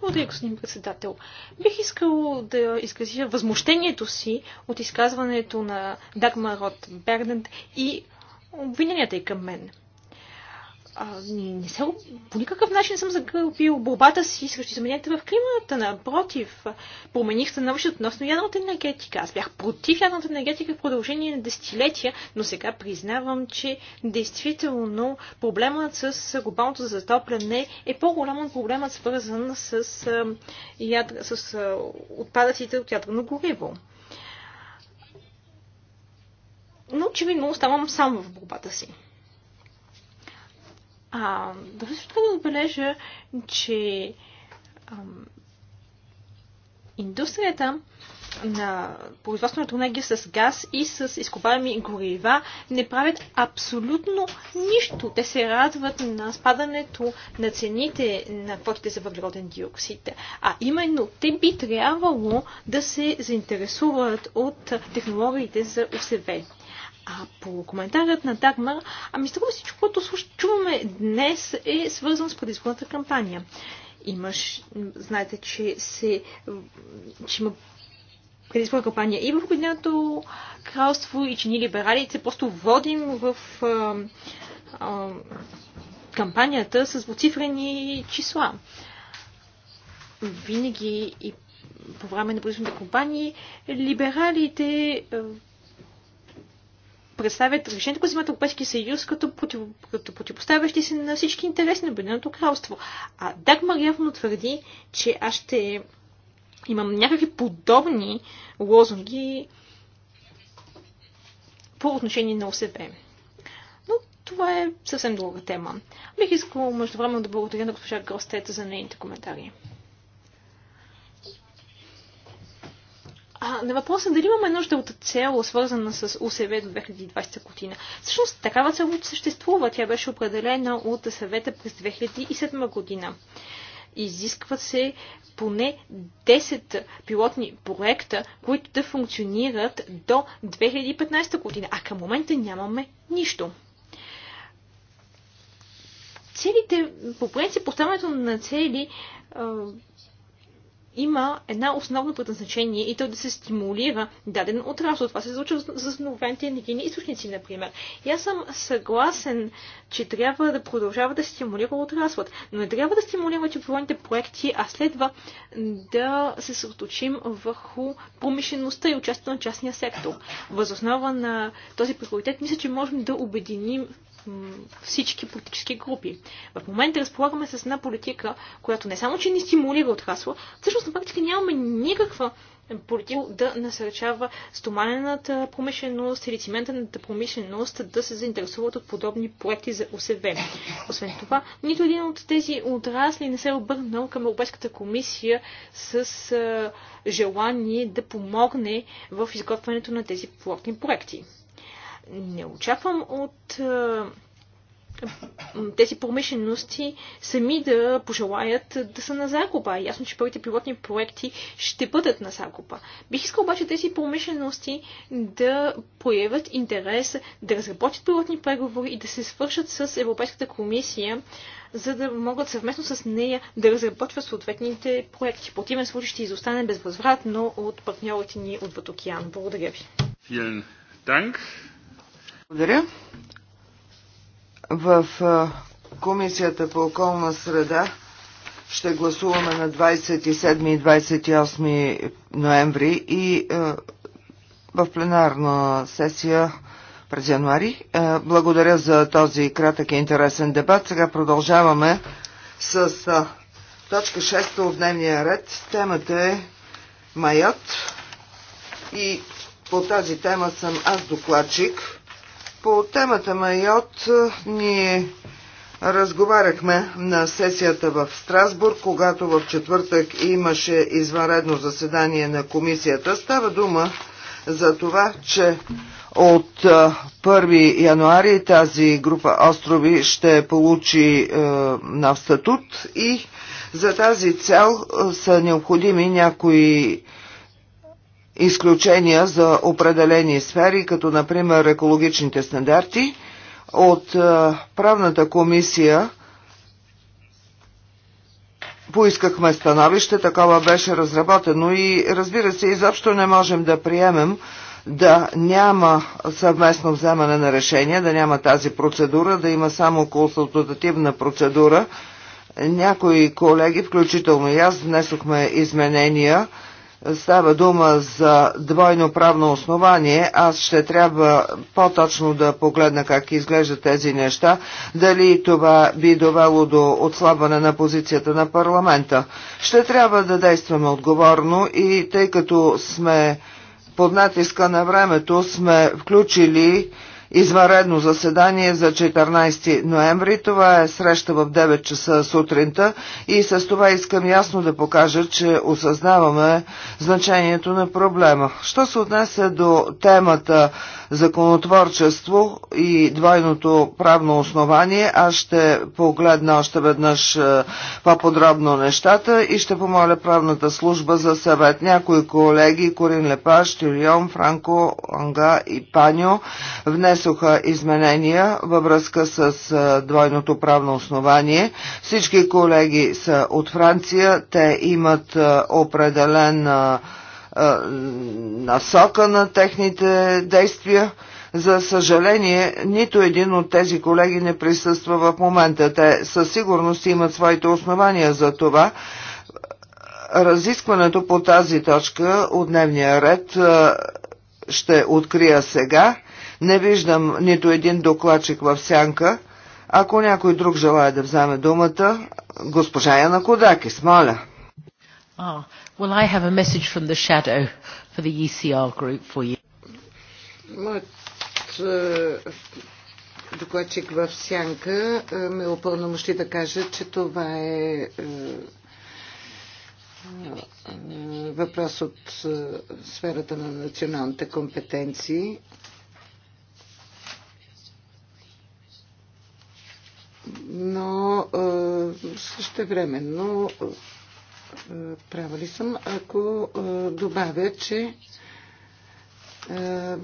Благодаря, господин председател. Бих искал да изказя възмущението си от изказването на Дагмар Рот Бернанд и обвиненията и към мен а, не се, по никакъв начин не съм загърбил борбата си срещу измененията в климата. Напротив, промених становище относно ядрената енергетика. Аз бях против ядрената енергетика в продължение на десетилетия, но сега признавам, че действително проблемът с глобалното затопляне е по-голям от проблемът свързан с, яд... с а, отпадъците от ядрено гориво. Но очевидно оставам сам в борбата си. А, да също така да отбележа, че ам, индустрията на производство на енергия с газ и с изкопаеми горива не правят абсолютно нищо. Те се радват на спадането на цените на квотите за въглероден диоксид. А именно те би трябвало да се заинтересуват от технологиите за ОСВ. А по коментарът на Дагмар, ами струва всичко, което чуваме днес е свързано с предизборната кампания. Имаш, знаете, че, се, че има предизборна кампания и в Обединеното кралство, и че ние либералите просто водим в а, а, кампанията с двуцифрени числа. Винаги и по време на предизборните кампании либералите представят решението, които вземат Европейския съюз, като, против, като противопоставящи се на всички интереси на Обединеното кралство. А Дагмар явно твърди, че аз ще имам някакви подобни лозунги по отношение на ОСБ. Но това е съвсем друга тема. Бих искал междувременно да благодаря на госпожа Гростет за нейните коментари. А, на въпроса дали имаме нужда от цел, свързана с ОСВ до 2020 година. Всъщност такава цел съществува. Тя беше определена от съвета през 2007 година. Изискват се поне 10 пилотни проекта, които да функционират до 2015 година, а към момента нямаме нищо целите, по принцип, поставянето на цели има една основно предназначение и то е да се стимулира даден отрасъл. Това се случва с основните енергийни източници, например. И аз съм съгласен, че трябва да продължава да стимулира отраслът, но не трябва да стимулира тепловодните проекти, а следва да се съсредоточим върху промишлеността и участието на частния сектор. Възоснова на този приоритет мисля, че можем да обединим всички политически групи. В момента разполагаме с една политика, която не само, че ни стимулира отрасла, всъщност на практика нямаме никаква политика да насърчава стоманената промишленост или циментната промишленост да се заинтересуват от подобни проекти за ОСВ. Освен това, нито един от тези отрасли не се е обърнал към Европейската комисия с желание да помогне в изготвянето на тези пилотни проекти. Не очаквам от е, тези промишлености сами да пожелаят да са на загуба. Ясно, че първите пилотни проекти ще бъдат на загуба. Бих искал обаче тези промишлености да проявят интерес, да разработят пилотни преговори и да се свършат с Европейската комисия, за да могат съвместно с нея да разработват съответните проекти. В противен случай ще изостане безвъзвратно от партньорите ни от Батокеан. Благодаря ви. Благодаря. В Комисията по околна среда ще гласуваме на 27 и 28 ноември и в пленарна сесия през януари. Благодаря за този кратък и интересен дебат. Сега продължаваме с точка 6 от дневния ред. Темата е Майот и по тази тема съм аз докладчик. По темата Майот е, ние разговаряхме на сесията в Страсбург, когато в четвъртък имаше извънредно заседание на комисията. Става дума за това, че от 1 е, януари тази група острови ще получи е, нов статут и за тази цел е, са необходими някои изключения за определени сфери, като например екологичните стандарти. От е, правната комисия поискахме становище, такова беше разработено и разбира се, изобщо не можем да приемем да няма съвместно вземане на решение, да няма тази процедура, да има само консултативна процедура. Някои колеги, включително и аз, внесохме изменения става дума за двойно правно основание, аз ще трябва по-точно да погледна как изглеждат тези неща, дали това би довело до отслабване на позицията на парламента. Ще трябва да действаме отговорно и тъй като сме под натиска на времето, сме включили извънредно заседание за 14 ноември. Това е среща в 9 часа сутринта и с това искам ясно да покажа, че осъзнаваме значението на проблема. Що се отнася до темата законотворчество и двойното правно основание. Аз ще погледна още веднъж е, по-подробно нещата и ще помоля правната служба за съвет. Някои колеги, Корин Лепаш, Тюрион, Франко, Анга и Паньо, внесоха изменения във връзка с е, двойното правно основание. Всички колеги са от Франция, те имат е, определен насока на техните действия. За съжаление, нито един от тези колеги не присъства в момента. Те със сигурност имат своите основания за това. Разискването по тази точка от дневния ред ще открия сега. Не виждам нито един докладчик в сянка. Ако някой друг желая да вземе думата, госпожа Яна Кодакис, моля. Well, I have a message from the shadow for the ECR group for you. Моят е, докладчик в Сянка е, ме опълномощи да каже, че това е, е въпрос от сферата на националните компетенции. Но също времено е, права ли съм, ако е, добавя, че е,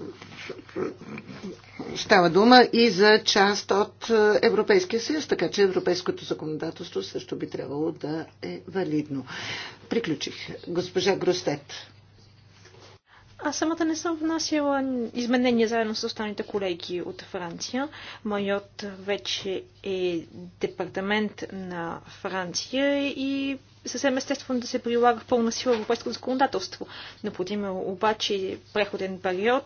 става дума и за част от Европейския съюз, така че европейското законодателство също би трябвало да е валидно. Приключих. Госпожа Гростет. Аз самата не съм внасяла изменения заедно с останалите колеги от Франция. Майот вече е департамент на Франция и съвсем естествено да се прилага в пълна сила европейско законодателство. Необходим е обаче преходен период,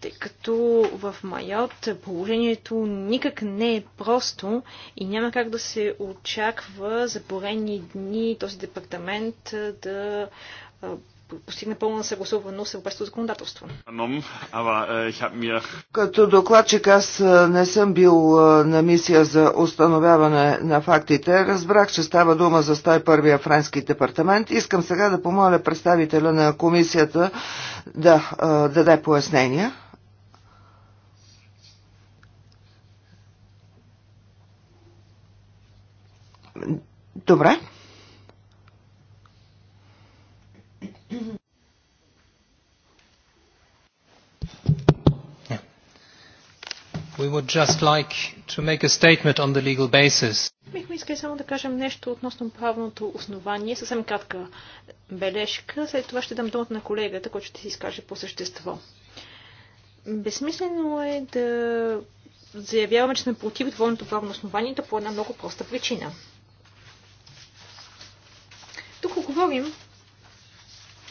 тъй като в Майот положението никак не е просто и няма как да се очаква за порени дни този департамент да постигне пълна съгласуваност с европейското законодателство. Е, Като докладчик аз е, не съм бил е, на мисия за установяване на фактите. Разбрах, че става дума за 101-я френски департамент. Искам сега да помоля представителя на комисията да, да даде пояснения. Добре. We would just like to make a statement on the legal basis. Бихме искали само да кажем нещо относно правното основание. Съвсем кратка бележка. След това ще дам думата на колегата, който ще си изкаже по същество. Безсмислено е да заявяваме, че сме против двойното правно основание по една много проста причина. Тук говорим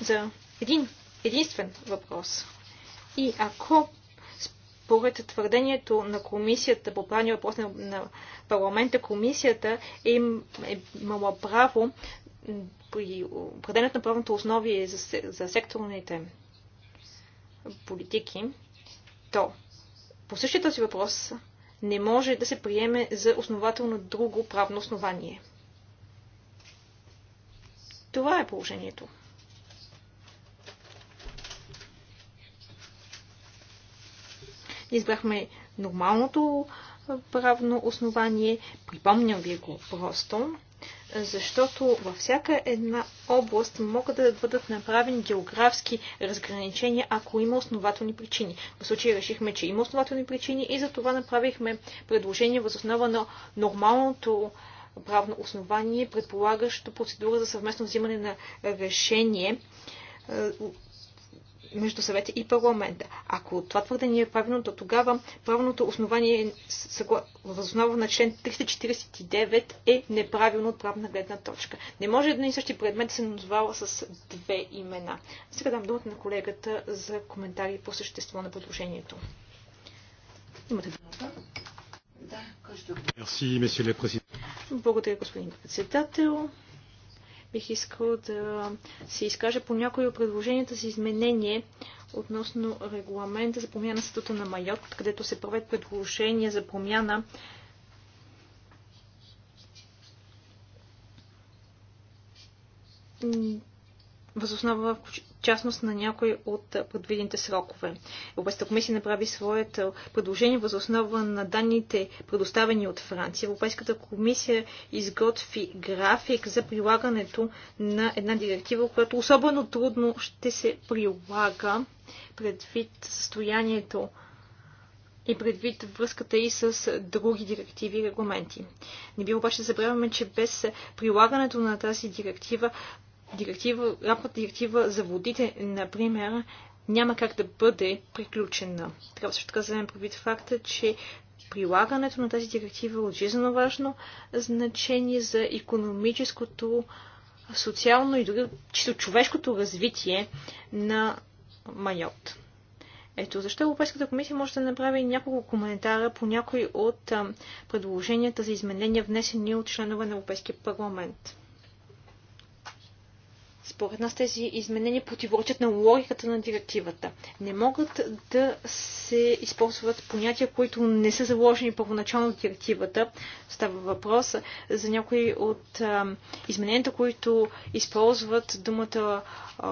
за един единствен въпрос. И ако според твърдението на комисията по правни въпроси на парламента, комисията е имала право при определенето на правното основи за, за секторните политики, то по същия този въпрос не може да се приеме за основателно друго правно основание. Това е положението. избрахме нормалното правно основание. Припомням ви го просто, защото във всяка една област могат да бъдат направени географски разграничения, ако има основателни причини. В случай решихме, че има основателни причини и за това направихме предложение възоснова на нормалното правно основание, предполагащо процедура за съвместно взимане на решение между съвета и парламента. Ако това твърдение е правилно, то тогава правилното основание съгла... възоснова на член 349 е неправилно от правна гледна точка. Не може един и същи предмет се назвава с две имена. Сега дам думата на колегата за коментари по същество на предложението. Имате думата. Да, Благодаря, господин председател бих искал да се изкажа по някои от предложенията за изменение относно регламента за промяна на статута на Майот, където се правят предложения за промяна възоснова в частност на някои от предвидените срокове. Европейската комисия направи своето предложение възоснова на данните, предоставени от Франция. Европейската комисия изготви график за прилагането на една директива, която особено трудно ще се прилага предвид състоянието и предвид връзката и с други директиви и регламенти. Не бива обаче да забравяме, че без прилагането на тази директива директива, рамковата директива за водите, например, няма как да бъде приключена. Трябва също така да вземем предвид факта, че прилагането на тази директива е от жизненно важно значение за економическото, социално и дори чисто човешкото развитие на Майот. Ето защо Европейската комисия може да направи няколко коментара по някои от предложенията за изменения, внесени от членове на Европейския парламент. Според нас тези изменения противоречат на логиката на директивата. Не могат да се използват понятия, които не са заложени първоначално в директивата. Става въпрос за някои от а, измененията, които използват думата а,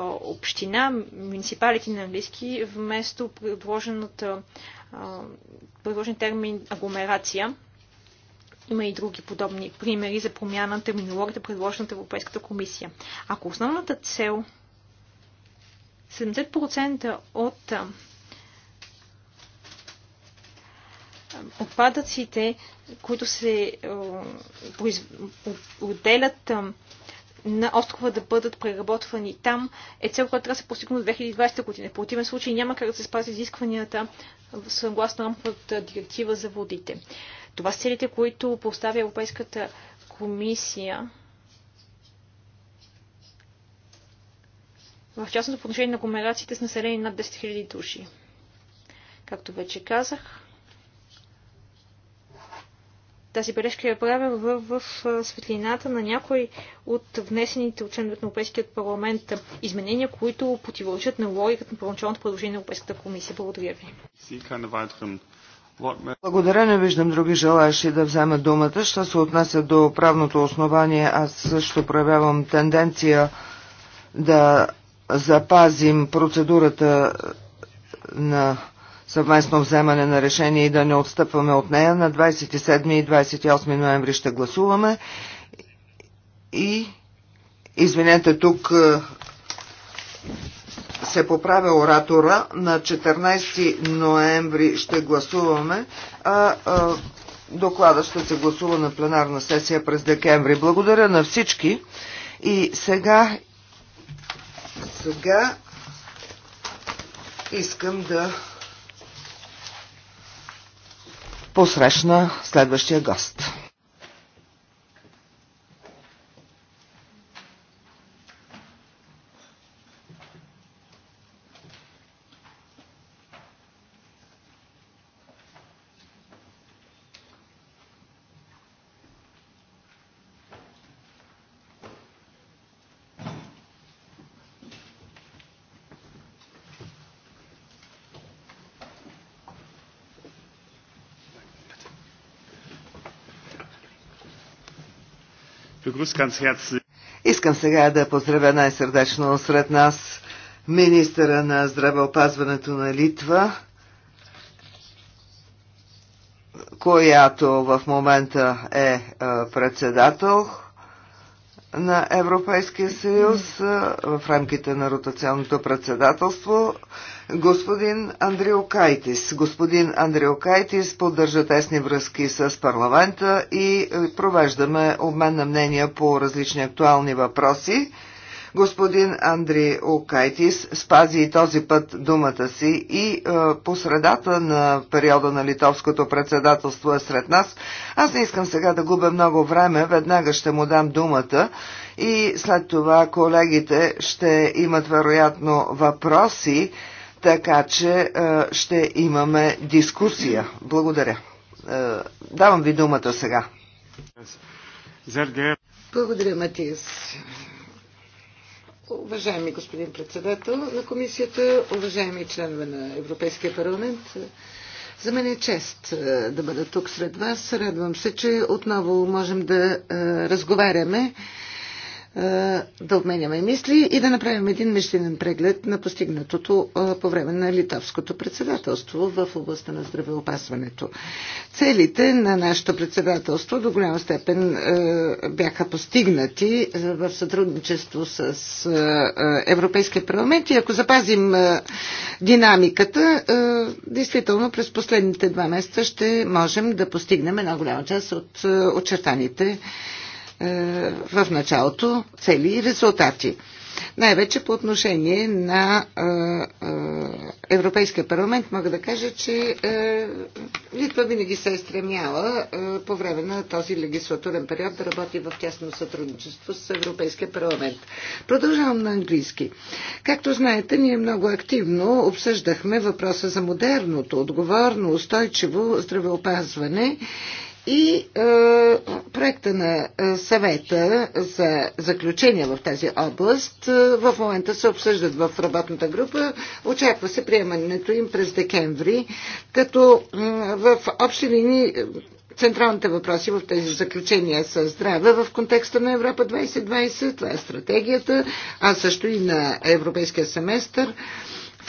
община, муниципалите на английски, вместо предложен термин агломерация. Има и други подобни примери за промяна на терминологията, предложена от Европейската комисия. Ако основната цел 70% от отпадъците, които се отделят на острова да бъдат преработвани там, е цел, която трябва да се постигне до 2020 година. В противен случай няма как да се спази изискванията съгласно рамковата директива за водите. Това са целите, които поставя Европейската комисия. В частното по отношение на комерациите с население над 10 000 души. Както вече казах, тази бележка я правя в, в, светлината на някои от внесените от членовете на Европейският парламент изменения, които противоречат на логиката на първоначалното предложение на Европейската комисия. Благодаря ви. Благодаря, не виждам други желаящи да взема думата. Що се отнася до правното основание, аз също проявявам тенденция да запазим процедурата на съвместно вземане на решение и да не отстъпваме от нея. На 27 и 28 ноември ще гласуваме и извинете тук се поправя оратора. На 14 ноември ще гласуваме, а, а доклада ще се гласува на пленарна сесия през декември. Благодаря на всички. И сега, сега искам да посрещна следващия гост. Искам сега да поздравя най-сърдечно сред нас министъра на здравеопазването на Литва, която в момента е, е председател на Европейския съюз в рамките на ротационното председателство господин Андрио Кайтис. Господин Андрио Кайтис поддържа тесни връзки с парламента и провеждаме обмен на мнения по различни актуални въпроси. Господин Андри Окайтис спази и този път думата си и е, по средата на периода на литовското председателство е сред нас. Аз не искам сега да губя много време, веднага ще му дам думата и след това колегите ще имат вероятно въпроси, така че е, ще имаме дискусия. Благодаря. Е, давам ви думата сега. Благодаря, Матис. Уважаеми господин председател на комисията, уважаеми членове на Европейския парламент, за мен е чест е, да бъда тук сред вас. Радвам се, че отново можем да е, разговаряме е, да обменяме мисли и да направим един мишлинен преглед на постигнатото е, по време на литовското председателство в областта на здравеопасването. Целите на нашето председателство до голяма степен е, бяха постигнати в сътрудничество с Европейския парламент и ако запазим динамиката, действително през последните два месеца ще можем да постигнем една голяма част от очертаните е, в началото цели и резултати. Най-вече по отношение на е, е, Европейския парламент мога да кажа, че Литва винаги се е стремяла по време на този легислатурен период да работи в тясно сътрудничество с Европейския парламент. Продължавам на английски. Както знаете, ние много активно обсъждахме въпроса за модерното, отговорно, устойчиво здравеопазване и е, проекта на е, съвета за заключения в тази област е, в момента се обсъждат в работната група. Очаква се приемането им през декември, като е, в общи линии е, централните въпроси в тези заключения са здраве в контекста на Европа 2020, това е стратегията, а също и на европейския семестър. Е,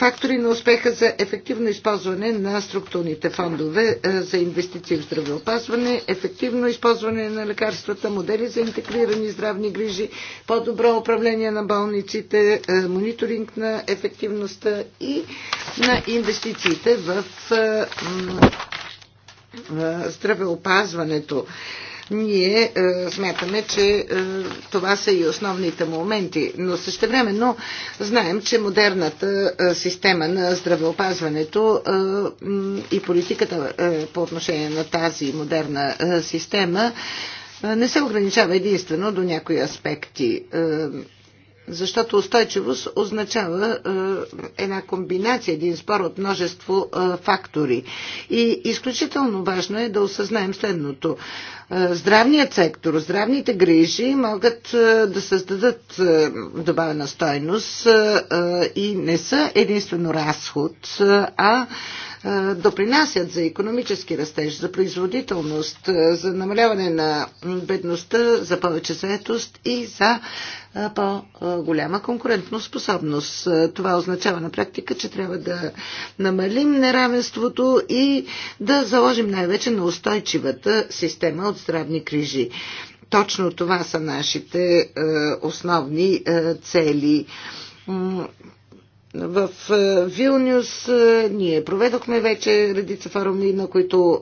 фактори на успеха за ефективно използване на структурните фондове е, за инвестиции в здравеопазване, ефективно използване на лекарствата, модели за интегрирани здравни грижи, по-добро управление на болниците, е, мониторинг на ефективността и на инвестициите в е, здравеопазването. Ние е, смятаме, че е, това са и основните моменти, но същевременно знаем, че модерната е, система на здравеопазването е, и политиката е, по отношение на тази модерна е, система е, не се ограничава единствено до някои аспекти. Е, защото устойчивост означава е, една комбинация, един спор от множество е, фактори. И изключително важно е да осъзнаем следното. Е, здравният сектор, здравните грижи могат е, да създадат е, добавена стойност е, е и не са единствено разход, е, а допринасят за економически растеж, за производителност, за намаляване на бедността, за повече заетост и за по-голяма конкурентоспособност. Това означава на практика, че трябва да намалим неравенството и да заложим най-вече на устойчивата система от здравни грижи. Точно това са нашите основни цели в е, Вилнюс е, ние проведохме вече редица форуми, на които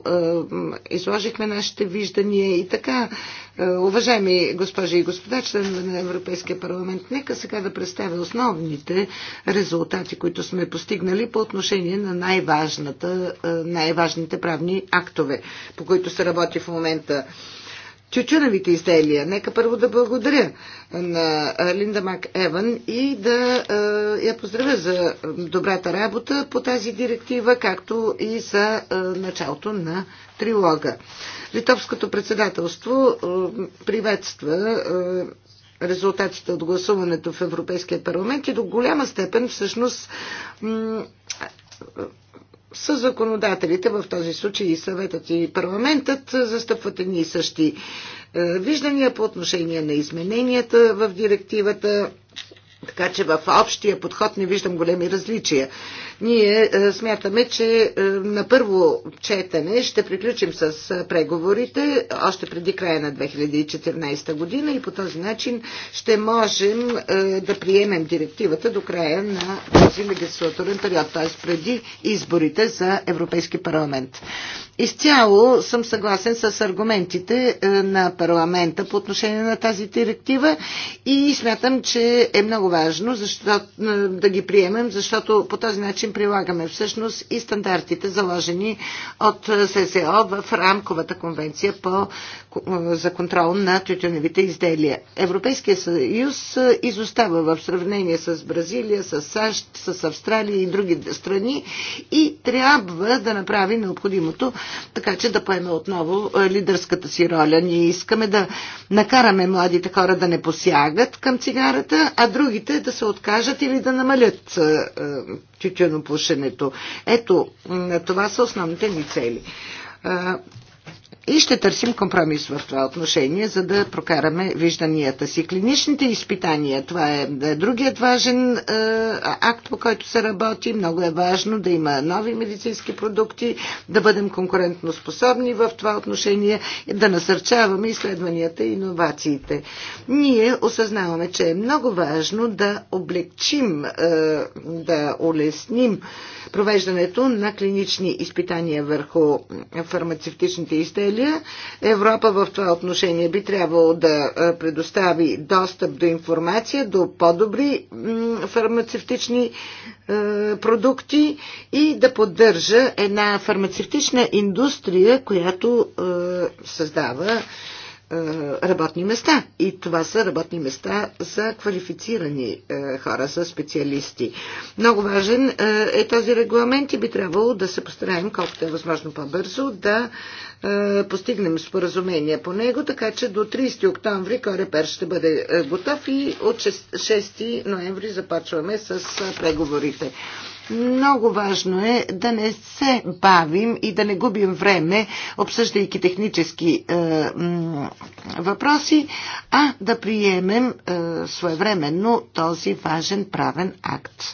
е, изложихме нашите виждания и така. Уважаеми госпожи и господа, членове на Европейския парламент, нека сега да представя основните резултати, които сме постигнали по отношение на най най-важните правни актове, по които се работи в момента тютюневите изделия. Нека първо да благодаря на Линда Мак Еван и да я поздравя за добрата работа по тази директива, както и за началото на трилога. Литовското председателство приветства резултатите от гласуването в Европейския парламент и до голяма степен всъщност с законодателите, в този случай и съветът и парламентът, застъпват едни и същи е, виждания по отношение на измененията в директивата, така че в общия подход не виждам големи различия. Ние е, смятаме, че е, на първо четене ще приключим с е, преговорите още преди края на 2014 година и по този начин ще можем да приемем директивата до края на този легислатурен период, т.е. преди изборите за Европейски парламент. Изцяло съм съгласен с аргументите на парламента по отношение на тази директива и смятам, че е много важно да ги приемем, защото по този начин начин прилагаме всъщност и стандартите заложени от ССО в рамковата конвенция по, за контрол на тютюневите изделия. Европейския съюз изостава в сравнение с Бразилия, с САЩ, с Австралия и други страни и трябва да направи необходимото, така че да поеме отново лидерската си роля. Ние искаме да накараме младите хора да не посягат към цигарата, а другите да се откажат или да намалят е, тютюнопушенето. Ето, това са основните ни цели. И ще търсим компромис в това отношение, за да прокараме вижданията си. Клиничните изпитания, това е, е другият важен е, акт, по който се работи. Много е важно да има нови медицински продукти, да бъдем конкурентно способни в това отношение, да насърчаваме изследванията и иновациите. Ние осъзнаваме, че е много важно да облегчим, е, да улесним провеждането на клинични изпитания върху фармацевтичните изделия, благодаря. Европа в това отношение би трябвало да предостави достъп до информация, до по-добри фармацевтични продукти и да поддържа една фармацевтична индустрия, която създава е, работни места. И това са работни места за квалифицирани е, хора, за специалисти. Много важен е, е този регламент и би трябвало да се постараем колкото е възможно по-бързо да постигнем споразумение по него, така че до 30 октомври Корепер ще бъде готов и от 6 ноември започваме с преговорите. Много важно е да не се бавим и да не губим време, обсъждайки технически е, въпроси, а да приемем е, своевременно този важен правен акт.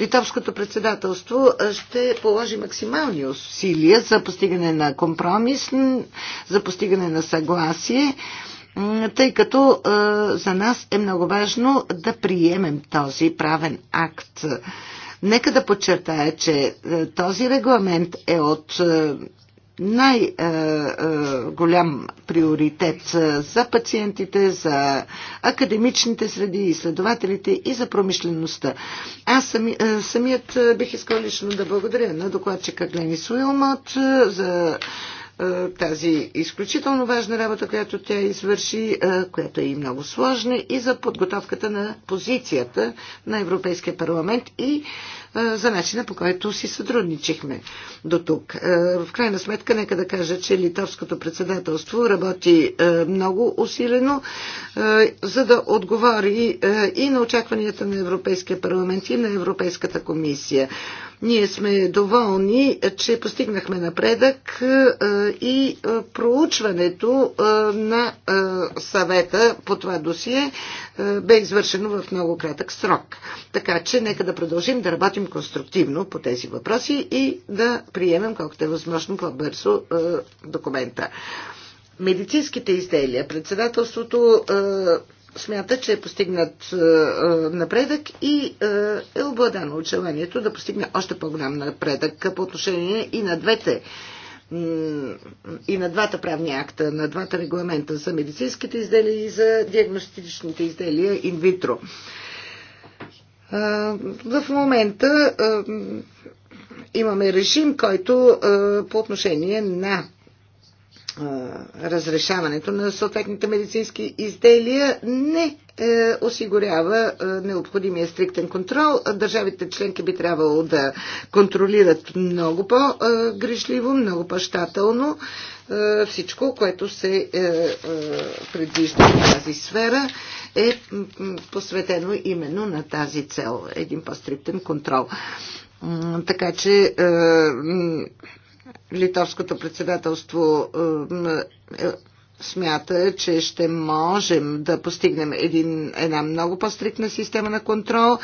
Литовското председателство е, ще положи максимални усилия за постигане на компромис, за постигане на съгласие тъй като е, за нас е много важно да приемем този правен акт. Нека да подчертая, че е, този регламент е от е, най-голям е, приоритет за пациентите, за академичните среди, изследователите и за промишлеността. Аз сами, самият бих искал лично да благодаря на докладчика Глени Суилмат, за е, тази изключително важна работа, която тя извърши, е, която е и много сложна, и за подготовката на позицията на Европейския парламент и е, за начина по който си сътрудничихме до тук. В крайна сметка, нека да кажа, че литовското председателство работи много усилено, за да отговори и на очакванията на Европейския парламент и на Европейската комисия. Ние сме доволни, че постигнахме напредък и проучването на съвета по това досие е, бе извършено в много кратък срок. Така че нека да продължим да работим конструктивно по тези въпроси и да приемем колкото е възможно по-бързо е, документа. Медицинските изделия. Председателството е, смята, че е постигнат е, напредък и е, е обладано от желанието да постигне още по-голям напредък по отношение и на двете и на двата правни акта, на двата регламента за медицинските изделия и за диагностичните изделия инвитро. В момента имаме режим, който по отношение на разрешаването на съответните медицински изделия не е, осигурява е, необходимия стриктен контрол. Държавите членки би трябвало да контролират много по грешливо много по-щателно е, всичко, което се предвижда в тази сфера е посветено именно на тази цел. Един по-стриктен контрол. Така че литовското председателство смята, че ще можем да постигнем един, една много по-стрикна система на контрол е,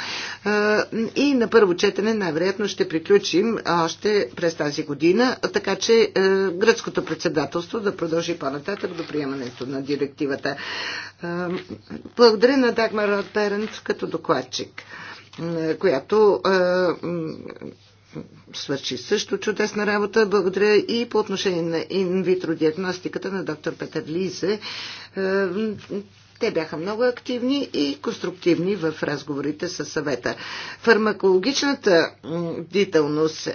и на първо четене най-вероятно ще приключим още през тази година, така че е, гръцкото председателство да продължи по-нататък до приемането на директивата. Е, благодаря на Дагмар Перенц като докладчик която свърши също чудесна работа. Благодаря и по отношение на инвитро диагностиката на доктор Петър Лизе. Е, те бяха много активни и конструктивни в разговорите с съвета. Фармакологичната бдителност е,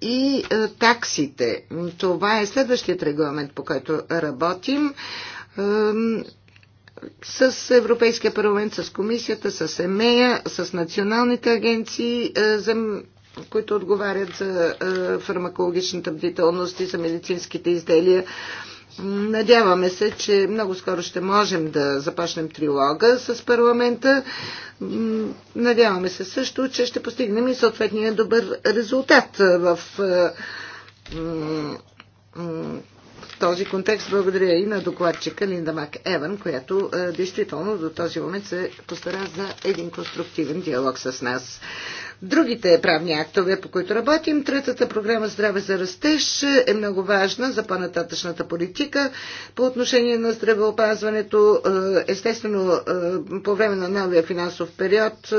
и е, таксите, това е следващият регламент, по който работим с Европейския парламент, с комисията, с ЕМЕЯ, с националните агенции за които отговарят за фармакологичната бдителност и за медицинските изделия. Надяваме се, че много скоро ще можем да започнем трилога с парламента. Надяваме се също, че ще постигнем и съответния добър резултат в в този контекст благодаря и на докладчика Линда Мак Еван, която действително до този момент се постара за един конструктивен диалог с нас другите правни актове, по които работим. Третата програма Здраве за растеж е много важна за по-нататъчната политика по отношение на здравеопазването. Е, естествено, е, по време на новия финансов период е,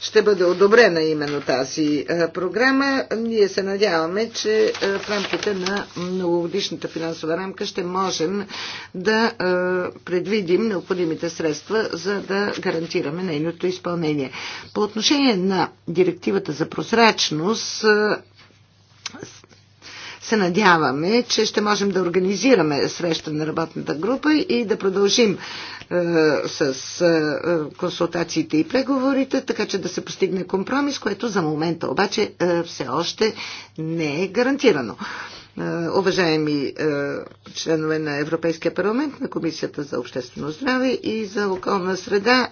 ще бъде одобрена именно тази програма. Ние се надяваме, че в рамките на многогодишната финансова рамка ще можем да предвидим необходимите средства, за да гарантираме нейното изпълнение. По отношение на директивата за прозрачност, се надяваме, че ще можем да организираме среща на работната група и да продължим е, с е, е, консултациите и преговорите, така че да се постигне компромис, което за момента обаче все още не е гарантирано. Е, уважаеми е, членове на Европейския парламент, на Комисията за обществено здраве и за околна среда.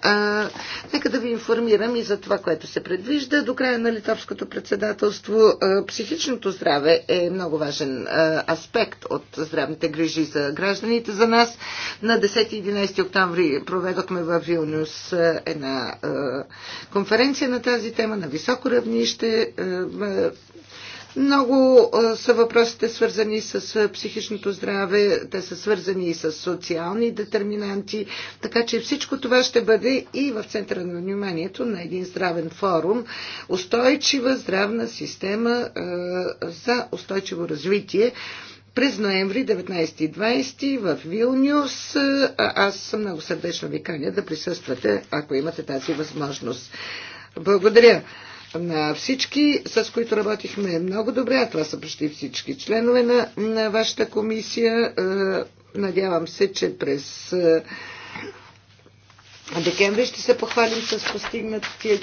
Е, нека да ви информирам и за това, което се предвижда. До края на литовското председателство психичното здраве е много важен аспект от здравните грижи за гражданите за нас. На 10 и 11 октомври проведохме в Вилнюс една конференция на тази тема на високо равнище много са въпросите свързани с психичното здраве, те са свързани и с социални детерминанти, така че всичко това ще бъде и в центъра на вниманието на един здравен форум. Устойчива здравна система за устойчиво развитие през ноември 19 и 20 в Вилнюс. Аз съм много сърдечно ви каня да присъствате, ако имате тази възможност. Благодаря на всички, с които работихме много добре, а това са почти всички членове на, на вашата комисия. Е, надявам се, че през е, декември ще се похвалим с постигнати е,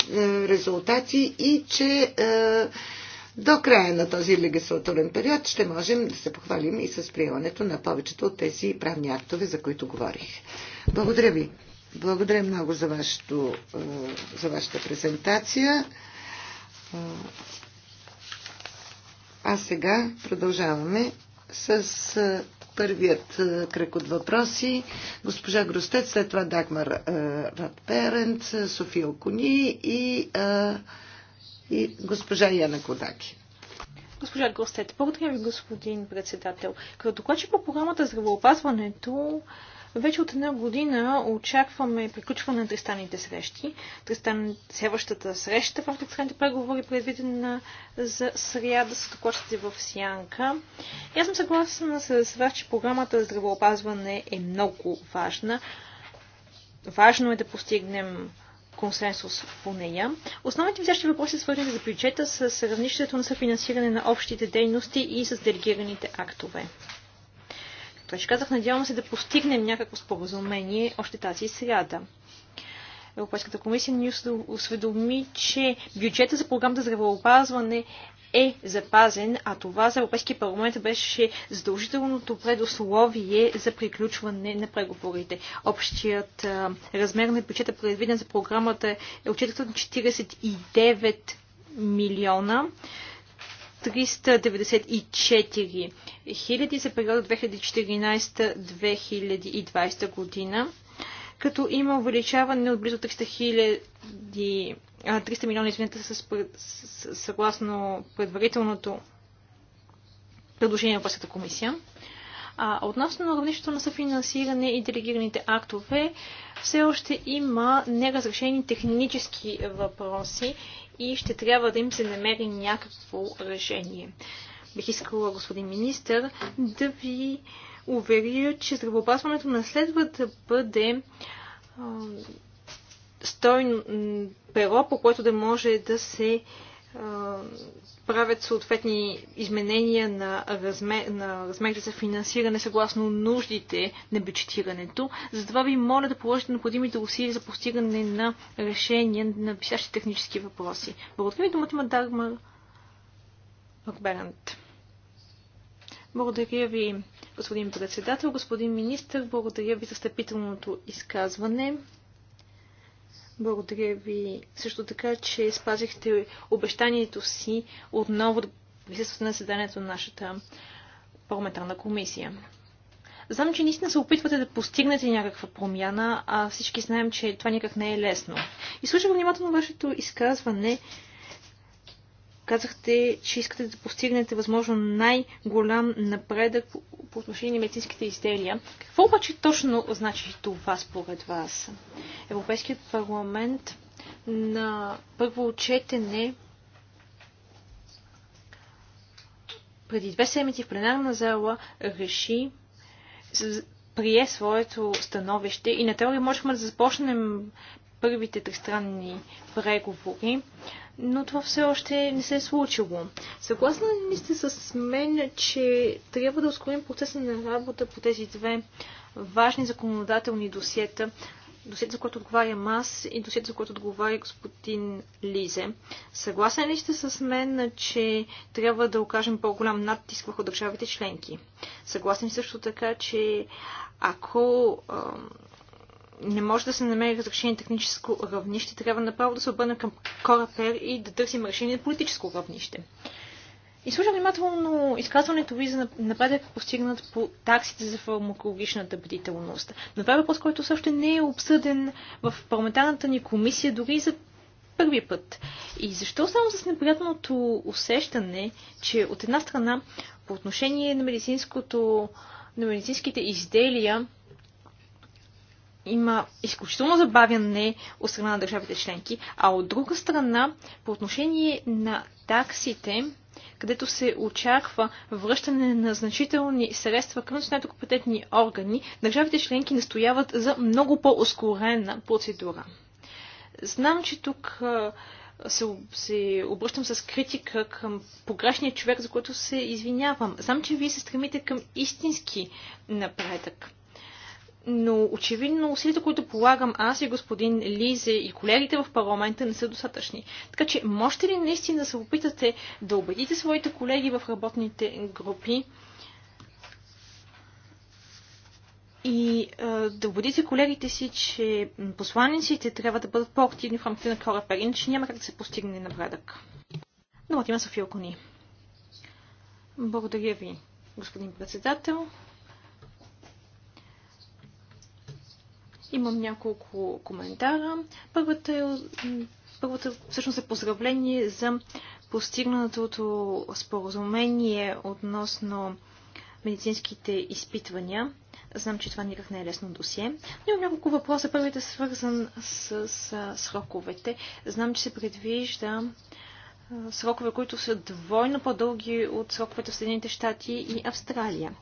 резултати и че до края на този легислатурен период ще можем да се похвалим и с приемането на повечето от тези правни актове, за които говорих. Благодаря ви. Благодаря много за, вашето, за вашата презентация. А сега продължаваме с първият кръг от въпроси. Госпожа Грустет, след това Дагмар Радперент, София Окуни и, и госпожа Яна Кодаки. Госпожа Гростет, благодаря ви, господин председател. Като докладчик по програмата здравеопазването, вече от една година очакваме приключване на тристанните срещи. Тристан... Следващата среща в тристанните преговори предвидена за сряда с докладчите в Сянка. И аз съм съгласна с вас, че програмата за здравеопазване е много важна. Важно е да постигнем консенсус по нея. Основните висящи въпроси, свързани за бюджета, са с равнището на съфинансиране на общите дейности и с делегираните актове. Той ще казах, надявам се да постигнем някакво споразумение още тази сряда. Европейската комисия ни осведоми, че бюджета за програмата здравеопазване е запазен, а това за Европейския парламент беше задължителното предусловие за приключване на преговорите. Общият а, размер на бюджета, предвиден за програмата, е от 449 милиона. 394 хиляди за период 2014-2020 година, като има увеличаване от близо 300 хиляди 300 милиона, извинете, с, съгласно предварителното предложение на Европейската комисия. А, относно на равнището на съфинансиране и делегираните актове, все още има неразрешени технически въпроси и ще трябва да им се намери някакво решение. Бих искала, господин министр, да ви уверя, че здравеопазването не следва да бъде стойно перо, по което да може да се правят съответни изменения на, размер, на размерите за финансиране съгласно нуждите на бюджетирането. Затова ви моля да положите необходимите усилия за постигане на решения на висящи технически въпроси. Благодаря ви думата има Дармар Рокберант. Благодаря ви, господин председател, господин министр. Благодаря ви за стъпителното изказване. Благодаря ви също така, че спазихте обещанието си отново да присъствате на заседанието на нашата парламентарна комисия. Знам, че наистина се опитвате да постигнете някаква промяна, а всички знаем, че това никак не е лесно. И слушах внимателно вашето изказване Казахте, че искате да постигнете възможно най-голям напредък по отношение на медицинските изделия. Какво обаче точно значи това според вас? Европейският парламент на първо четене преди две седмици в пленарна зала реши прие своето становище и на теория можехме да започнем първите тристранни преговори, но това все още не се е случило. Съгласна ли сте с мен, че трябва да ускорим процеса на работа по тези две важни законодателни досиета, досиета, за което отговарям аз и досиета, за което отговаря господин Лизе. Съгласен ли сте с мен, че трябва да окажем по-голям натиск върху държавите членки? Съгласен също така, че ако не може да се намери разрешение техническо равнище, трябва направо да се обърнем към Корапер и да търсим решение на политическо равнище. И слушам внимателно изказването ви за напредък постигнат по таксите за фармакологичната бдителност. Но това е въпрос, който също не е обсъден в парламентарната ни комисия, дори за първи път. И защо само с неприятното усещане, че от една страна по отношение на медицинското на медицинските изделия има изключително забавяне от страна на държавите членки, а от друга страна, по отношение на таксите, където се очаква връщане на значителни средства към националните компетентни органи, държавите членки настояват за много по-ускорена процедура. Знам, че тук се, се обръщам с критика към погрешния човек, за който се извинявам. Знам, че вие се стремите към истински напредък но очевидно усилията, които полагам аз и господин Лизе и колегите в парламента не са достатъчни. Така че можете ли наистина да се опитате да убедите своите колеги в работните групи и а, да убедите колегите си, че посланиците трябва да бъдат по-активни в рамките на Корапер, иначе няма как да се постигне напредък. Но има София Кони. Благодаря ви, господин председател. Имам няколко коментара. Първата е, първата всъщност е поздравление за постигнатото споразумение относно медицинските изпитвания. Знам, че това никак не е лесно досие. Но имам няколко въпроса. Първият е свързан с, с сроковете. Знам, че се предвижда срокове, които са двойно по-дълги от сроковете в Съединените щати и Австралия.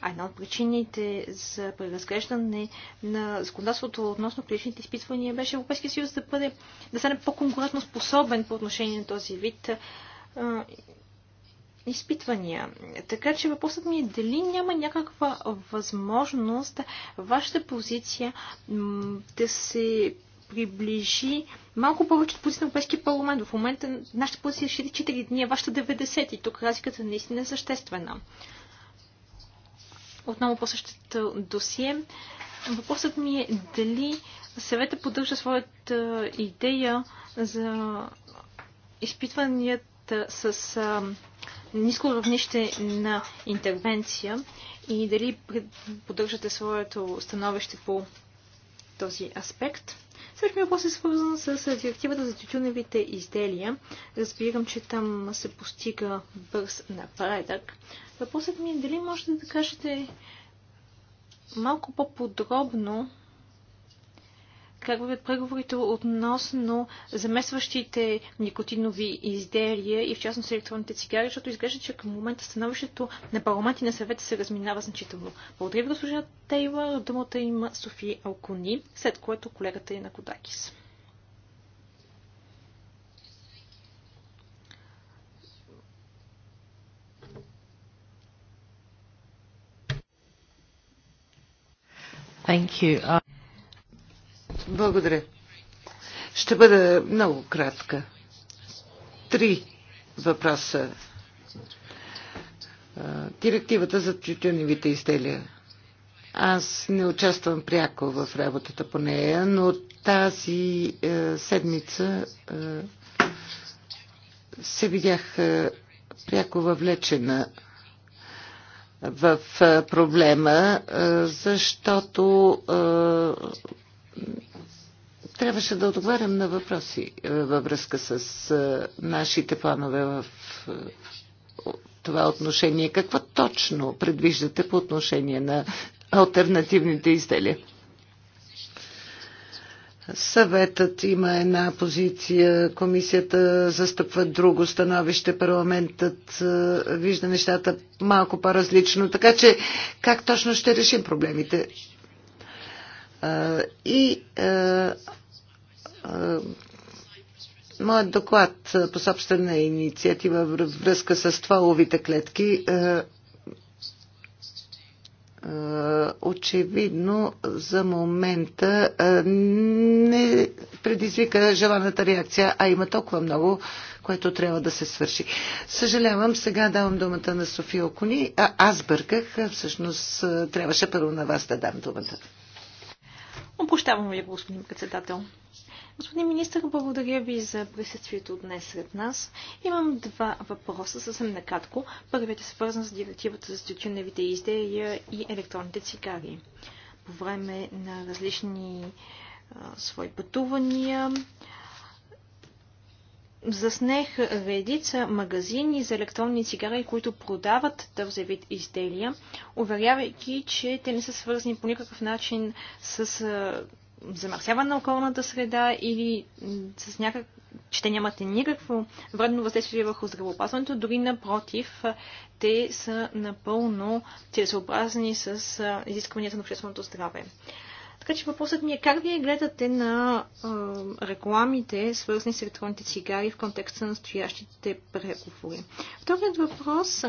А една от причините за преразглеждане на законодателството относно клиничните изпитвания беше Европейския съюз да, бъде, да стане по-конкурентно способен по отношение на този вид изпитвания. Така че въпросът ми е дали няма някаква възможност вашата позиция да се приближи малко повече от позиция на Европейския парламент. В момента нашата позиция е 64 дни, а вашата 90 и тук разликата наистина е съществена отново по същото досие. Въпросът ми е дали съвета поддържа своята е, идея за изпитванията с а, ниско равнище на интервенция и дали поддържате своето становище по този аспект. Следващия въпрос е свързан с директивата за тютюневите изделия. Разбирам, че там се постига бърз напредък. Въпросът ми е дали можете да кажете малко по-подробно как вървят преговорите относно замесващите никотинови изделия и в частност електронните цигари, защото изглежда, че към момента становището на парламент и на съвета се разминава значително. Благодаря ви, госпожа Тейлър. Думата има Софи Алкони, след което колегата е на Кодакис. Thank you. Uh, благодаря. Ще бъда много кратка. Три въпроса. Директивата за тютюневите изделия. Аз не участвам пряко в работата по нея, но тази е, седмица е, се видях е, пряко въвлечена в е, проблема, е, защото е, трябваше да отговарям на въпроси е, във връзка с е, нашите планове в е, това отношение. Какво точно предвиждате по отношение на альтернативните изделия? Съветът има една позиция, комисията застъпва друго становище, парламентът вижда нещата малко по-различно. Така че как точно ще решим проблемите? И моят доклад по собствена инициатива във връзка с стволовите клетки очевидно за момента не предизвика желаната реакция, а има толкова много, което трябва да се свърши. Съжалявам, сега давам думата на София Окони. А, аз бърках, всъщност трябваше първо на вас да дам думата. Обощавам ви, господин председател. Господин министр, благодаря ви за присъствието днес сред нас. Имам два въпроса съвсем накратко. Първият е свързан с директивата за тютюневите изделия и електронните цигари. По време на различни а, свои пътувания заснех редица магазини за електронни цигари, които продават този вид изделия, уверявайки, че те не са свързани по никакъв начин с а, замърсяване на околната среда или с някак... че те нямат никакво вредно въздействие върху здравеопазването, дори напротив, те са напълно целесообразни с изискванията на общественото здраве. Така че въпросът ми е как вие гледате на е, рекламите, свързани с електронните цигари в контекста на настоящите преговори. Вторият въпрос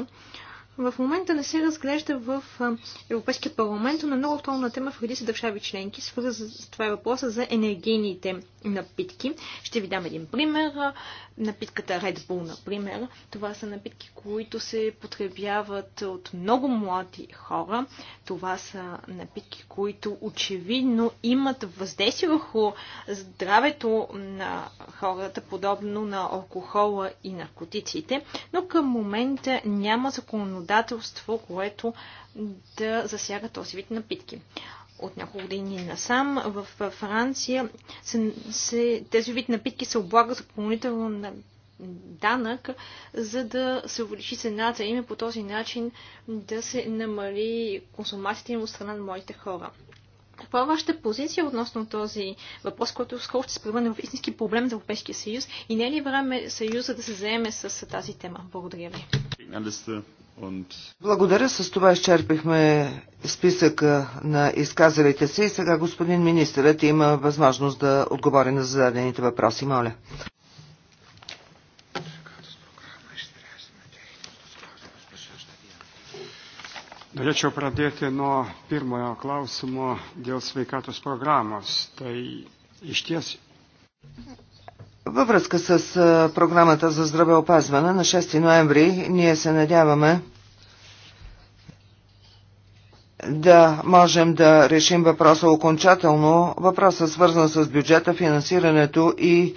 в момента не се разглежда в Европейския парламент, но е много актуална тема в редица държави членки. Свърза това е въпроса за енергийните напитки. Ще ви дам един пример. Напитката Red Bull, например. Това са напитки, които се потребяват от много млади хора. Това са напитки, които очевидно имат въздействие върху здравето на хората, подобно на алкохола и наркотиците, но към момента няма законодателство законодателство, което да засяга този вид напитки. От няколко години насам в Франция се, се, тези вид напитки се облагат допълнително на данък, за да се увеличи цената им и по този начин да се намали консумацията им от страна на моите хора. Каква е вашата позиция относно този въпрос, който скоро ще се превърне в истински проблем за Европейския съюз и не е ли време съюза да се заеме с тази тема? Благодаря ви. Благодаря. С това изчерпихме списъка на изказалите се и сега господин министърът има възможност да отговори на зададените въпроси. Моля. Norėčiau pradėti nuo pirmojo klausimo dėl sveikatos programos. Tai iš ties във връзка с програмата за здравеопазване на 6 ноември ние се надяваме да можем да решим въпроса окончателно. Въпроса свързан с бюджета, финансирането и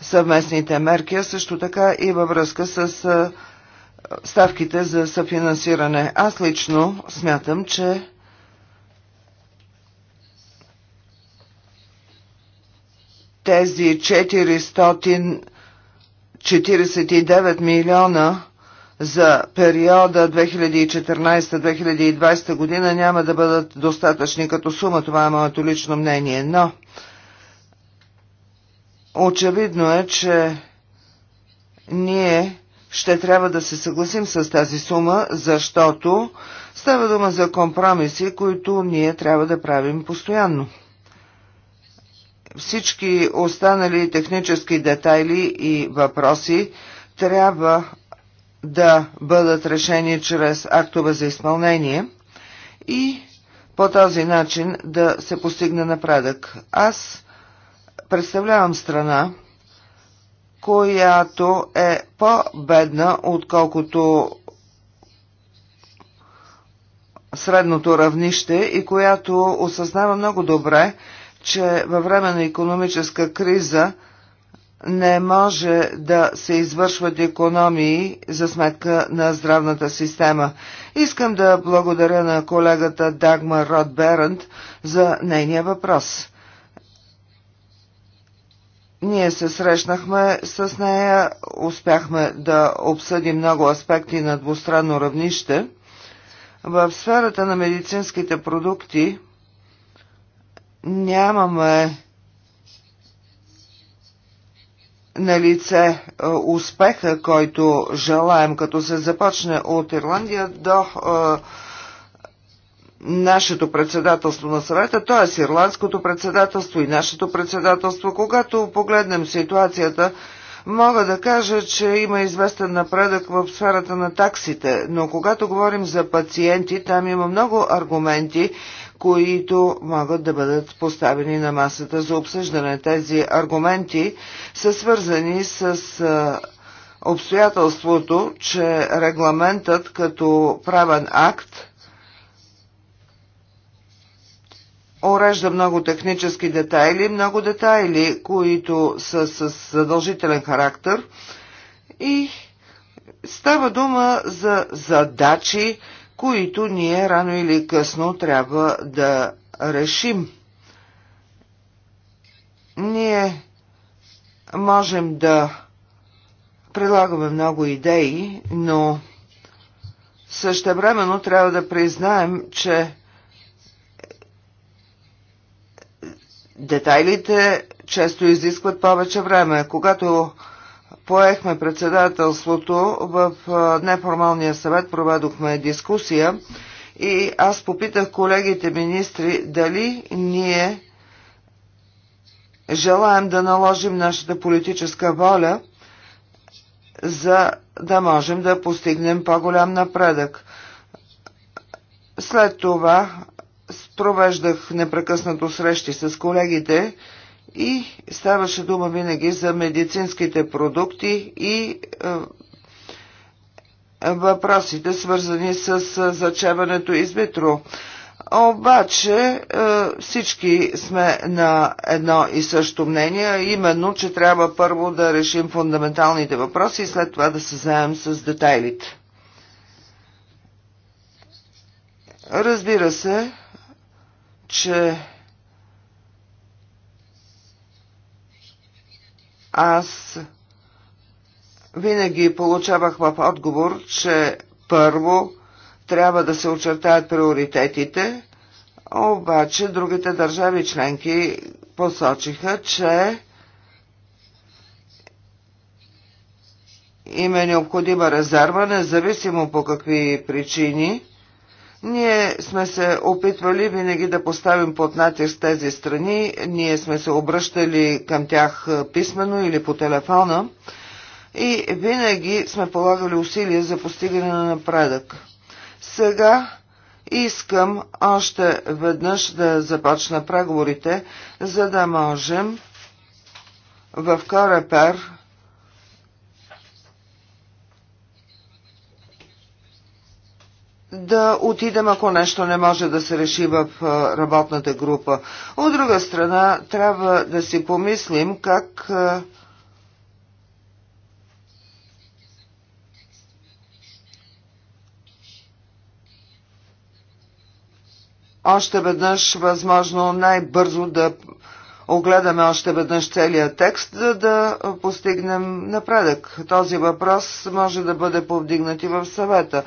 съвместните мерки, а също така и във връзка с ставките за съфинансиране. Аз лично смятам, че тези 449 милиона за периода 2014-2020 година няма да бъдат достатъчни като сума, това е моето лично мнение, но очевидно е, че ние ще трябва да се съгласим с тази сума, защото става дума за компромиси, които ние трябва да правим постоянно всички останали технически детайли и въпроси трябва да бъдат решени чрез актове за изпълнение и по този начин да се постигне напредък. Аз представлявам страна, която е по-бедна, отколкото средното равнище и която осъзнава много добре, че във време на економическа криза не може да се извършват економии за сметка на здравната система. Искам да благодаря на колегата Дагма Род Берент за нейния въпрос. Ние се срещнахме с нея, успяхме да обсъдим много аспекти на двустранно равнище. В сферата на медицинските продукти – нямаме на лице е, успеха, който желаем, като се започне от Ирландия до е, нашето председателство на съвета, т.е. ирландското председателство и нашето председателство. Когато погледнем ситуацията, мога да кажа, че има известен напредък в сферата на таксите, но когато говорим за пациенти, там има много аргументи, които могат да бъдат поставени на масата за обсъждане. Тези аргументи са свързани с обстоятелството, че регламентът като правен акт орежда много технически детайли, много детайли, които са с задължителен характер и става дума за задачи, които ние рано или късно трябва да решим. Ние можем да предлагаме много идеи, но същевременно трябва да признаем, че детайлите често изискват повече време. Когато поехме председателството, в неформалния съвет проведохме дискусия и аз попитах колегите министри дали ние желаем да наложим нашата политическа воля, за да можем да постигнем по-голям напредък. След това провеждах непрекъснато срещи с колегите, и ставаше дума винаги за медицинските продукти и е, е, въпросите, свързани с е, зачеването избитро. Обаче всички сме на едно и също мнение, именно, че трябва първо да решим фундаменталните въпроси и след това да се заем с детайлите. Разбира се, че аз винаги получавах в отговор, че първо трябва да се очертаят приоритетите, обаче другите държави членки посочиха, че им е необходима резерва, независимо по какви причини. Ние сме се опитвали винаги да поставим под натиск тези страни, ние сме се обръщали към тях писменно или по телефона и винаги сме полагали усилия за постигане на напредък. Сега искам още веднъж да започна преговорите, за да можем в Карапер да отидем, ако нещо не може да се реши в работната група. От друга страна, трябва да си помислим как още веднъж, възможно най-бързо да огледаме още веднъж целия текст, за да постигнем напредък. Този въпрос може да бъде повдигнат и в съвета.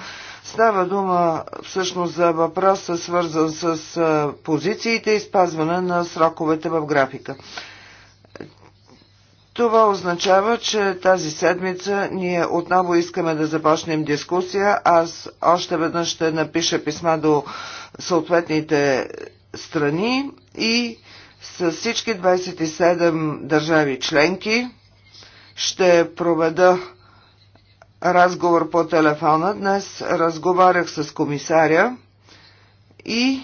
Става дума всъщност за въпроса, свързан с позициите и спазване на сроковете в графика. Това означава, че тази седмица ние отново искаме да започнем дискусия. Аз още веднъж ще напиша писма до съответните страни и с всички 27 държави членки ще проведа разговор по телефона. Днес разговарях с комисаря и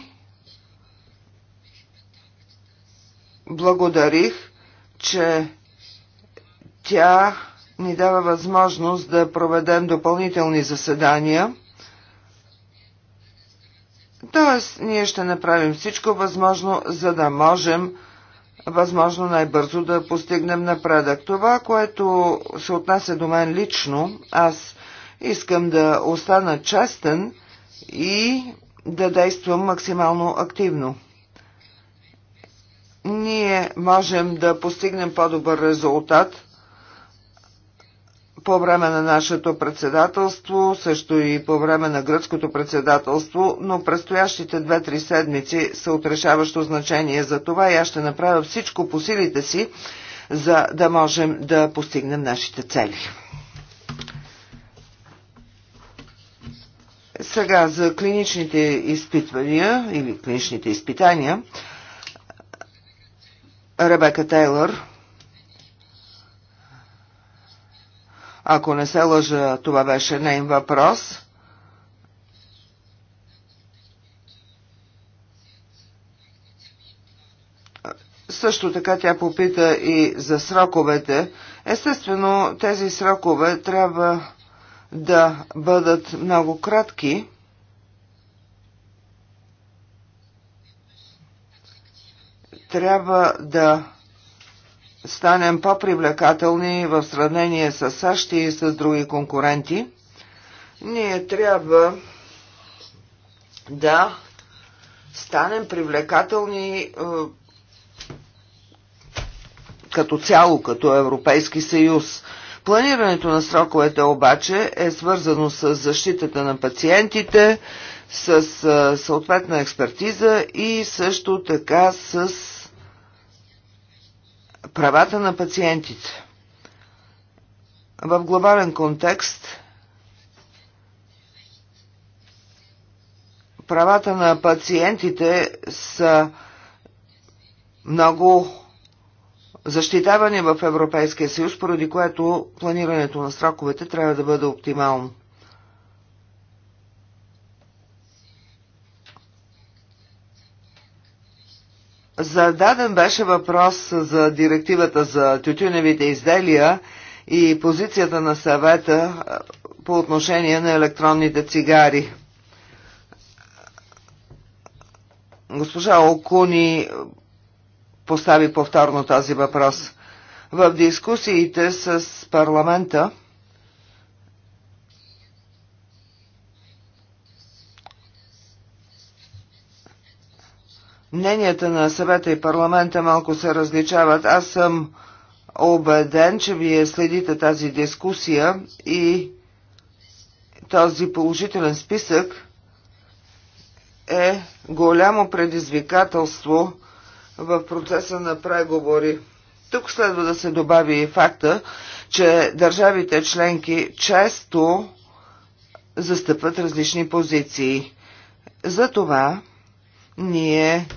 благодарих, че тя ни дава възможност да проведем допълнителни заседания. Тоест, ние ще направим всичко възможно, за да можем възможно най-бързо да постигнем напредък. Това, което се отнася до мен лично, аз искам да остана частен и да действам максимално активно. Ние можем да постигнем по-добър резултат – по време на нашето председателство, също и по време на гръцкото председателство, но предстоящите две-три седмици са отрешаващо значение за това и аз ще направя всичко по силите си, за да можем да постигнем нашите цели. Сега за клиничните изпитвания или клиничните изпитания. Ребека Тейлър Ако не се лъжа, това беше нейн въпрос. Също така тя попита и за сроковете. Естествено, тези срокове трябва да бъдат много кратки. Трябва да станем по-привлекателни в сравнение с САЩ и с други конкуренти, ние трябва да станем привлекателни е, като цяло, като Европейски съюз. Планирането на сроковете обаче е свързано с защитата на пациентите, с е, съответна експертиза и също така с правата на пациентите. В глобален контекст правата на пациентите са много защитавани в Европейския съюз, поради което планирането на сроковете трябва да бъде оптимално. Зададен беше въпрос за директивата за тютюневите изделия и позицията на съвета по отношение на електронните цигари. Госпожа Окуни постави повторно този въпрос. В дискусиите с парламента мненията на съвета и парламента малко се различават. Аз съм убеден, че вие следите тази дискусия и този положителен списък е голямо предизвикателство в процеса на преговори. Тук следва да се добави и факта, че държавите членки често застъпват различни позиции. Затова ние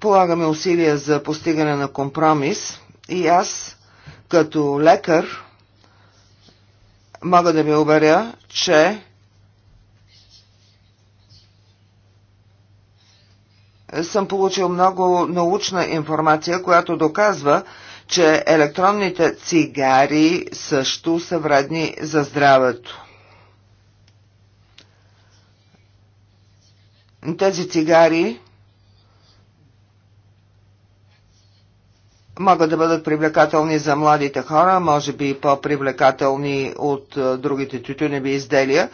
полагаме усилия за постигане на компромис и аз като лекар мога да ви уверя, че съм получил много научна информация, която доказва, че електронните цигари също са вредни за здравето. тези цигари могат да бъдат привлекателни за младите хора, може би по-привлекателни от другите тютюневи изделия,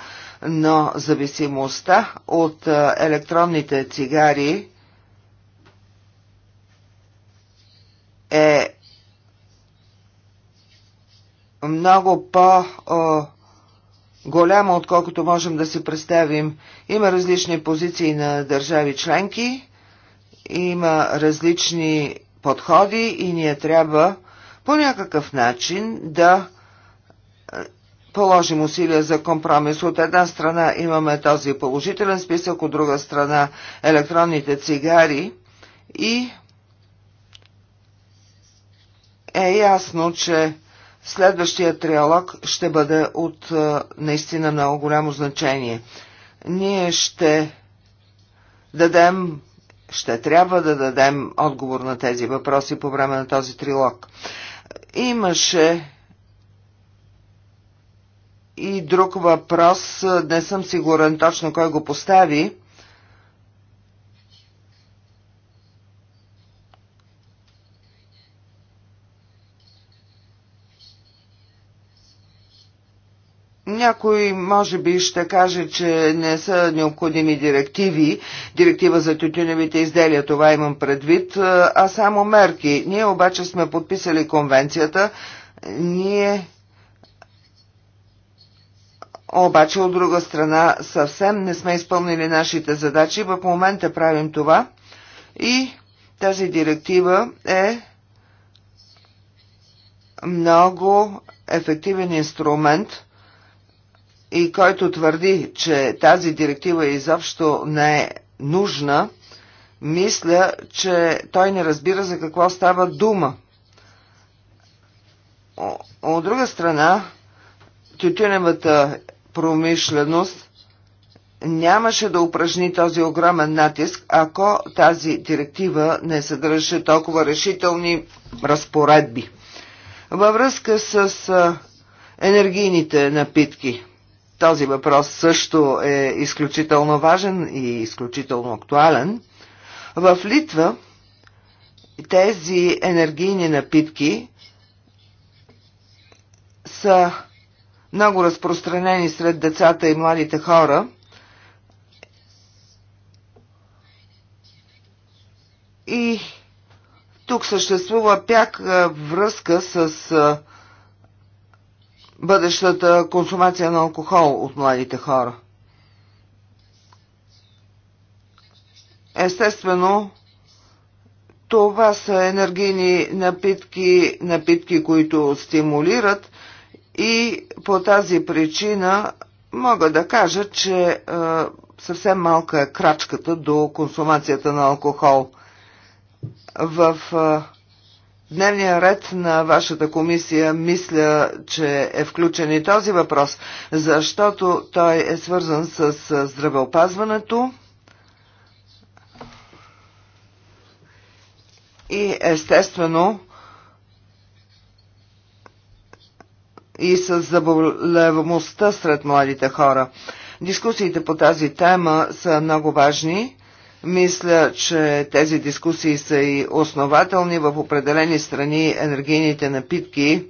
но зависимостта от електронните цигари е много по- голяма, отколкото можем да си представим. Има различни позиции на държави членки, има различни подходи и ние трябва по някакъв начин да е, положим усилия за компромис. От една страна имаме този положителен списък, от друга страна електронните цигари и е ясно, че Следващия триалог ще бъде от е, наистина много голямо значение. Ние ще дадем, ще трябва да дадем отговор на тези въпроси по време на този трилог. Имаше и друг въпрос, не съм сигурен точно кой го постави. Някой може би ще каже, че не са необходими директиви, директива за тютюневите изделия, това имам предвид, а само мерки. Ние обаче сме подписали конвенцията, ние обаче от друга страна съвсем не сме изпълнили нашите задачи, в момента правим това и тази директива е много ефективен инструмент и който твърди, че тази директива изобщо не е нужна, мисля, че той не разбира за какво става дума. От друга страна, тютюневата промишленост нямаше да упражни този огромен натиск, ако тази директива не съдържаше толкова решителни разпоредби. Във връзка с енергийните напитки. Този въпрос също е изключително важен и изключително актуален. В Литва тези енергийни напитки са много разпространени сред децата и младите хора. И тук съществува пяка връзка с бъдещата консумация на алкохол от младите хора. Естествено, това са енергийни напитки, напитки, които стимулират и по тази причина мога да кажа, че е, съвсем малка е крачката до консумацията на алкохол. В е, дневния ред на вашата комисия мисля, че е включен и този въпрос, защото той е свързан с здравеопазването. И естествено, и с заболевамостта сред младите хора. Дискусиите по тази тема са много важни мисля, че тези дискусии са и основателни. В определени страни енергийните напитки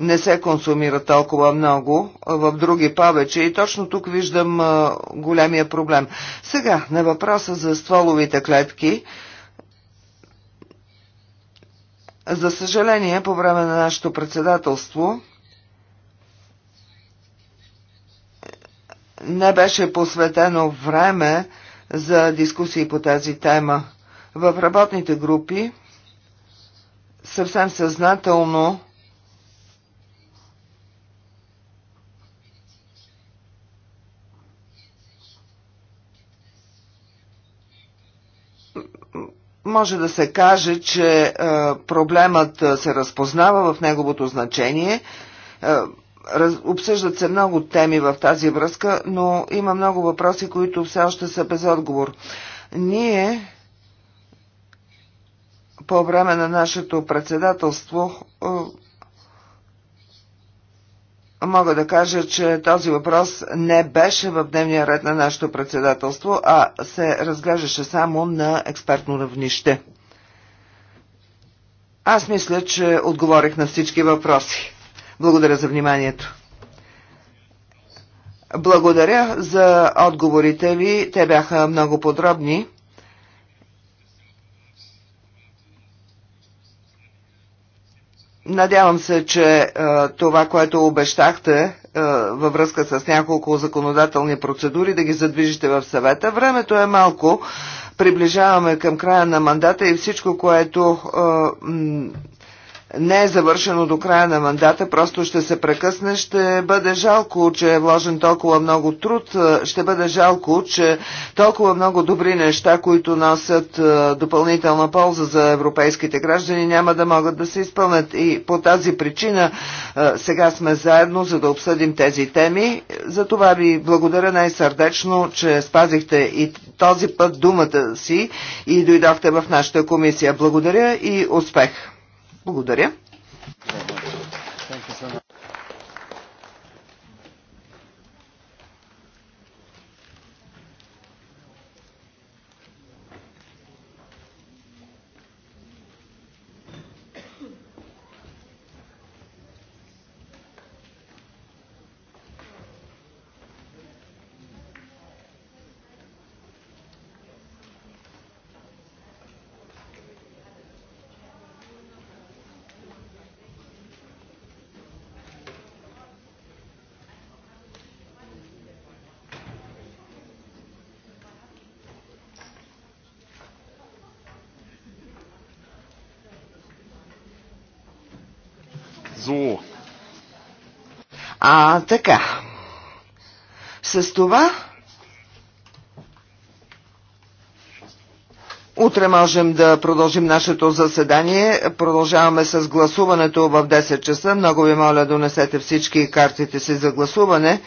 не се консумира толкова много, в други повече и точно тук виждам големия проблем. Сега, на въпроса за стволовите клетки. За съжаление, по време на нашето председателство не беше посветено време за дискусии по тази тема. В работните групи съвсем съзнателно може да се каже, че проблемът се разпознава в неговото значение раз, обсъждат се много теми в тази връзка, но има много въпроси, които все още са без отговор. Ние по време на нашето председателство е, мога да кажа, че този въпрос не беше в дневния ред на нашето председателство, а се разглеждаше само на експертно равнище. Аз мисля, че отговорих на всички въпроси. Благодаря за вниманието. Благодаря за отговорите ви. Те бяха много подробни. Надявам се, че това, което обещахте във връзка с няколко законодателни процедури, да ги задвижите в съвета. Времето е малко. Приближаваме към края на мандата и всичко, което не е завършено до края на мандата, просто ще се прекъсне. Ще бъде жалко, че е вложен толкова много труд, ще бъде жалко, че толкова много добри неща, които носят е, допълнителна полза за европейските граждани, няма да могат да се изпълнят. И по тази причина е, сега сме заедно, за да обсъдим тези теми. За това ви благодаря най-сърдечно, че спазихте и този път думата си и дойдохте в нашата комисия. Благодаря и успех! Благодаря. А, така. С това Утре можем да продължим нашето заседание. Продължаваме с гласуването в 10 часа. Много ви моля, донесете всички картите си за гласуване.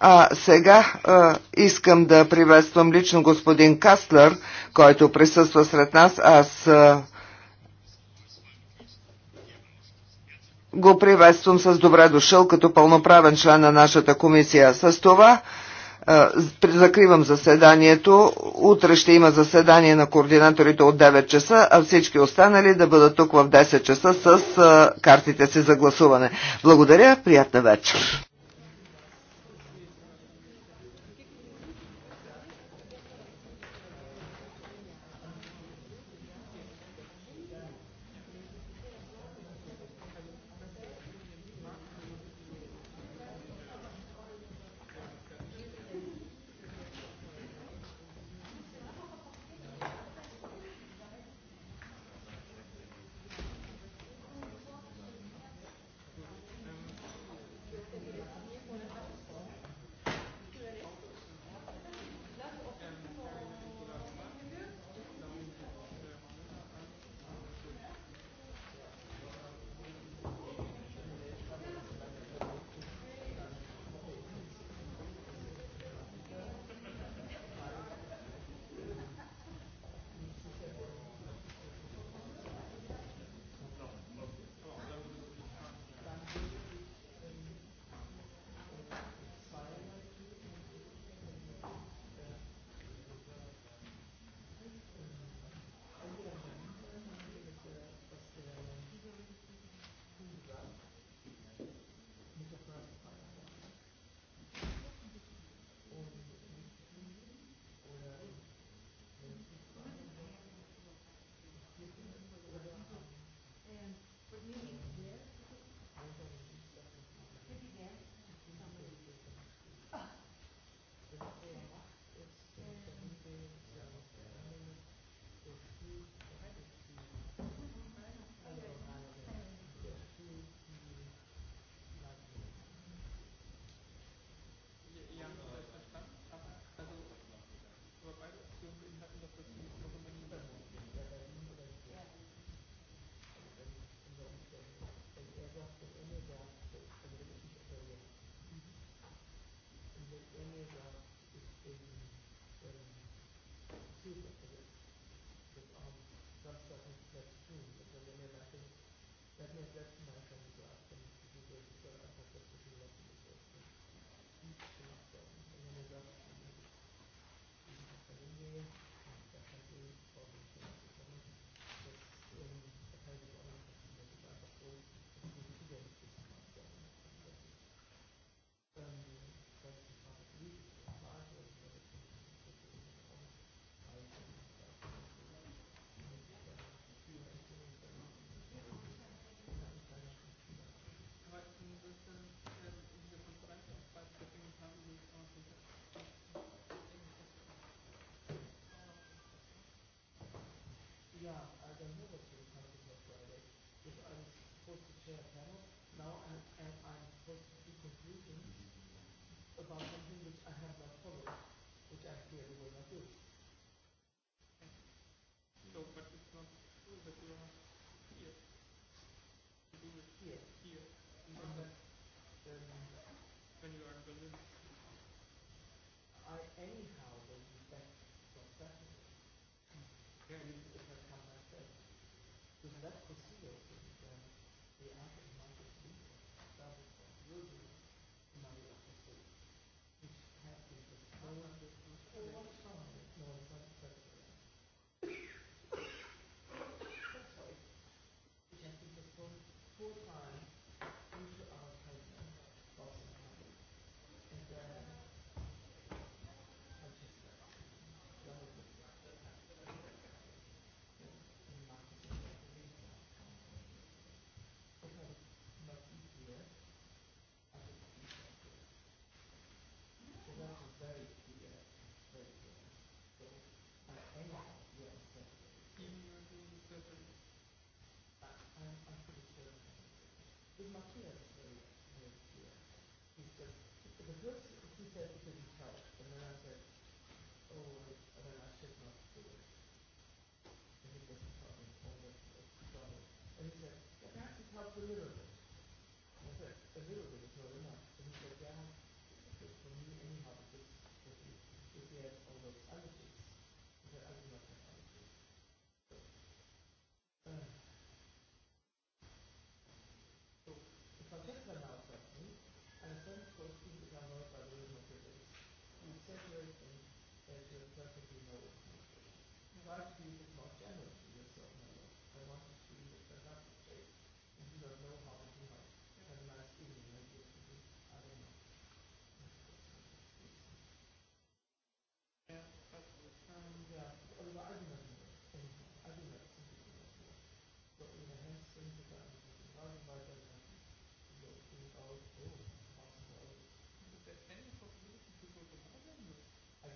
А сега а, искам да приветствам лично господин Кастлер, който присъства сред нас. Аз а, го приветствам с добре дошъл като пълноправен член на нашата комисия. С това закривам заседанието. Утре ще има заседание на координаторите от 9 часа, а всички останали да бъдат тук в 10 часа с картите си за гласуване. Благодаря, приятна вечер. too quick to this. With um, some stuff needs to get tuned, but then they made that thing, that made that their panel. Now I'm, and I'm supposed to be confusing about something which I have not followed, which actually clearly will not do. So, but it's not true that you are here. You do it here. Here. Not that when you are in Berlin. I anyhow. volunteers they, He said, the first, he said help. And then I said, oh, then I should not do it. And he just me all the And he said, that a little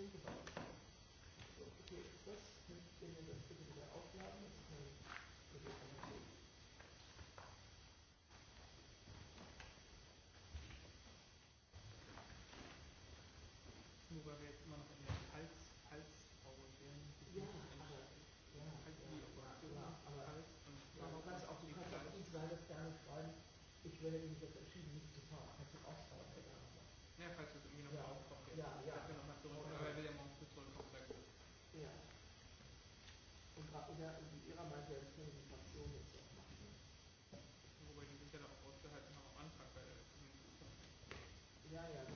think about it. So, okay, das bitte wieder aufladen, ist eine Nur weil wir jetzt immer noch in der Hals, Hals orientieren. Ja, aber, ja, ja, aber, Hals und aber ganz auf die Karte, ich war das nicht freuen. Ich werde mich jetzt entschieden, nicht zu fahren. Kannst du auch fahren, Ja, falls du es irgendwie noch mal aufkommst. Ja, ja. Ja. Und oder wie Ihrer Meinung nach können die Fraktionen jetzt auch machen. Wobei die sich ja auch ausgehalten haben am Anfang bei der Ja, ja.